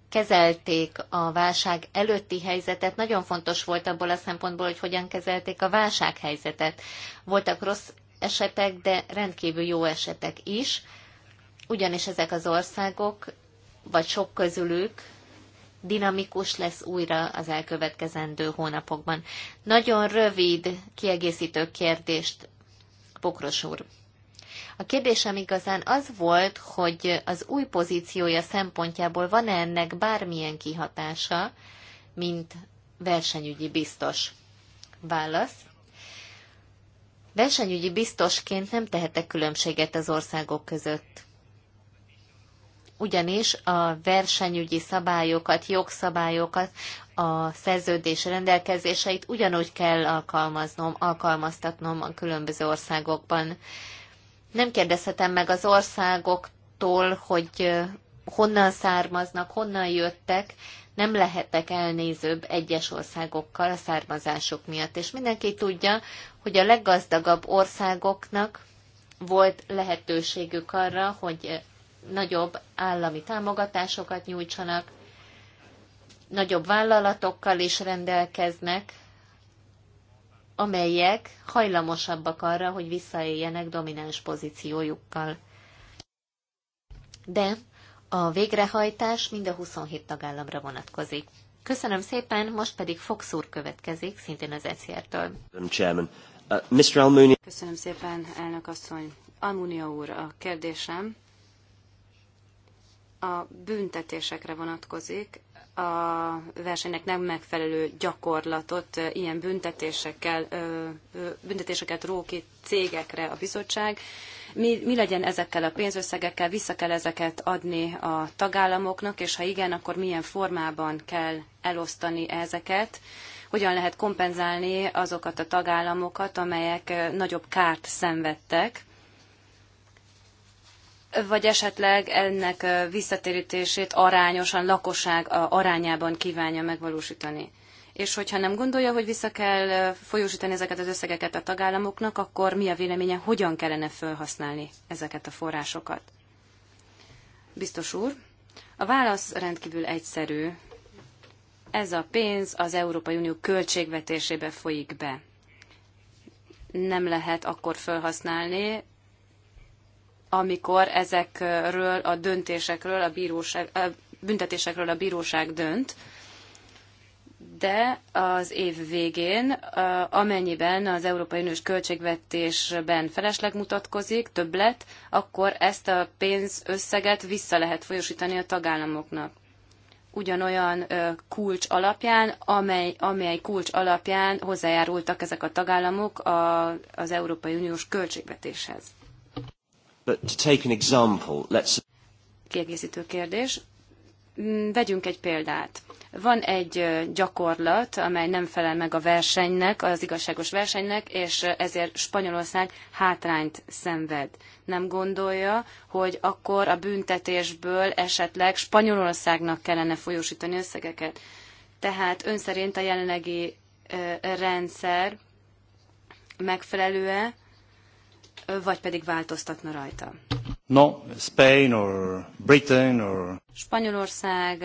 kezelték a válság előtti helyzetet, nagyon fontos volt abból a szempontból, hogy hogyan kezelték a válsághelyzetet. Voltak rossz esetek, de rendkívül jó esetek is, ugyanis ezek az országok vagy sok közülük dinamikus lesz újra az elkövetkezendő hónapokban. Nagyon rövid kiegészítő kérdést, Pokros úr. A kérdésem igazán az volt, hogy az új pozíciója szempontjából van-e ennek bármilyen kihatása, mint versenyügyi biztos? Válasz. Versenyügyi biztosként nem tehetek különbséget az országok között ugyanis a versenyügyi szabályokat, jogszabályokat, a szerződés rendelkezéseit ugyanúgy kell alkalmaznom, alkalmaztatnom a különböző országokban. Nem kérdezhetem meg az országoktól, hogy honnan származnak, honnan jöttek, nem lehetek elnézőbb egyes országokkal a származások miatt. És mindenki tudja, hogy a leggazdagabb országoknak volt lehetőségük arra, hogy nagyobb állami támogatásokat nyújtsanak, nagyobb vállalatokkal is rendelkeznek, amelyek hajlamosabbak arra, hogy visszaéljenek domináns pozíciójukkal. De a végrehajtás mind a 27 tagállamra vonatkozik. Köszönöm szépen, most pedig Fox úr következik, szintén az ECR-től. Uh, Köszönöm szépen, elnök asszony. Almunia úr, a kérdésem a büntetésekre vonatkozik, a versenynek nem megfelelő gyakorlatot ilyen büntetésekkel, büntetéseket róki cégekre a bizottság. Mi, mi legyen ezekkel a pénzösszegekkel, vissza kell ezeket adni a tagállamoknak, és ha igen, akkor milyen formában kell elosztani ezeket, hogyan lehet kompenzálni azokat a tagállamokat, amelyek nagyobb kárt szenvedtek vagy esetleg ennek visszatérítését arányosan, lakosság arányában kívánja megvalósítani. És hogyha nem gondolja, hogy vissza kell folyósítani ezeket az összegeket a tagállamoknak, akkor mi a véleménye, hogyan kellene felhasználni ezeket a forrásokat? Biztos úr, a válasz rendkívül egyszerű. Ez a pénz az Európai Unió költségvetésébe folyik be. Nem lehet akkor felhasználni, amikor ezekről a döntésekről, a, bíróság, a büntetésekről a bíróság dönt, de az év végén, amennyiben az Európai Uniós költségvetésben felesleg mutatkozik, többlet, akkor ezt a pénzösszeget vissza lehet folyosítani a tagállamoknak. Ugyanolyan kulcs alapján, amely, amely kulcs alapján hozzájárultak ezek a tagállamok az Európai Uniós költségvetéshez. Kiegészítő kérdés. Mm, vegyünk egy példát. Van egy gyakorlat, amely nem felel meg a versenynek, az igazságos versenynek, és ezért Spanyolország hátrányt szenved. Nem gondolja, hogy akkor a büntetésből esetleg Spanyolországnak kellene folyósítani összegeket. Tehát ön szerint a jelenlegi rendszer megfelelő-e, vagy pedig változtatna rajta? No, Spain or Britain or... Spanyolország,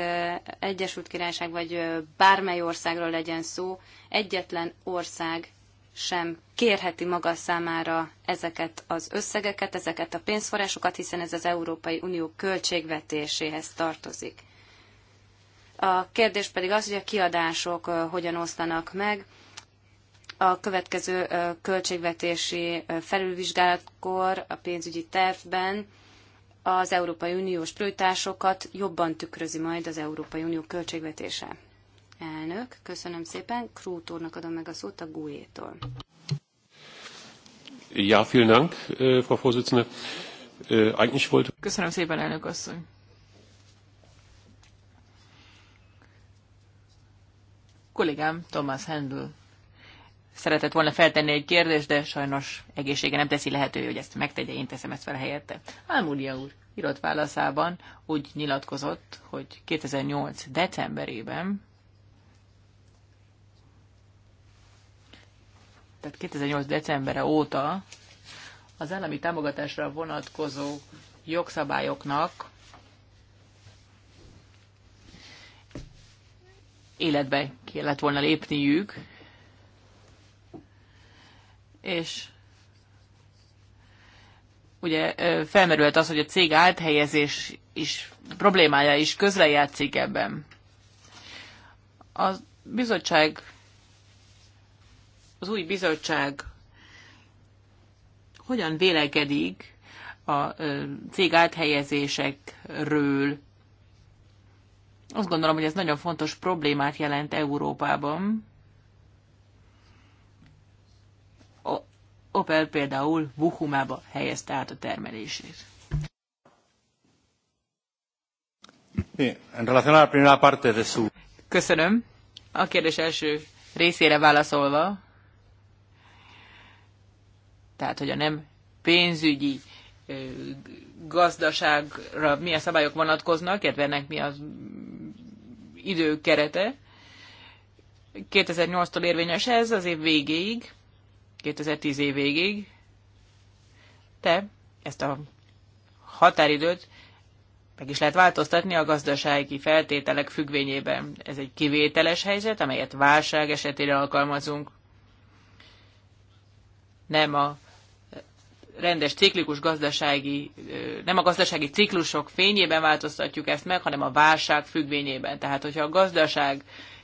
Egyesült Királyság, vagy bármely országról legyen szó, egyetlen ország sem kérheti maga számára ezeket az összegeket, ezeket a pénzforrásokat, hiszen ez az Európai Unió költségvetéséhez tartozik. A kérdés pedig az, hogy a kiadások hogyan osztanak meg a következő költségvetési felülvizsgálatkor a pénzügyi tervben az Európai Uniós prioritásokat jobban tükrözi majd az Európai Unió költségvetése. Elnök, köszönöm szépen. Krútornak adom meg a szót a GUE-tól. Ja, vielen Dank, äh, Frau Vorsitzende. Äh, eigentlich wollte... Köszönöm szépen, elnök asszony. Kollégám Thomas Handel szeretett volna feltenni egy kérdést, de sajnos egészsége nem teszi lehető, hogy ezt megtegye, én teszem ezt fel helyette. Álmúlia úr írott válaszában úgy nyilatkozott, hogy 2008. decemberében, tehát 2008. decembere óta az állami támogatásra vonatkozó jogszabályoknak életbe kellett volna lépniük, és ugye felmerült az, hogy a cég áthelyezés is problémája is közrejátszik ebben. A bizottság, az új bizottság hogyan vélekedik a cég áthelyezésekről? Azt gondolom, hogy ez nagyon fontos problémát jelent Európában. Opel például Buchumába helyezte át a termelését. Köszönöm. A kérdés első részére válaszolva, tehát hogy a nem pénzügyi gazdaságra milyen szabályok vonatkoznak, illetve ennek mi az időkerete. 2008-tól érvényes ez az év végéig. 2010 év végig, de ezt a határidőt meg is lehet változtatni a gazdasági feltételek függvényében. Ez egy kivételes helyzet, amelyet válság esetére alkalmazunk. Nem a rendes ciklikus gazdasági, nem a gazdasági ciklusok fényében változtatjuk ezt meg, hanem a válság függvényében. Tehát, hogyha a gazdaság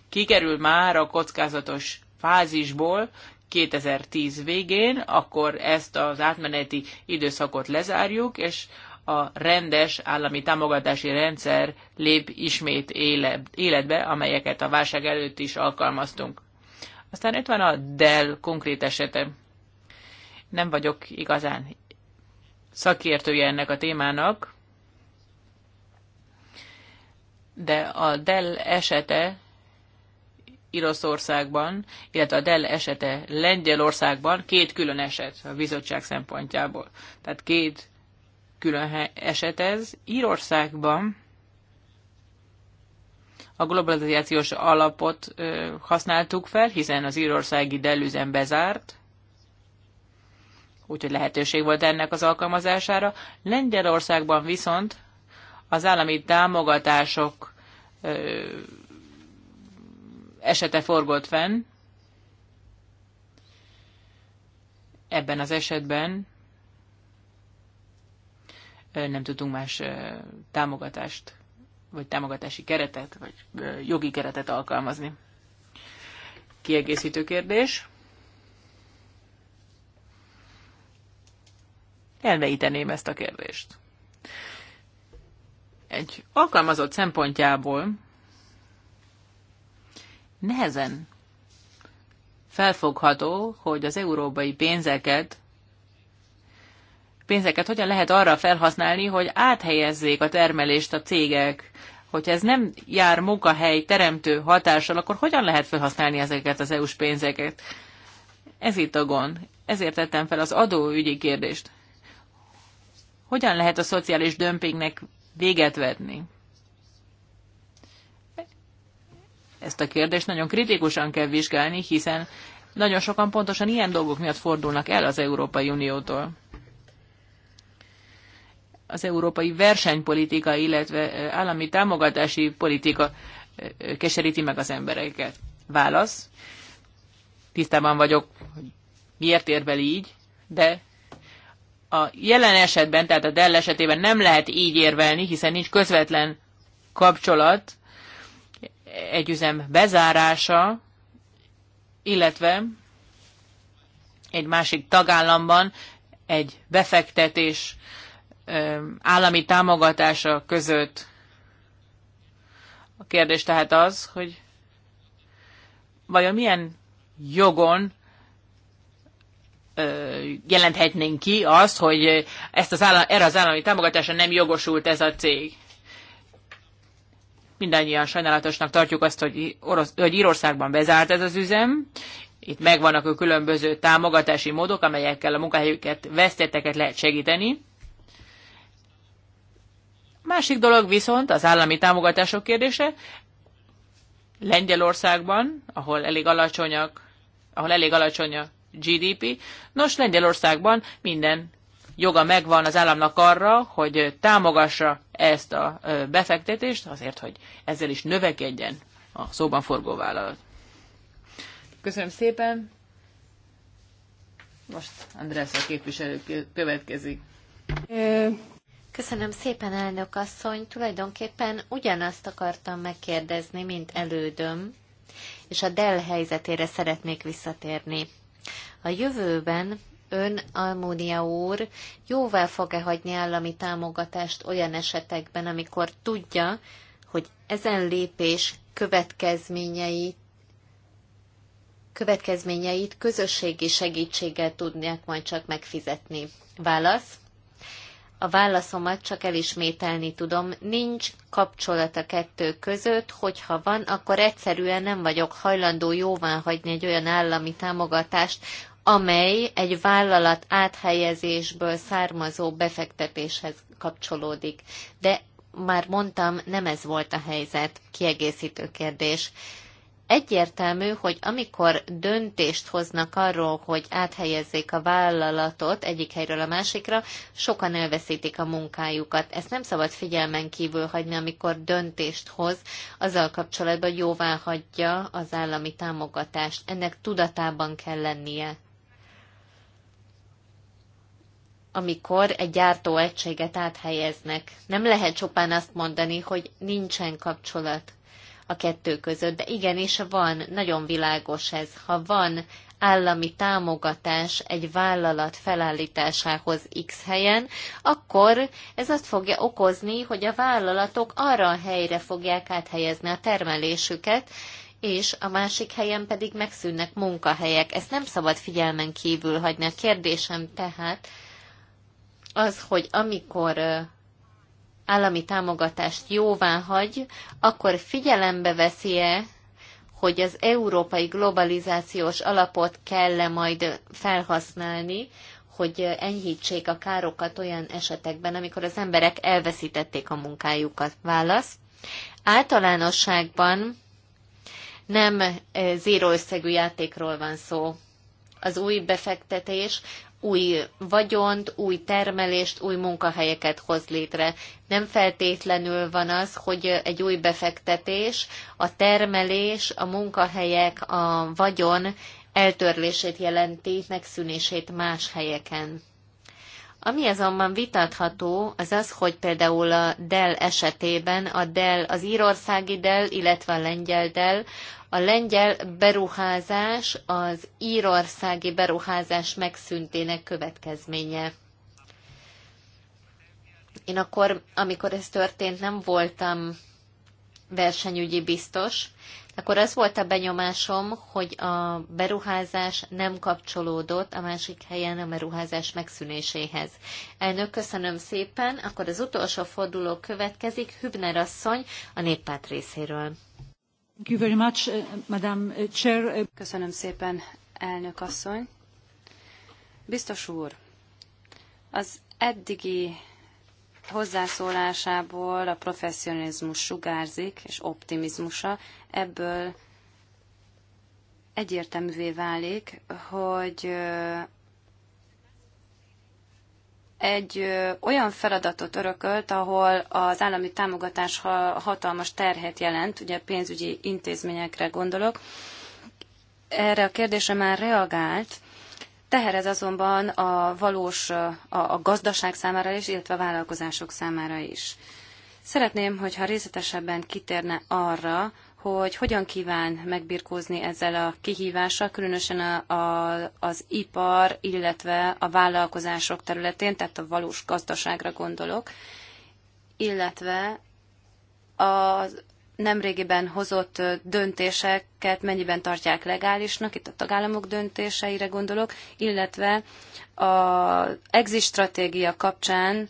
kikerül már a kockázatos fázisból, 2010 végén, akkor ezt az átmeneti időszakot lezárjuk, és a rendes állami támogatási rendszer lép ismét életbe, amelyeket a válság előtt is alkalmaztunk. Aztán itt van a Dell konkrét esete. Nem vagyok igazán szakértője ennek a témának, de a Dell esete Iroszországban, illetve a Dell esete Lengyelországban két külön eset a bizottság szempontjából. Tehát két külön eset ez. Írországban a globalizációs alapot ö, használtuk fel, hiszen az írországi üzem bezárt, úgyhogy lehetőség volt ennek az alkalmazására. Lengyelországban viszont az állami támogatások ö, esete forgott fenn. Ebben az esetben nem tudunk más támogatást, vagy támogatási keretet, vagy jogi keretet alkalmazni. Kiegészítő kérdés. Elveíteném ezt a kérdést. Egy alkalmazott szempontjából nehezen felfogható, hogy az európai pénzeket pénzeket hogyan lehet arra felhasználni, hogy áthelyezzék a termelést a cégek. hogy ez nem jár munkahely teremtő hatással, akkor hogyan lehet felhasználni ezeket az EU-s pénzeket? Ez itt a gond. Ezért tettem fel az adóügyi kérdést. Hogyan lehet a szociális dömpingnek véget vetni? ezt a kérdést nagyon kritikusan kell vizsgálni, hiszen nagyon sokan pontosan ilyen dolgok miatt fordulnak el az Európai Uniótól. Az európai versenypolitika, illetve eh, állami támogatási politika eh, keseríti meg az embereket. Válasz. Tisztában vagyok, hogy miért érvel így, de a jelen esetben, tehát a Dell esetében nem lehet így érvelni, hiszen nincs közvetlen kapcsolat egy üzem bezárása, illetve egy másik tagállamban egy befektetés állami támogatása között. A kérdés tehát az, hogy vajon milyen jogon jelenthetnénk ki azt, hogy ezt az állam, erre az állami támogatásra nem jogosult ez a cég. Mindannyian sajnálatosnak tartjuk azt, hogy, Orosz, hogy Írországban bezárt ez az üzem. Itt megvannak a különböző támogatási módok, amelyekkel a munkahelyüket, vesztetteket lehet segíteni. Másik dolog viszont az állami támogatások kérdése. Lengyelországban, ahol elég alacsonyak, ahol elég alacsony a GDP, nos Lengyelországban minden joga megvan az államnak arra, hogy támogassa ezt a befektetést, azért, hogy ezzel is növekedjen a szóban forgó vállalat. Köszönöm szépen. Most András a képviselő következik. Köszönöm szépen, elnök asszony. Tulajdonképpen ugyanazt akartam megkérdezni, mint elődöm, és a Dell helyzetére szeretnék visszatérni. A jövőben ön, Almónia úr, jóvá fog-e hagyni állami támogatást olyan esetekben, amikor tudja, hogy ezen lépés következményeit következményeit közösségi segítséggel tudnák majd csak megfizetni. Válasz? A válaszomat csak elismételni tudom, nincs kapcsolat a kettő között, hogyha van, akkor egyszerűen nem vagyok hajlandó jóvá hagyni egy olyan állami támogatást, amely egy vállalat áthelyezésből származó befektetéshez kapcsolódik. De már mondtam, nem ez volt a helyzet, kiegészítő kérdés. Egyértelmű, hogy amikor döntést hoznak arról, hogy áthelyezzék a vállalatot egyik helyről a másikra, sokan elveszítik a munkájukat. Ezt nem szabad figyelmen kívül hagyni, amikor döntést hoz azzal kapcsolatban, jóvá hagyja az állami támogatást. Ennek tudatában kell lennie amikor egy gyártóegységet áthelyeznek. Nem lehet csupán azt mondani, hogy nincsen kapcsolat a kettő között, de igenis van, nagyon világos ez. Ha van állami támogatás egy vállalat felállításához X helyen, akkor ez azt fogja okozni, hogy a vállalatok arra a helyre fogják áthelyezni a termelésüket, és a másik helyen pedig megszűnnek munkahelyek. Ezt nem szabad figyelmen kívül hagyni. A kérdésem tehát, az, hogy amikor állami támogatást jóvá hagy, akkor figyelembe veszi-e, hogy az európai globalizációs alapot kell-e majd felhasználni, hogy enyhítsék a károkat olyan esetekben, amikor az emberek elveszítették a munkájukat. Válasz. Általánosságban nem zéró összegű játékról van szó. Az új befektetés új vagyont, új termelést, új munkahelyeket hoz létre. Nem feltétlenül van az, hogy egy új befektetés, a termelés, a munkahelyek, a vagyon eltörlését jelenti, megszűnését más helyeken. Ami azonban vitatható, az az, hogy például a Dell esetében a Dell, az írországi Dell, illetve a lengyel Dell a lengyel beruházás az írországi beruházás megszüntének következménye. Én akkor, amikor ez történt, nem voltam versenyügyi biztos, akkor az volt a benyomásom, hogy a beruházás nem kapcsolódott a másik helyen a beruházás megszűnéséhez. Elnök, köszönöm szépen, akkor az utolsó forduló következik, Hübner asszony a néppárt részéről. Uh, uh, uh, Köszönöm szépen, elnök asszony. Biztos úr, az eddigi hozzászólásából a professzionalizmus sugárzik, és optimizmusa. Ebből egyértelművé válik, hogy egy olyan feladatot örökölt, ahol az állami támogatás hatalmas terhet jelent, ugye pénzügyi intézményekre gondolok. Erre a kérdésre már reagált, teherez azonban a valós, a, a gazdaság számára is, illetve a vállalkozások számára is. Szeretném, hogyha részletesebben kitérne arra, hogy hogyan kíván megbirkózni ezzel a kihívással, különösen a, a, az ipar, illetve a vállalkozások területén, tehát a valós gazdaságra gondolok, illetve a nemrégiben hozott döntéseket mennyiben tartják legálisnak, itt a tagállamok döntéseire gondolok, illetve az exit stratégia kapcsán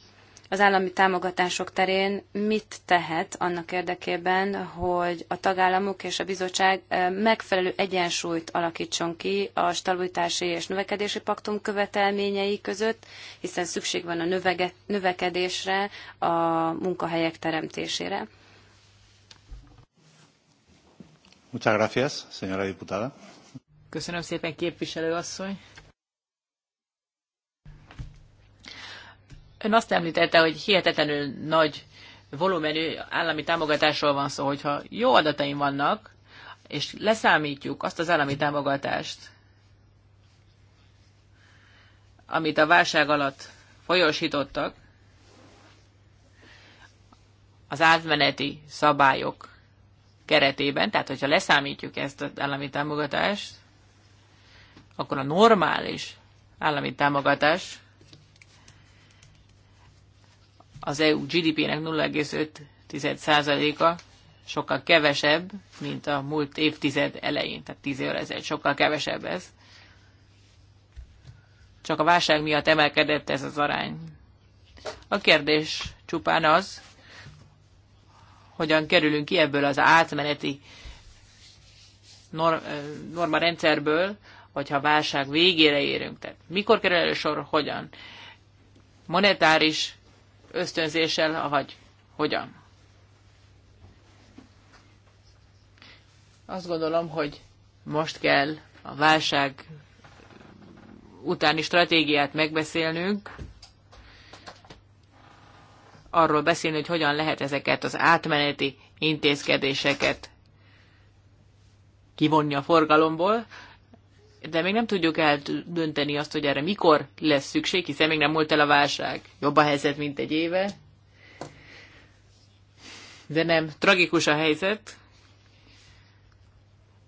az állami támogatások terén mit tehet annak érdekében, hogy a tagállamok és a bizottság megfelelő egyensúlyt alakítson ki a stabilitási és növekedési paktum követelményei között, hiszen szükség van a növege, növekedésre, a munkahelyek teremtésére. Muchas gracias, señora diputada. Köszönöm szépen, képviselő asszony. Ön azt említette, hogy hihetetlenül nagy volumenű állami támogatásról van szó, hogyha jó adataim vannak, és leszámítjuk azt az állami támogatást, amit a válság alatt folyosítottak, az átmeneti szabályok keretében, tehát hogyha leszámítjuk ezt az állami támogatást, akkor a normális állami támogatás az EU GDP-nek 0,5%-a sokkal kevesebb, mint a múlt évtized elején, tehát 10 évvel ezelőtt sokkal kevesebb ez. Csak a válság miatt emelkedett ez az arány. A kérdés csupán az, hogyan kerülünk ki ebből az átmeneti norma rendszerből, hogyha válság végére érünk. Tehát mikor kerül elő sor, hogyan? Monetáris ösztönzéssel, vagy hogyan? Azt gondolom, hogy most kell a válság utáni stratégiát megbeszélnünk, arról beszélni, hogy hogyan lehet ezeket az átmeneti intézkedéseket kivonni a forgalomból de még nem tudjuk eldönteni azt, hogy erre mikor lesz szükség, hiszen még nem volt el a válság. Jobb a helyzet, mint egy éve. De nem, tragikus a helyzet.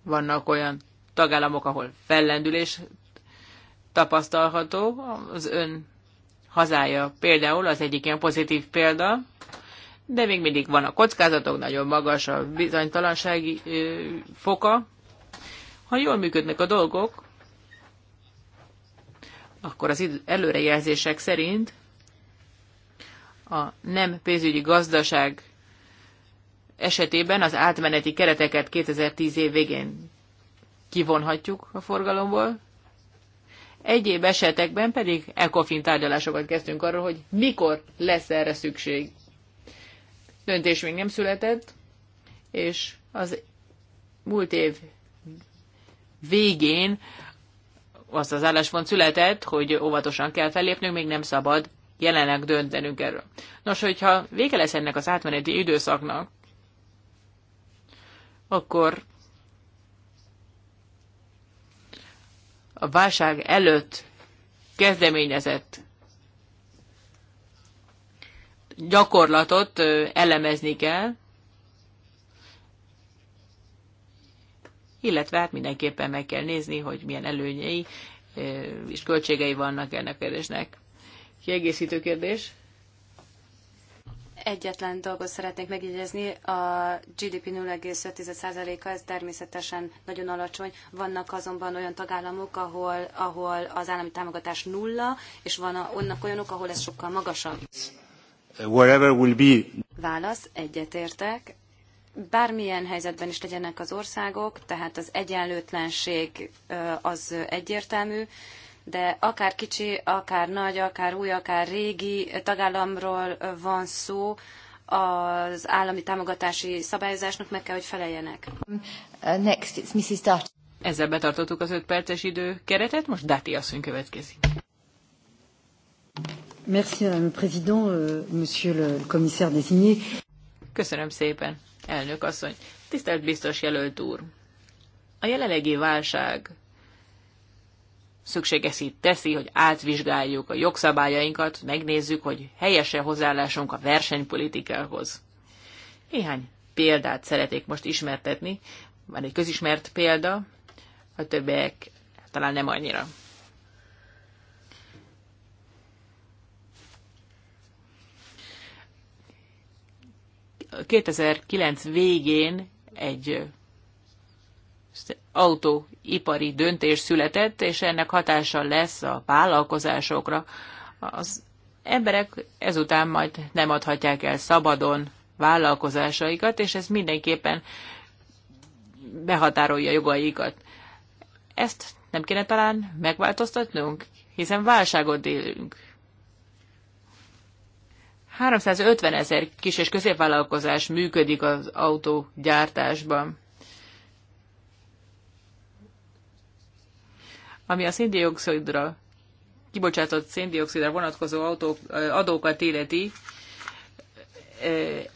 Vannak olyan tagállamok, ahol fellendülés tapasztalható. Az ön hazája például az egyik ilyen pozitív példa, de még mindig van a kockázatok, nagyon magas a bizonytalansági foka. Ha jól működnek a dolgok, akkor az előrejelzések szerint a nem pénzügyi gazdaság esetében az átmeneti kereteket 2010 év végén kivonhatjuk a forgalomból, egyéb esetekben pedig ECOFIN tárgyalásokat kezdtünk arról, hogy mikor lesz erre szükség. Döntés még nem született, és az múlt év végén azt az álláspont született, hogy óvatosan kell fellépnünk, még nem szabad jelenleg döntenünk erről. Nos, hogyha vége lesz ennek az átmeneti időszaknak, akkor a válság előtt kezdeményezett gyakorlatot elemezni kell, illetve hát mindenképpen meg kell nézni, hogy milyen előnyei és költségei vannak ennek a kérdésnek. Kiegészítő kérdés? Egyetlen dolgot szeretnék megjegyezni, a GDP 0,5%-a, ez természetesen nagyon alacsony. Vannak azonban olyan tagállamok, ahol, ahol az állami támogatás nulla, és van onnak olyanok, ahol ez sokkal magasabb. will be. Válasz, egyetértek bármilyen helyzetben is legyenek az országok, tehát az egyenlőtlenség az egyértelmű, de akár kicsi, akár nagy, akár új, akár régi tagállamról van szó, az állami támogatási szabályozásnak meg kell, hogy feleljenek. Um, uh, next, it's Mrs. Dati. Ezzel betartottuk az öt perces idő keretet, most Dati asszony következik. Merci, Madame le Président, euh, Monsieur le Commissaire désigné. Köszönöm szépen. Elnök asszony, tisztelt biztos jelölt úr! A jelenlegi válság szükségesít teszi, hogy átvizsgáljuk a jogszabályainkat, megnézzük, hogy helyese hozzáállásunk a versenypolitikához. Néhány példát szeretnék most ismertetni. Van egy közismert példa, a többiek talán nem annyira. 2009 végén egy autóipari döntés született, és ennek hatása lesz a vállalkozásokra. Az emberek ezután majd nem adhatják el szabadon vállalkozásaikat, és ez mindenképpen behatárolja jogaikat. Ezt nem kéne talán megváltoztatnunk, hiszen válságot élünk. 350 ezer kis és középvállalkozás működik az autógyártásban. Ami a széndiokszidra, kibocsátott széndiokszidra vonatkozó autók, adókat illeti,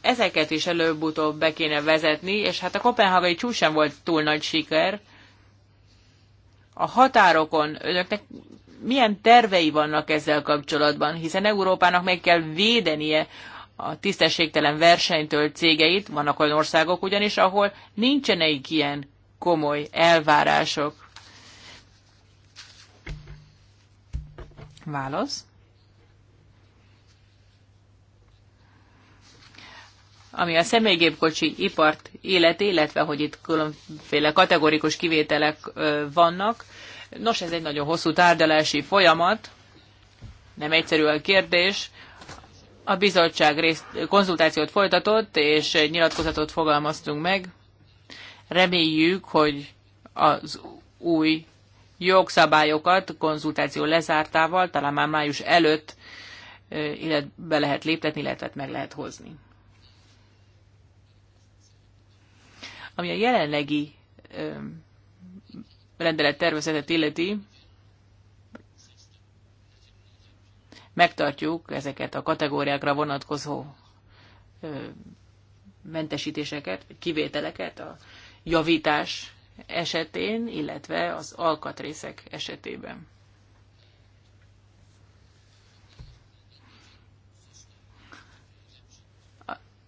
ezeket is előbb-utóbb be kéne vezetni, és hát a kopenhagai csúcs sem volt túl nagy siker. A határokon önöknek milyen tervei vannak ezzel kapcsolatban, hiszen Európának meg kell védenie a tisztességtelen versenytől cégeit, vannak olyan országok ugyanis, ahol nincsenek ilyen komoly elvárások. Válasz. ami a személygépkocsi ipart illeti, illetve hogy itt különféle kategorikus kivételek vannak. Nos, ez egy nagyon hosszú tárgyalási folyamat, nem egyszerű a kérdés. A bizottság részt, konzultációt folytatott, és egy nyilatkozatot fogalmaztunk meg. Reméljük, hogy az új jogszabályokat konzultáció lezártával, talán már május előtt be lehet léptetni, illetve meg lehet hozni. Ami a jelenlegi rendelet tervezetet illeti, megtartjuk ezeket a kategóriákra vonatkozó mentesítéseket, kivételeket a javítás esetén, illetve az alkatrészek esetében.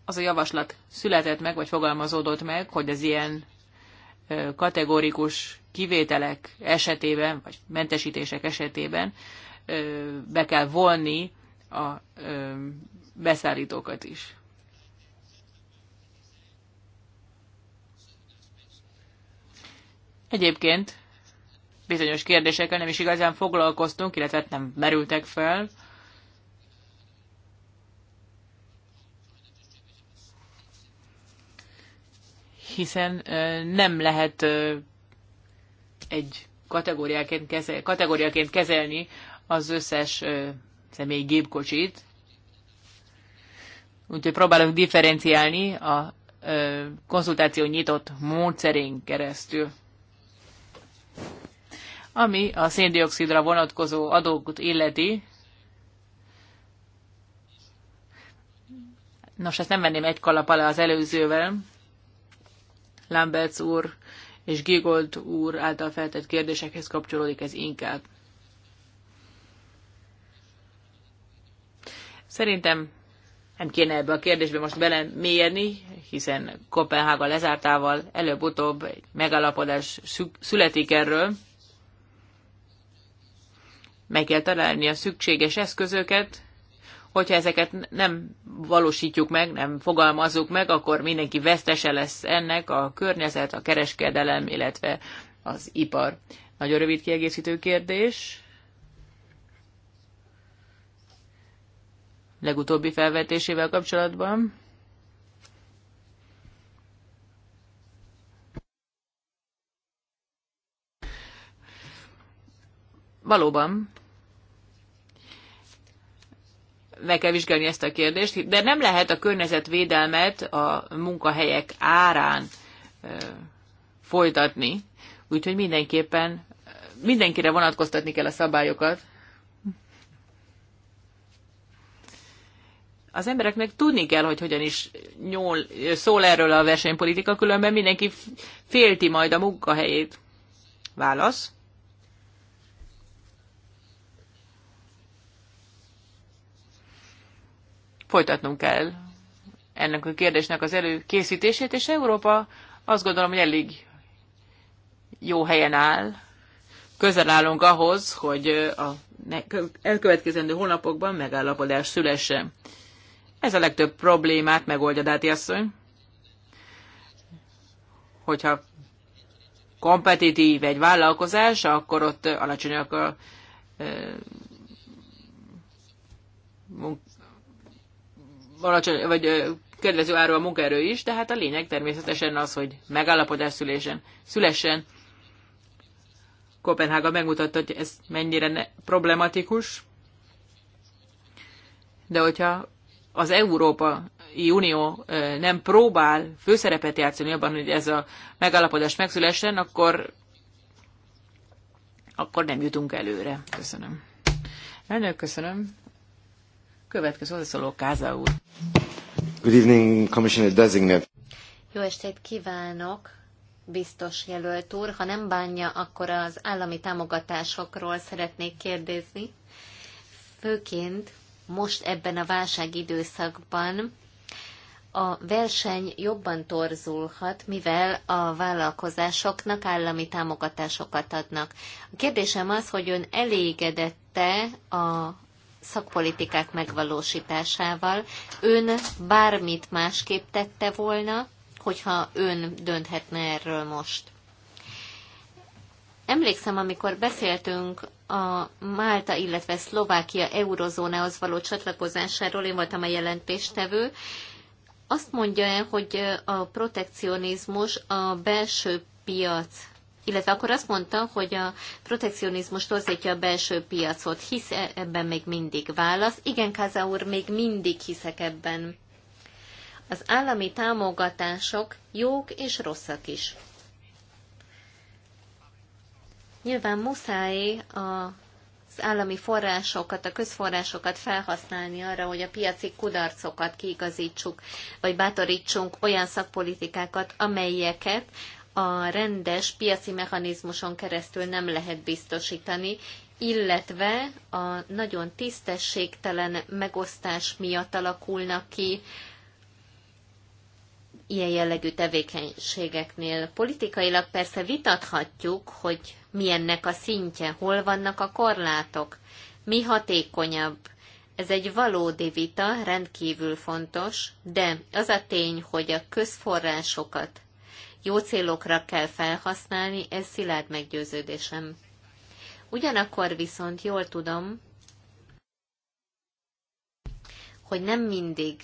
Az a javaslat született meg, vagy fogalmazódott meg, hogy az ilyen kategórikus kivételek esetében, vagy mentesítések esetében be kell vonni a beszállítókat is. Egyébként bizonyos kérdésekkel nem is igazán foglalkoztunk, illetve nem merültek fel, hiszen nem lehet egy kategóriáként, kezel, kategóriaként kezelni az összes személyi gépkocsit. Úgyhogy próbálok differenciálni a konzultáció nyitott módszerén keresztül. Ami a széndiokszidra vonatkozó adókot illeti, nos, ezt nem venném egy kalap alá az előzővel, Lamberts úr és Gigold úr által feltett kérdésekhez kapcsolódik ez inkább. Szerintem nem kéne ebbe a kérdésbe most mélyedni, hiszen Kopenhága lezártával előbb-utóbb egy megalapodás születik erről. Meg kell találni a szükséges eszközöket, hogyha ezeket nem valósítjuk meg, nem fogalmazzuk meg, akkor mindenki vesztese lesz ennek a környezet, a kereskedelem, illetve az ipar. Nagyon rövid kiegészítő kérdés. Legutóbbi felvetésével kapcsolatban. Valóban, meg kell vizsgálni ezt a kérdést, de nem lehet a környezetvédelmet a munkahelyek árán folytatni, úgyhogy mindenképpen mindenkire vonatkoztatni kell a szabályokat. Az embereknek tudni kell, hogy hogyan is nyol szól erről a versenypolitika, különben mindenki félti majd a munkahelyét. Válasz. folytatnunk kell ennek a kérdésnek az előkészítését, és Európa azt gondolom, hogy elég jó helyen áll. Közel állunk ahhoz, hogy a elkövetkezendő hónapokban megállapodás szülesse. Ez a legtöbb problémát megoldja Dáti asszony. Hogyha kompetitív egy vállalkozás, akkor ott alacsonyak a alacsony, vagy kedvező áru a munkaerő is, de hát a lényeg természetesen az, hogy megállapodás szülésen, szülessen. Kopenhága megmutatta, hogy ez mennyire ne, problematikus, de hogyha az Európai Unió nem próbál főszerepet játszani abban, hogy ez a megállapodás megszülessen, akkor, akkor nem jutunk előre. Köszönöm. Elnök, köszönöm. Következő hozzászóló Káza úr. Good evening, Commissioner Designate. Jó estét kívánok, biztos jelölt úr. Ha nem bánja, akkor az állami támogatásokról szeretnék kérdezni. Főként most ebben a időszakban a verseny jobban torzulhat, mivel a vállalkozásoknak állami támogatásokat adnak. A kérdésem az, hogy ön elégedette a szakpolitikák megvalósításával. Ön bármit másképp tette volna, hogyha ön dönthetne erről most. Emlékszem, amikor beszéltünk a Málta, illetve Szlovákia eurozónához való csatlakozásáról, én voltam a jelentéstevő, azt mondja el, hogy a protekcionizmus a belső piac illetve akkor azt mondta, hogy a protekcionizmus torzítja a belső piacot. Hisz -e ebben még mindig? Válasz. Igen, Káza úr, még mindig hiszek ebben. Az állami támogatások jók és rosszak is. Nyilván muszáj a az állami forrásokat, a közforrásokat felhasználni arra, hogy a piaci kudarcokat kiigazítsuk, vagy bátorítsunk olyan szakpolitikákat, amelyeket a rendes piaci mechanizmuson keresztül nem lehet biztosítani, illetve a nagyon tisztességtelen megosztás miatt alakulnak ki ilyen jellegű tevékenységeknél. Politikailag persze vitathatjuk, hogy milyennek a szintje, hol vannak a korlátok, mi hatékonyabb. Ez egy valódi vita, rendkívül fontos, de az a tény, hogy a közforrásokat jó célokra kell felhasználni, ez szilárd meggyőződésem. Ugyanakkor viszont jól tudom, hogy nem mindig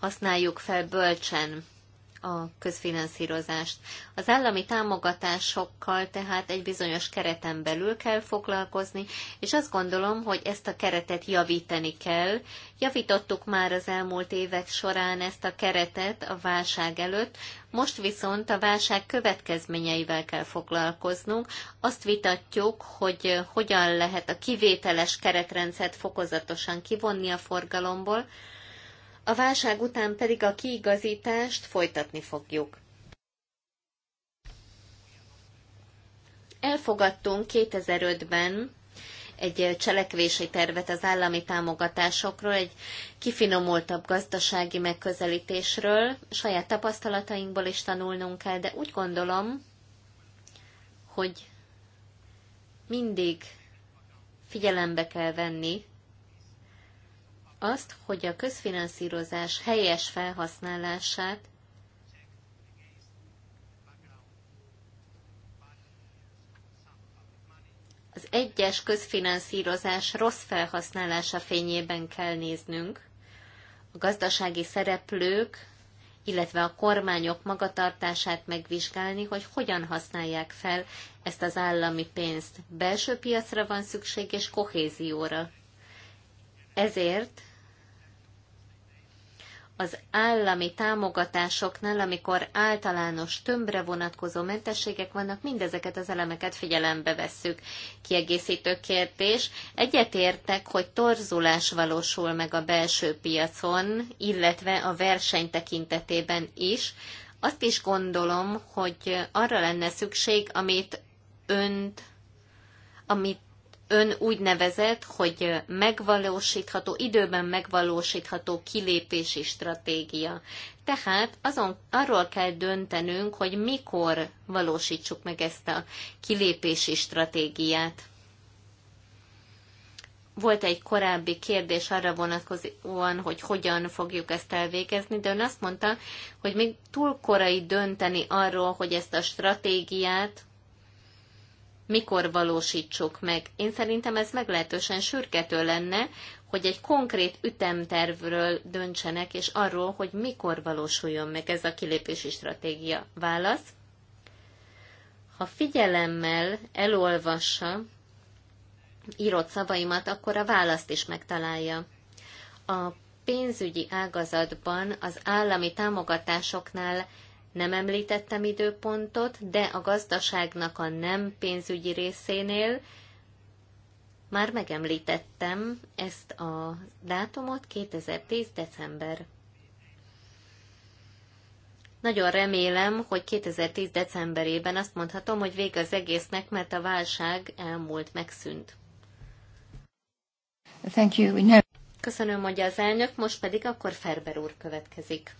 használjuk fel bölcsen a közfinanszírozást. Az állami támogatásokkal tehát egy bizonyos kereten belül kell foglalkozni, és azt gondolom, hogy ezt a keretet javítani kell. Javítottuk már az elmúlt évek során ezt a keretet a válság előtt, most viszont a válság következményeivel kell foglalkoznunk. Azt vitatjuk, hogy hogyan lehet a kivételes keretrendszert fokozatosan kivonni a forgalomból, a válság után pedig a kiigazítást folytatni fogjuk. Elfogadtunk 2005-ben egy cselekvési tervet az állami támogatásokról, egy kifinomultabb gazdasági megközelítésről. Saját tapasztalatainkból is tanulnunk kell, de úgy gondolom, hogy mindig figyelembe kell venni azt, hogy a közfinanszírozás helyes felhasználását az egyes közfinanszírozás rossz felhasználása fényében kell néznünk. A gazdasági szereplők, illetve a kormányok magatartását megvizsgálni, hogy hogyan használják fel ezt az állami pénzt. Belső piacra van szükség és kohézióra. Ezért az állami támogatásoknál, amikor általános tömbre vonatkozó mentességek vannak, mindezeket az elemeket figyelembe vesszük. Kiegészítő kérdés. Egyetértek, hogy torzulás valósul meg a belső piacon, illetve a verseny tekintetében is. Azt is gondolom, hogy arra lenne szükség, amit önt, amit ön úgy nevezett, hogy megvalósítható, időben megvalósítható kilépési stratégia. Tehát azon, arról kell döntenünk, hogy mikor valósítsuk meg ezt a kilépési stratégiát. Volt egy korábbi kérdés arra vonatkozóan, hogy hogyan fogjuk ezt elvégezni, de ön azt mondta, hogy még túl korai dönteni arról, hogy ezt a stratégiát mikor valósítsuk meg. Én szerintem ez meglehetősen sürgető lenne, hogy egy konkrét ütemtervről döntsenek, és arról, hogy mikor valósuljon meg ez a kilépési stratégia. Válasz? Ha figyelemmel elolvassa írott szavaimat, akkor a választ is megtalálja. A pénzügyi ágazatban az állami támogatásoknál nem említettem időpontot, de a gazdaságnak a nem pénzügyi részénél már megemlítettem ezt a dátumot, 2010. december. Nagyon remélem, hogy 2010. decemberében azt mondhatom, hogy vége az egésznek, mert a válság elmúlt, megszűnt. Thank you. Köszönöm, hogy az elnök, most pedig akkor Ferber úr következik.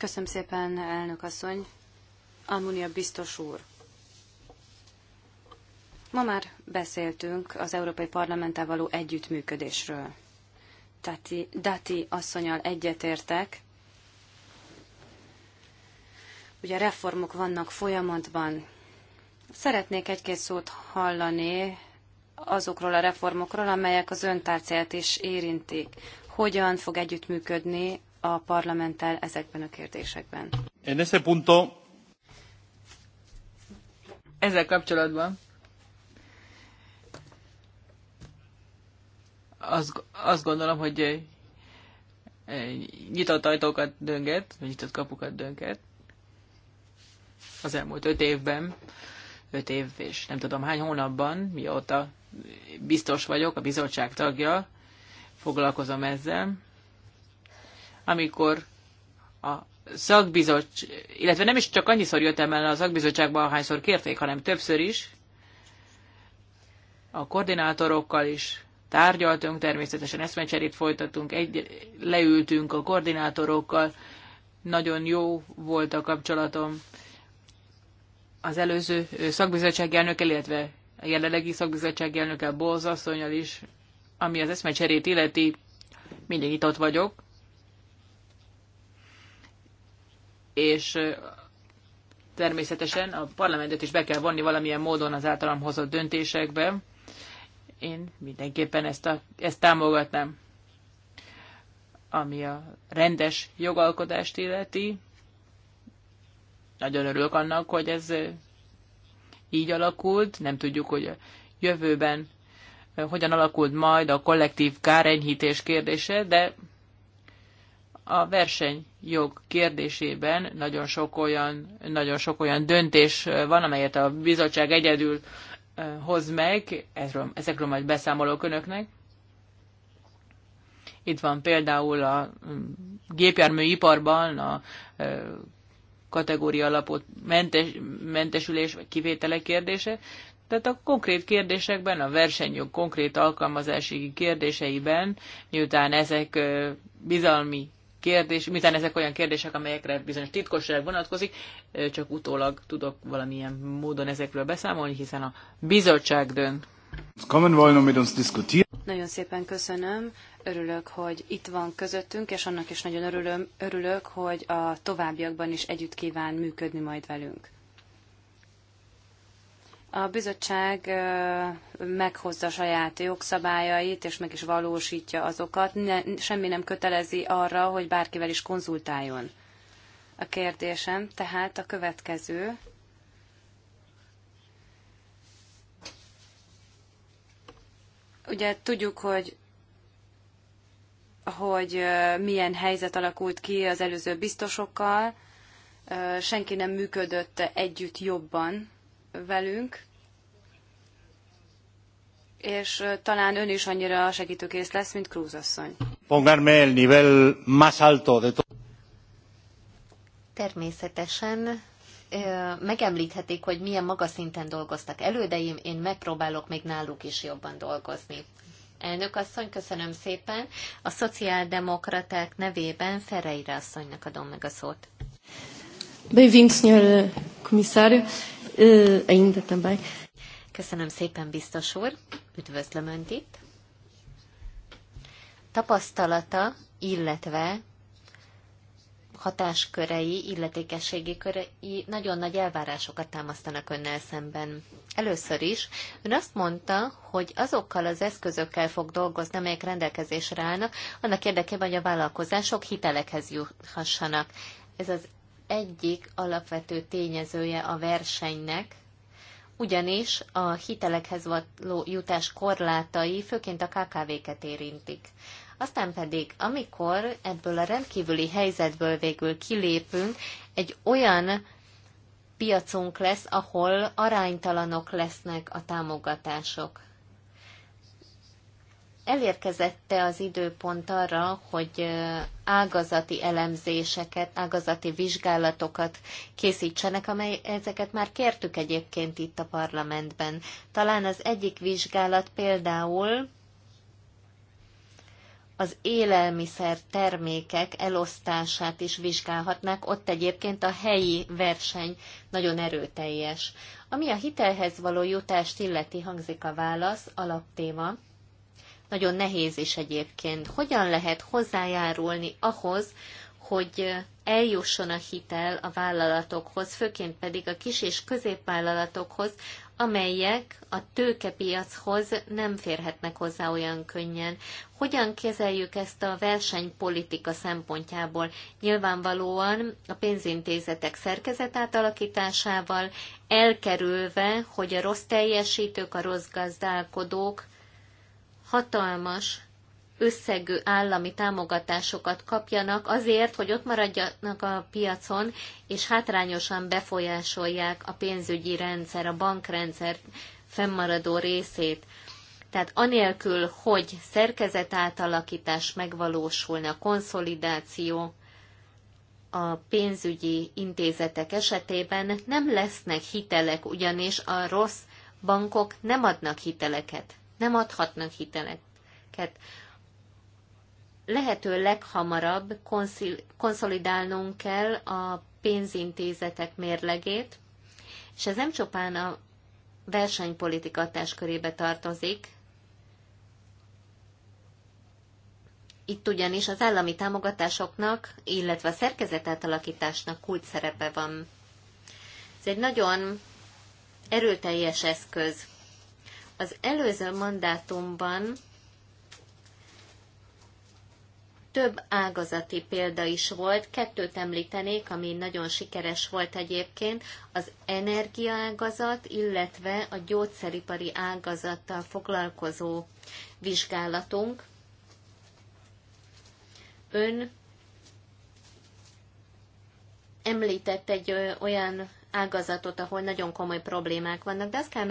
Köszönöm szépen, elnök asszony. Almunia biztos úr. Ma már beszéltünk az Európai Parlamenttel való együttműködésről. tati, Dati asszonyal egyetértek. Ugye reformok vannak folyamatban. Szeretnék egy-két szót hallani azokról a reformokról, amelyek az öntárcáját is érintik hogyan fog együttműködni a parlamenttel ezekben a kérdésekben. En ese punto... Ezzel kapcsolatban azt, azt gondolom, hogy eh, nyitott ajtókat dönget, vagy nyitott kapukat dönget az elmúlt öt évben, öt év és nem tudom hány hónapban, mióta biztos vagyok, a bizottság tagja, foglalkozom ezzel. Amikor a szakbizottság, illetve nem is csak annyiszor jöttem el a szakbizottságba, ahányszor kérték, hanem többször is, a koordinátorokkal is tárgyaltunk, természetesen eszmecserét folytattunk, egy, leültünk a koordinátorokkal, nagyon jó volt a kapcsolatom az előző szakbizottsági elnökkel, illetve a jelenlegi szakbizottsági elnökkel, Bolz asszonyal is ami az eszmecserét illeti, mindig nyitott vagyok. És természetesen a parlamentet is be kell vonni valamilyen módon az általam hozott döntésekbe. Én mindenképpen ezt, a, ezt támogatnám. Ami a rendes jogalkodást illeti, nagyon örülök annak, hogy ez így alakult. Nem tudjuk, hogy a jövőben hogyan alakult majd a kollektív kárenyhítés kérdése, de a versenyjog kérdésében nagyon sok olyan, nagyon sok olyan döntés van, amelyet a bizottság egyedül hoz meg, ezről, ezekről majd beszámolok önöknek. Itt van például a mm, gépjárműiparban a kategória alapot mentes, mentesülés vagy kivételek kérdése. Tehát a konkrét kérdésekben, a versenyjog konkrét alkalmazási kérdéseiben, miután ezek bizalmi kérdés, miután ezek olyan kérdések, amelyekre bizonyos titkosság vonatkozik, csak utólag tudok valamilyen módon ezekről beszámolni, hiszen a bizottság dönt. Nagyon szépen köszönöm. Örülök, hogy itt van közöttünk, és annak is nagyon örülöm, örülök, hogy a továbbiakban is együtt kíván működni majd velünk. A bizottság meghozza saját jogszabályait, és meg is valósítja azokat. Ne, semmi nem kötelezi arra, hogy bárkivel is konzultáljon. A kérdésem tehát a következő. Ugye tudjuk, hogy hogy milyen helyzet alakult ki az előző biztosokkal, senki nem működött együtt jobban, velünk, és talán ön is annyira segítőkész lesz, mint Cruz asszony. Pongarme el nivel más alto de Természetesen megemlíthetik, hogy milyen magas szinten dolgoztak elődeim, én megpróbálok még náluk is jobban dolgozni. Elnök asszony, köszönöm szépen. A szociáldemokraták nevében Ferreira asszonynak adom meg a szót. Bem-vindo, senhor comissário uh, ainda também. Köszönöm szépen, biztos úr. Üdvözlöm Önt itt. Tapasztalata, illetve hatáskörei, illetékességi körei nagyon nagy elvárásokat támasztanak önnel szemben. Először is ön azt mondta, hogy azokkal az eszközökkel fog dolgozni, amelyek rendelkezésre állnak, annak érdekében, hogy a vállalkozások hitelekhez juthassanak. Ez az egyik alapvető tényezője a versenynek, ugyanis a hitelekhez való jutás korlátai főként a KKV-ket érintik. Aztán pedig, amikor ebből a rendkívüli helyzetből végül kilépünk, egy olyan piacunk lesz, ahol aránytalanok lesznek a támogatások elérkezette az időpont arra, hogy ágazati elemzéseket, ágazati vizsgálatokat készítsenek, amely ezeket már kértük egyébként itt a parlamentben. Talán az egyik vizsgálat például az élelmiszer termékek elosztását is vizsgálhatnák, ott egyébként a helyi verseny nagyon erőteljes. Ami a hitelhez való jutást illeti, hangzik a válasz, alaptéma nagyon nehéz is egyébként. Hogyan lehet hozzájárulni ahhoz, hogy eljusson a hitel a vállalatokhoz, főként pedig a kis és középvállalatokhoz, amelyek a tőkepiachoz nem férhetnek hozzá olyan könnyen. Hogyan kezeljük ezt a versenypolitika szempontjából? Nyilvánvalóan a pénzintézetek szerkezet átalakításával, elkerülve, hogy a rossz teljesítők, a rossz gazdálkodók hatalmas összegű állami támogatásokat kapjanak azért, hogy ott maradjanak a piacon, és hátrányosan befolyásolják a pénzügyi rendszer, a bankrendszer fennmaradó részét. Tehát anélkül, hogy szerkezet átalakítás megvalósulna, a konszolidáció a pénzügyi intézetek esetében nem lesznek hitelek, ugyanis a rossz bankok nem adnak hiteleket. Nem adhatnak hiteleket. Lehető leghamarabb konszolidálnunk kell a pénzintézetek mérlegét, és ez nem csupán a versenypolitika táskörébe tartozik, Itt ugyanis az állami támogatásoknak, illetve a szerkezetátalakításnak kulcs szerepe van. Ez egy nagyon erőteljes eszköz az előző mandátumban több ágazati példa is volt, kettőt említenék, ami nagyon sikeres volt egyébként, az energiaágazat, illetve a gyógyszeripari ágazattal foglalkozó vizsgálatunk. Ön említett egy olyan ágazatot, ahol nagyon komoly problémák vannak, de azt kell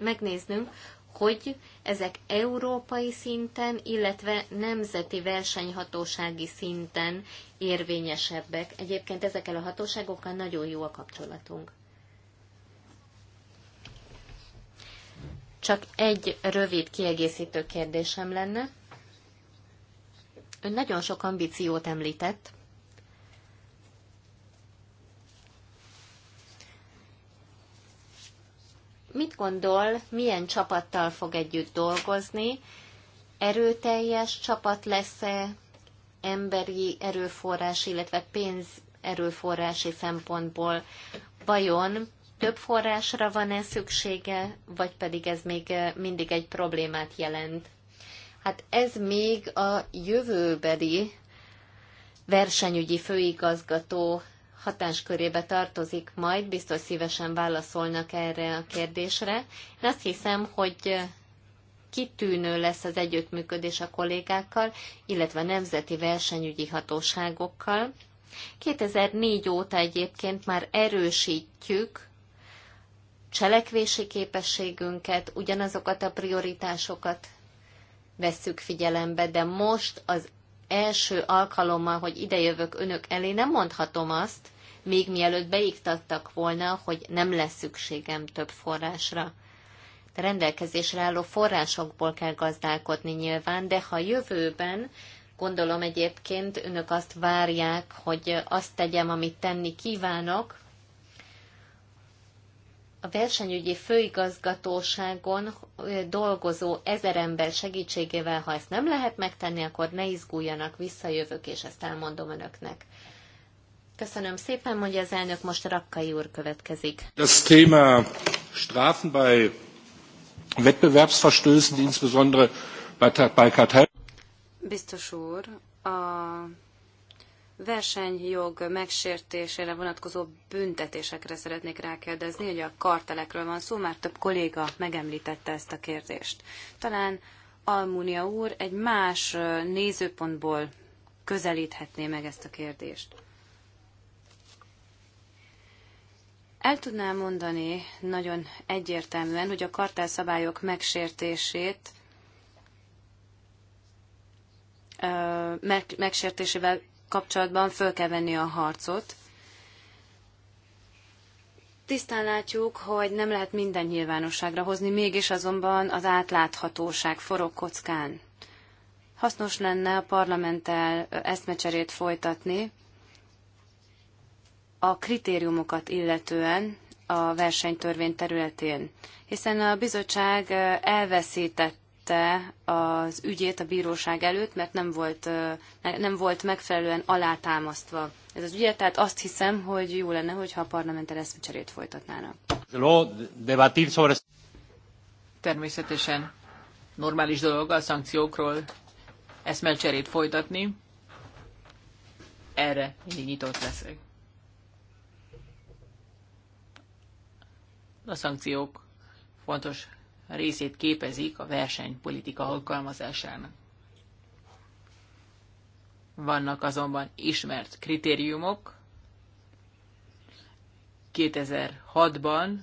megnéznünk, hogy ezek európai szinten, illetve nemzeti versenyhatósági szinten érvényesebbek. Egyébként ezekkel a hatóságokkal nagyon jó a kapcsolatunk. Csak egy rövid kiegészítő kérdésem lenne. Ön nagyon sok ambíciót említett, mit gondol, milyen csapattal fog együtt dolgozni, erőteljes csapat lesz-e emberi erőforrás, illetve pénz erőforrási szempontból, vajon több forrásra van-e szüksége, vagy pedig ez még eh, mindig egy problémát jelent? Hát ez még a jövőbeli versenyügyi főigazgató hatáskörébe tartozik majd, biztos szívesen válaszolnak erre a kérdésre. Én azt hiszem, hogy kitűnő lesz az együttműködés a kollégákkal, illetve a nemzeti versenyügyi hatóságokkal. 2004 óta egyébként már erősítjük cselekvési képességünket, ugyanazokat a prioritásokat vesszük figyelembe, de most az első alkalommal, hogy idejövök önök elé, nem mondhatom azt, még mielőtt beiktattak volna, hogy nem lesz szükségem több forrásra. De rendelkezésre álló forrásokból kell gazdálkodni nyilván, de ha jövőben, gondolom egyébként önök azt várják, hogy azt tegyem, amit tenni kívánok, a versenyügyi főigazgatóságon dolgozó ezer ember segítségével, ha ezt nem lehet megtenni, akkor ne izguljanak, visszajövök, és ezt elmondom önöknek. Köszönöm szépen, mondja az elnök, most Rakkai úr következik. Das Thema Strafen bei Wettbewerbsverstößen, insbesondere bei Kartell. Biztos úr, a versenyjog megsértésére vonatkozó büntetésekre szeretnék rákérdezni, hogy a kartelekről van szó, már több kolléga megemlítette ezt a kérdést. Talán Almunia úr egy más nézőpontból közelíthetné meg ezt a kérdést. El tudnám mondani nagyon egyértelműen, hogy a kartelszabályok megsértését megsértésével kapcsolatban föl kell venni a harcot. Tisztán látjuk, hogy nem lehet minden nyilvánosságra hozni, mégis azonban az átláthatóság forog kockán. Hasznos lenne a parlamenttel eszmecserét folytatni a kritériumokat illetően a versenytörvény területén, hiszen a bizottság elveszített felvette az ügyét a bíróság előtt, mert nem volt, nem volt megfelelően alátámasztva ez az ügyet, tehát azt hiszem, hogy jó lenne, hogyha a parlamenter eszmecserét folytatnának. Természetesen normális dolog a szankciókról eszmecserét folytatni. Erre mindig nyitott leszek. A szankciók fontos részét képezik a versenypolitika alkalmazásának. Vannak azonban ismert kritériumok. 2006-ban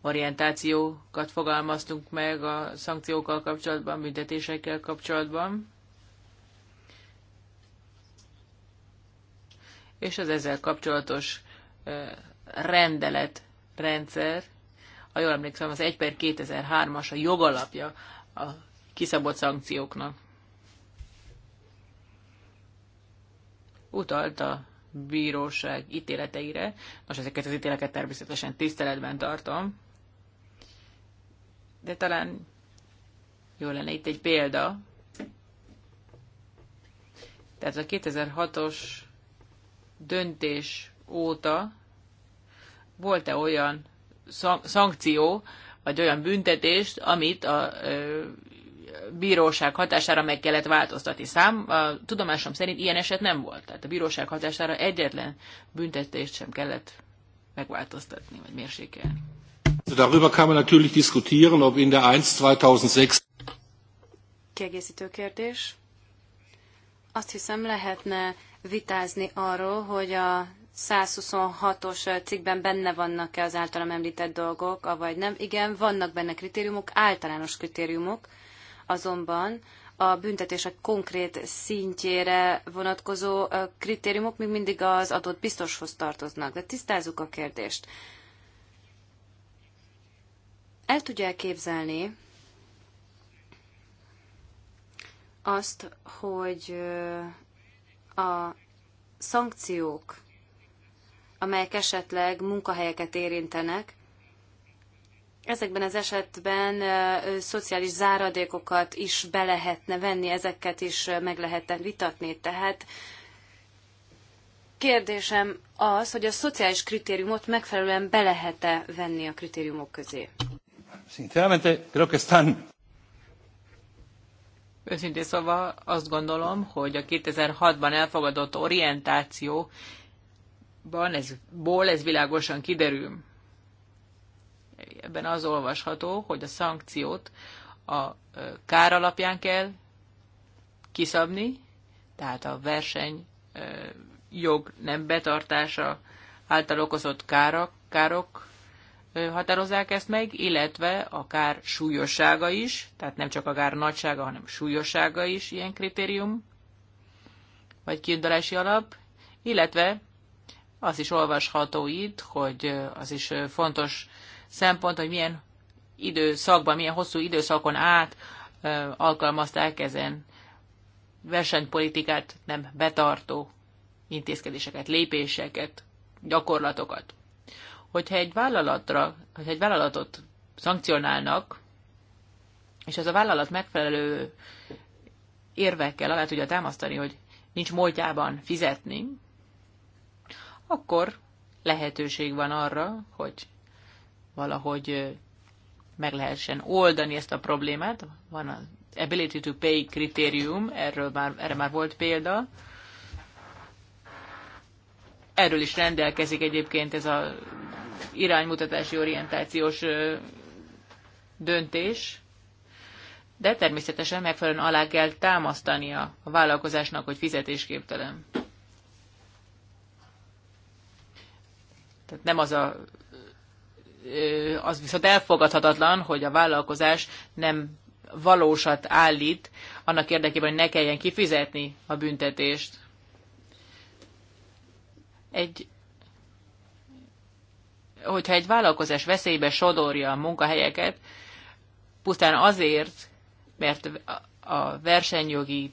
orientációkat fogalmaztunk meg a szankciókkal kapcsolatban, büntetésekkel kapcsolatban. És az ezzel kapcsolatos rendelet rendszer ha jól emlékszem, az 1 per 2003-as a jogalapja a kiszabott szankcióknak. Utalt a bíróság ítéleteire. Most ezeket az ítéleket természetesen tiszteletben tartom. De talán jó lenne itt egy példa. Tehát a 2006-os döntés óta volt-e olyan szankció, vagy olyan büntetést, amit a bíróság hatására meg kellett változtatni. Szám, a tudomásom szerint ilyen eset nem volt. Tehát a bíróság hatására egyetlen büntetést sem kellett megváltoztatni, vagy mérsékelni. Darüber kann man natürlich diskutieren, ob in der 1-2006... Kiegészítő kérdés. Azt hiszem lehetne vitázni arról, hogy a 126-os cikkben benne vannak-e az általam említett dolgok, avagy nem. Igen, vannak benne kritériumok, általános kritériumok, azonban a büntetések konkrét szintjére vonatkozó kritériumok még mindig az adott biztoshoz tartoznak. De tisztázzuk a kérdést. El tudja képzelni azt, hogy a szankciók amelyek esetleg munkahelyeket érintenek. Ezekben az esetben ö, szociális záradékokat is be lehetne venni, ezeket is meg lehetne vitatni. Tehát kérdésem az, hogy a szociális kritériumot megfelelően be lehet-e venni a kritériumok közé? Sinceramente, creo que están Őszintén szóval azt gondolom, hogy a 2006-ban elfogadott orientáció ban ez, ból ez világosan kiderül. Ebben az olvasható, hogy a szankciót a kár alapján kell kiszabni, tehát a verseny jog nem betartása által okozott károk, károk határozzák ezt meg, illetve a kár súlyossága is, tehát nem csak a kár nagysága, hanem súlyossága is ilyen kritérium, vagy kiindulási alap, illetve az is olvasható itt, hogy az is fontos szempont, hogy milyen időszakban, milyen hosszú időszakon át alkalmazták ezen versenypolitikát nem betartó intézkedéseket, lépéseket, gyakorlatokat. Hogyha egy vállalatra, hogy egy vállalatot szankcionálnak, és ez a vállalat megfelelő érvekkel alá tudja támasztani, hogy nincs módjában fizetni, akkor lehetőség van arra, hogy valahogy meg lehessen oldani ezt a problémát. Van az ability to pay kritérium, erről már, erre már volt példa. Erről is rendelkezik egyébként ez az iránymutatási orientációs döntés, de természetesen megfelelően alá kell támasztania a vállalkozásnak, hogy fizetésképtelen. Tehát nem az a az viszont elfogadhatatlan, hogy a vállalkozás nem valósat állít annak érdekében, hogy ne kelljen kifizetni a büntetést. Egy, hogyha egy vállalkozás veszélybe sodorja a munkahelyeket, pusztán azért, mert a versenyjogi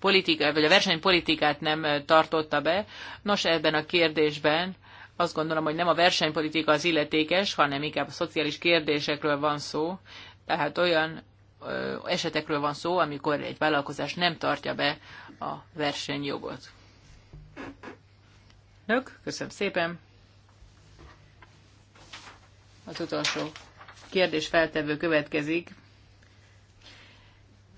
politika, vagy a versenypolitikát nem tartotta be, nos ebben a kérdésben azt gondolom, hogy nem a versenypolitika az illetékes, hanem inkább a szociális kérdésekről van szó. Tehát olyan ö, esetekről van szó, amikor egy vállalkozás nem tartja be a versenyjogot. Nök, köszönöm szépen. Az utolsó kérdés feltevő következik.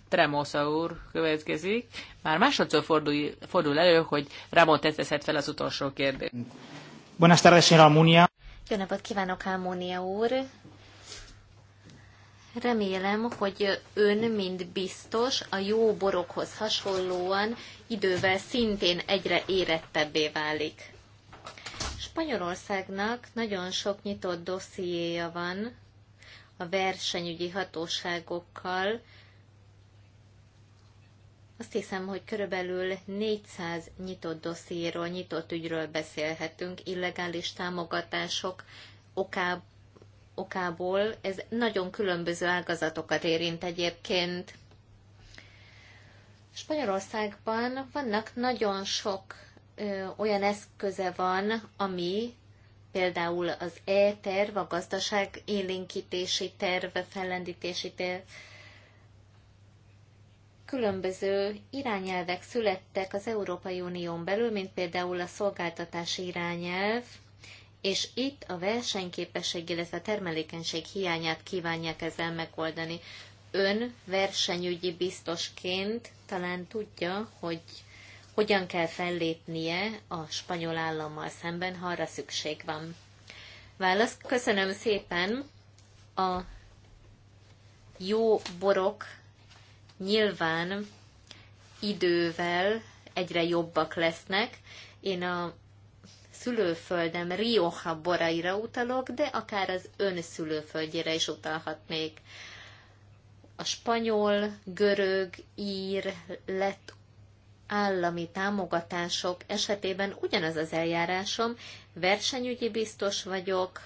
Tremosa úr következik. Már másodszor fordul, fordul elő, hogy Ramon teszed fel az utolsó kérdést. Buenas tardes, señora Almunia. Jó napot kívánok, Almunia úr. Remélem, hogy ön, mint biztos, a jó borokhoz hasonlóan idővel szintén egyre érettebbé válik. Spanyolországnak nagyon sok nyitott dossziéja van a versenyügyi hatóságokkal, azt hiszem, hogy körülbelül 400 nyitott dossziéről, nyitott ügyről beszélhetünk, illegális támogatások oká, okából. Ez nagyon különböző ágazatokat érint egyébként. Spanyolországban vannak nagyon sok ö, olyan eszköze van, ami például az E-terv, a gazdaság élénkítési terv, fellendítési terv, különböző irányelvek születtek az Európai Unión belül, mint például a szolgáltatási irányelv, és itt a versenyképesség, illetve a termelékenység hiányát kívánják ezzel megoldani. Ön versenyügyi biztosként talán tudja, hogy hogyan kell fellépnie a spanyol állammal szemben, ha arra szükség van. Válasz, köszönöm szépen a jó borok nyilván idővel egyre jobbak lesznek. Én a szülőföldem Rioja boraira utalok, de akár az ön szülőföldjére is utalhatnék. A spanyol, görög, ír, lett állami támogatások esetében ugyanaz az eljárásom, versenyügyi biztos vagyok,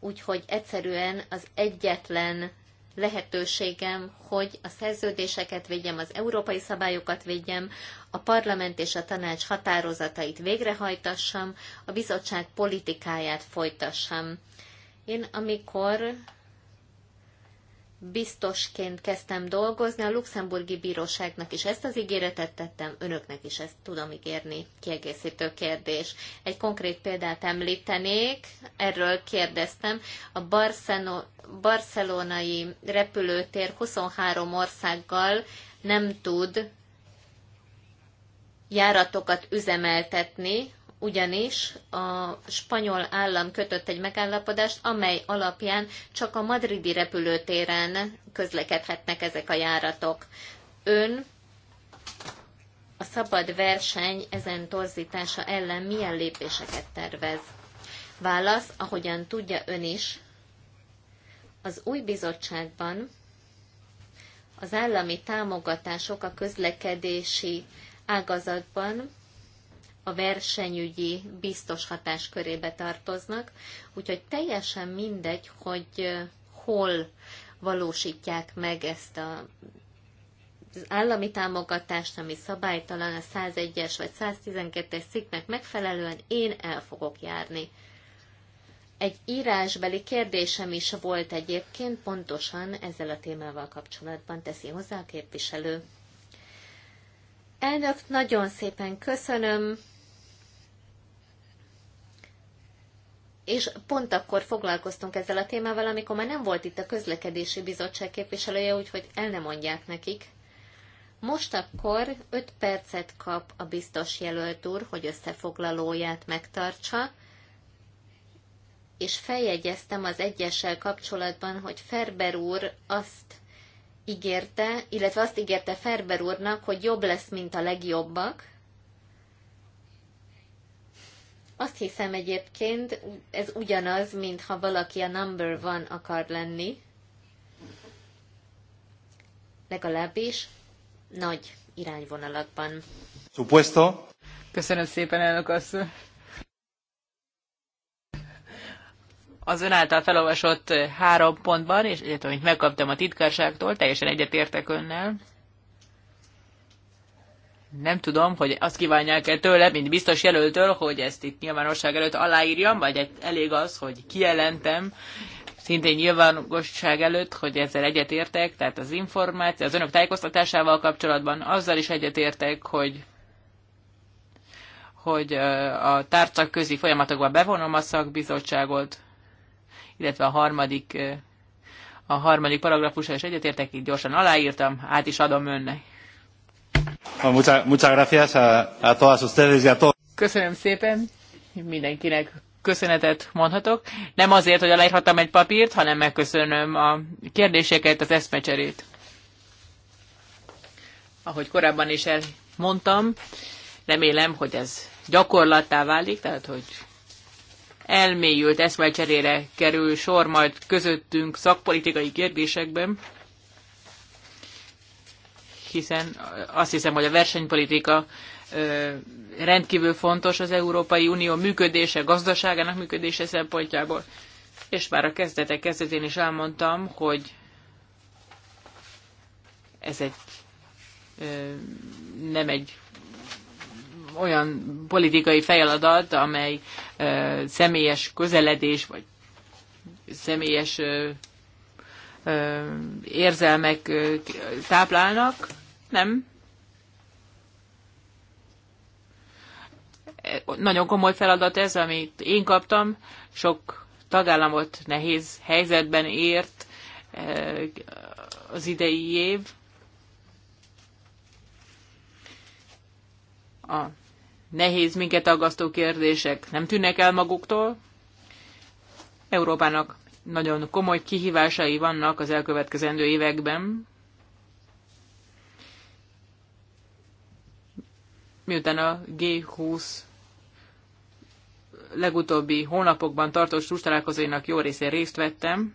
úgyhogy egyszerűen az egyetlen lehetőségem, hogy a szerződéseket védjem, az európai szabályokat védjem, a parlament és a tanács határozatait végrehajtassam, a bizottság politikáját folytassam. Én amikor biztosként kezdtem dolgozni, a luxemburgi bíróságnak is ezt az ígéretet tettem, önöknek is ezt tudom ígérni. Kiegészítő kérdés. Egy konkrét példát említenék, erről kérdeztem. A Barceno- barcelonai repülőtér 23 országgal nem tud járatokat üzemeltetni, ugyanis a spanyol állam kötött egy megállapodást, amely alapján csak a madridi repülőtéren közlekedhetnek ezek a járatok. Ön a szabad verseny ezen torzítása ellen milyen lépéseket tervez? Válasz, ahogyan tudja ön is, az új bizottságban az állami támogatások a közlekedési ágazatban a versenyügyi biztos hatás körébe tartoznak, úgyhogy teljesen mindegy, hogy hol valósítják meg ezt a az állami támogatást, ami szabálytalan a 101-es vagy 112-es cikknek megfelelően, én el fogok járni. Egy írásbeli kérdésem is volt egyébként, pontosan ezzel a témával kapcsolatban teszi hozzá a képviselő. Elnök, nagyon szépen köszönöm. és pont akkor foglalkoztunk ezzel a témával, amikor már nem volt itt a közlekedési bizottság képviselője, úgyhogy el nem mondják nekik. Most akkor 5 percet kap a biztos jelölt úr, hogy összefoglalóját megtartsa, és feljegyeztem az egyessel kapcsolatban, hogy Ferber úr azt ígérte, illetve azt ígérte Ferber úrnak, hogy jobb lesz, mint a legjobbak, azt hiszem egyébként, ez ugyanaz, mintha valaki a number van akar lenni, legalábbis nagy irányvonalakban. Supuesto. Köszönöm szépen, elnök asszony. Az ön által felolvasott három pontban, és egyet, amit megkaptam a titkárságtól, teljesen egyetértek önnel nem tudom, hogy azt kívánják-e tőle, mint biztos jelöltől, hogy ezt itt nyilvánosság előtt aláírjam, vagy elég az, hogy kijelentem, szintén nyilvánosság előtt, hogy ezzel egyetértek, tehát az információ, az önök tájékoztatásával kapcsolatban azzal is egyetértek, hogy hogy a tárcak közi folyamatokba bevonom a szakbizottságot, illetve a harmadik, a harmadik paragrafusra is egyetértek, így gyorsan aláírtam, át is adom önnek. Köszönöm szépen mindenkinek köszönetet mondhatok. Nem azért, hogy aláírhattam egy papírt, hanem megköszönöm a kérdéseket, az eszmecserét. Ahogy korábban is elmondtam, remélem, hogy ez gyakorlattá válik, tehát hogy elmélyült eszmecserére kerül sor majd közöttünk szakpolitikai kérdésekben hiszen azt hiszem, hogy a versenypolitika rendkívül fontos az Európai Unió működése, gazdaságának működése szempontjából. És már a kezdetek kezdetén is elmondtam, hogy ez egy nem egy olyan politikai feladat, amely személyes közeledés, vagy személyes érzelmek táplálnak, nem? E, nagyon komoly feladat ez, amit én kaptam. Sok tagállamot nehéz helyzetben ért e, az idei év. A nehéz, minket aggasztó kérdések nem tűnnek el maguktól. Európának nagyon komoly kihívásai vannak az elkövetkezendő években. Miután a G20 legutóbbi hónapokban tartott csúcstalálkozóinak jó részén részt vettem,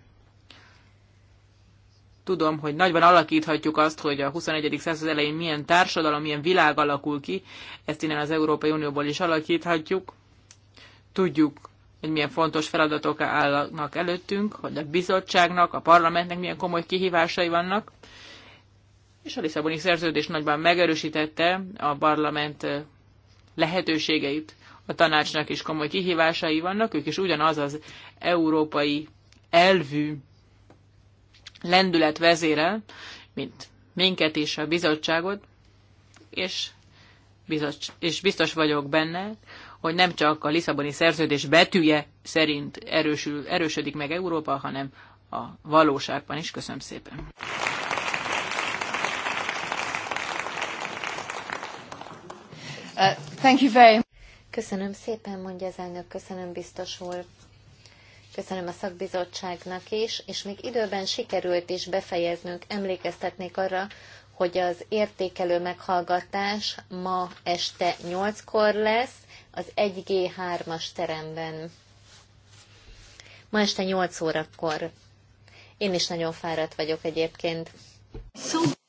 tudom, hogy nagyban alakíthatjuk azt, hogy a 21. század elején milyen társadalom, milyen világ alakul ki, ezt innen az Európai Unióból is alakíthatjuk. Tudjuk, hogy milyen fontos feladatok állnak előttünk, hogy a bizottságnak, a parlamentnek milyen komoly kihívásai vannak, és a Lisszaboni szerződés nagyban megerősítette a parlament lehetőségeit. A tanácsnak is komoly kihívásai vannak, ők is ugyanaz az európai elvű lendület vezére, mint minket és a bizottságot, és, bizot, és biztos vagyok benne, hogy nem csak a Lisszaboni szerződés betűje szerint erősül, erősödik meg Európa, hanem a valóságban is. Köszönöm szépen! Uh, thank you very Köszönöm szépen, mondja az elnök, köszönöm biztos úr. Köszönöm a szakbizottságnak is, és még időben sikerült is befejeznünk. Emlékeztetnék arra, hogy az értékelő meghallgatás ma este 8-kor lesz, az 1G3-as teremben. Ma este 8 órakor. Én is nagyon fáradt vagyok egyébként. Szóval.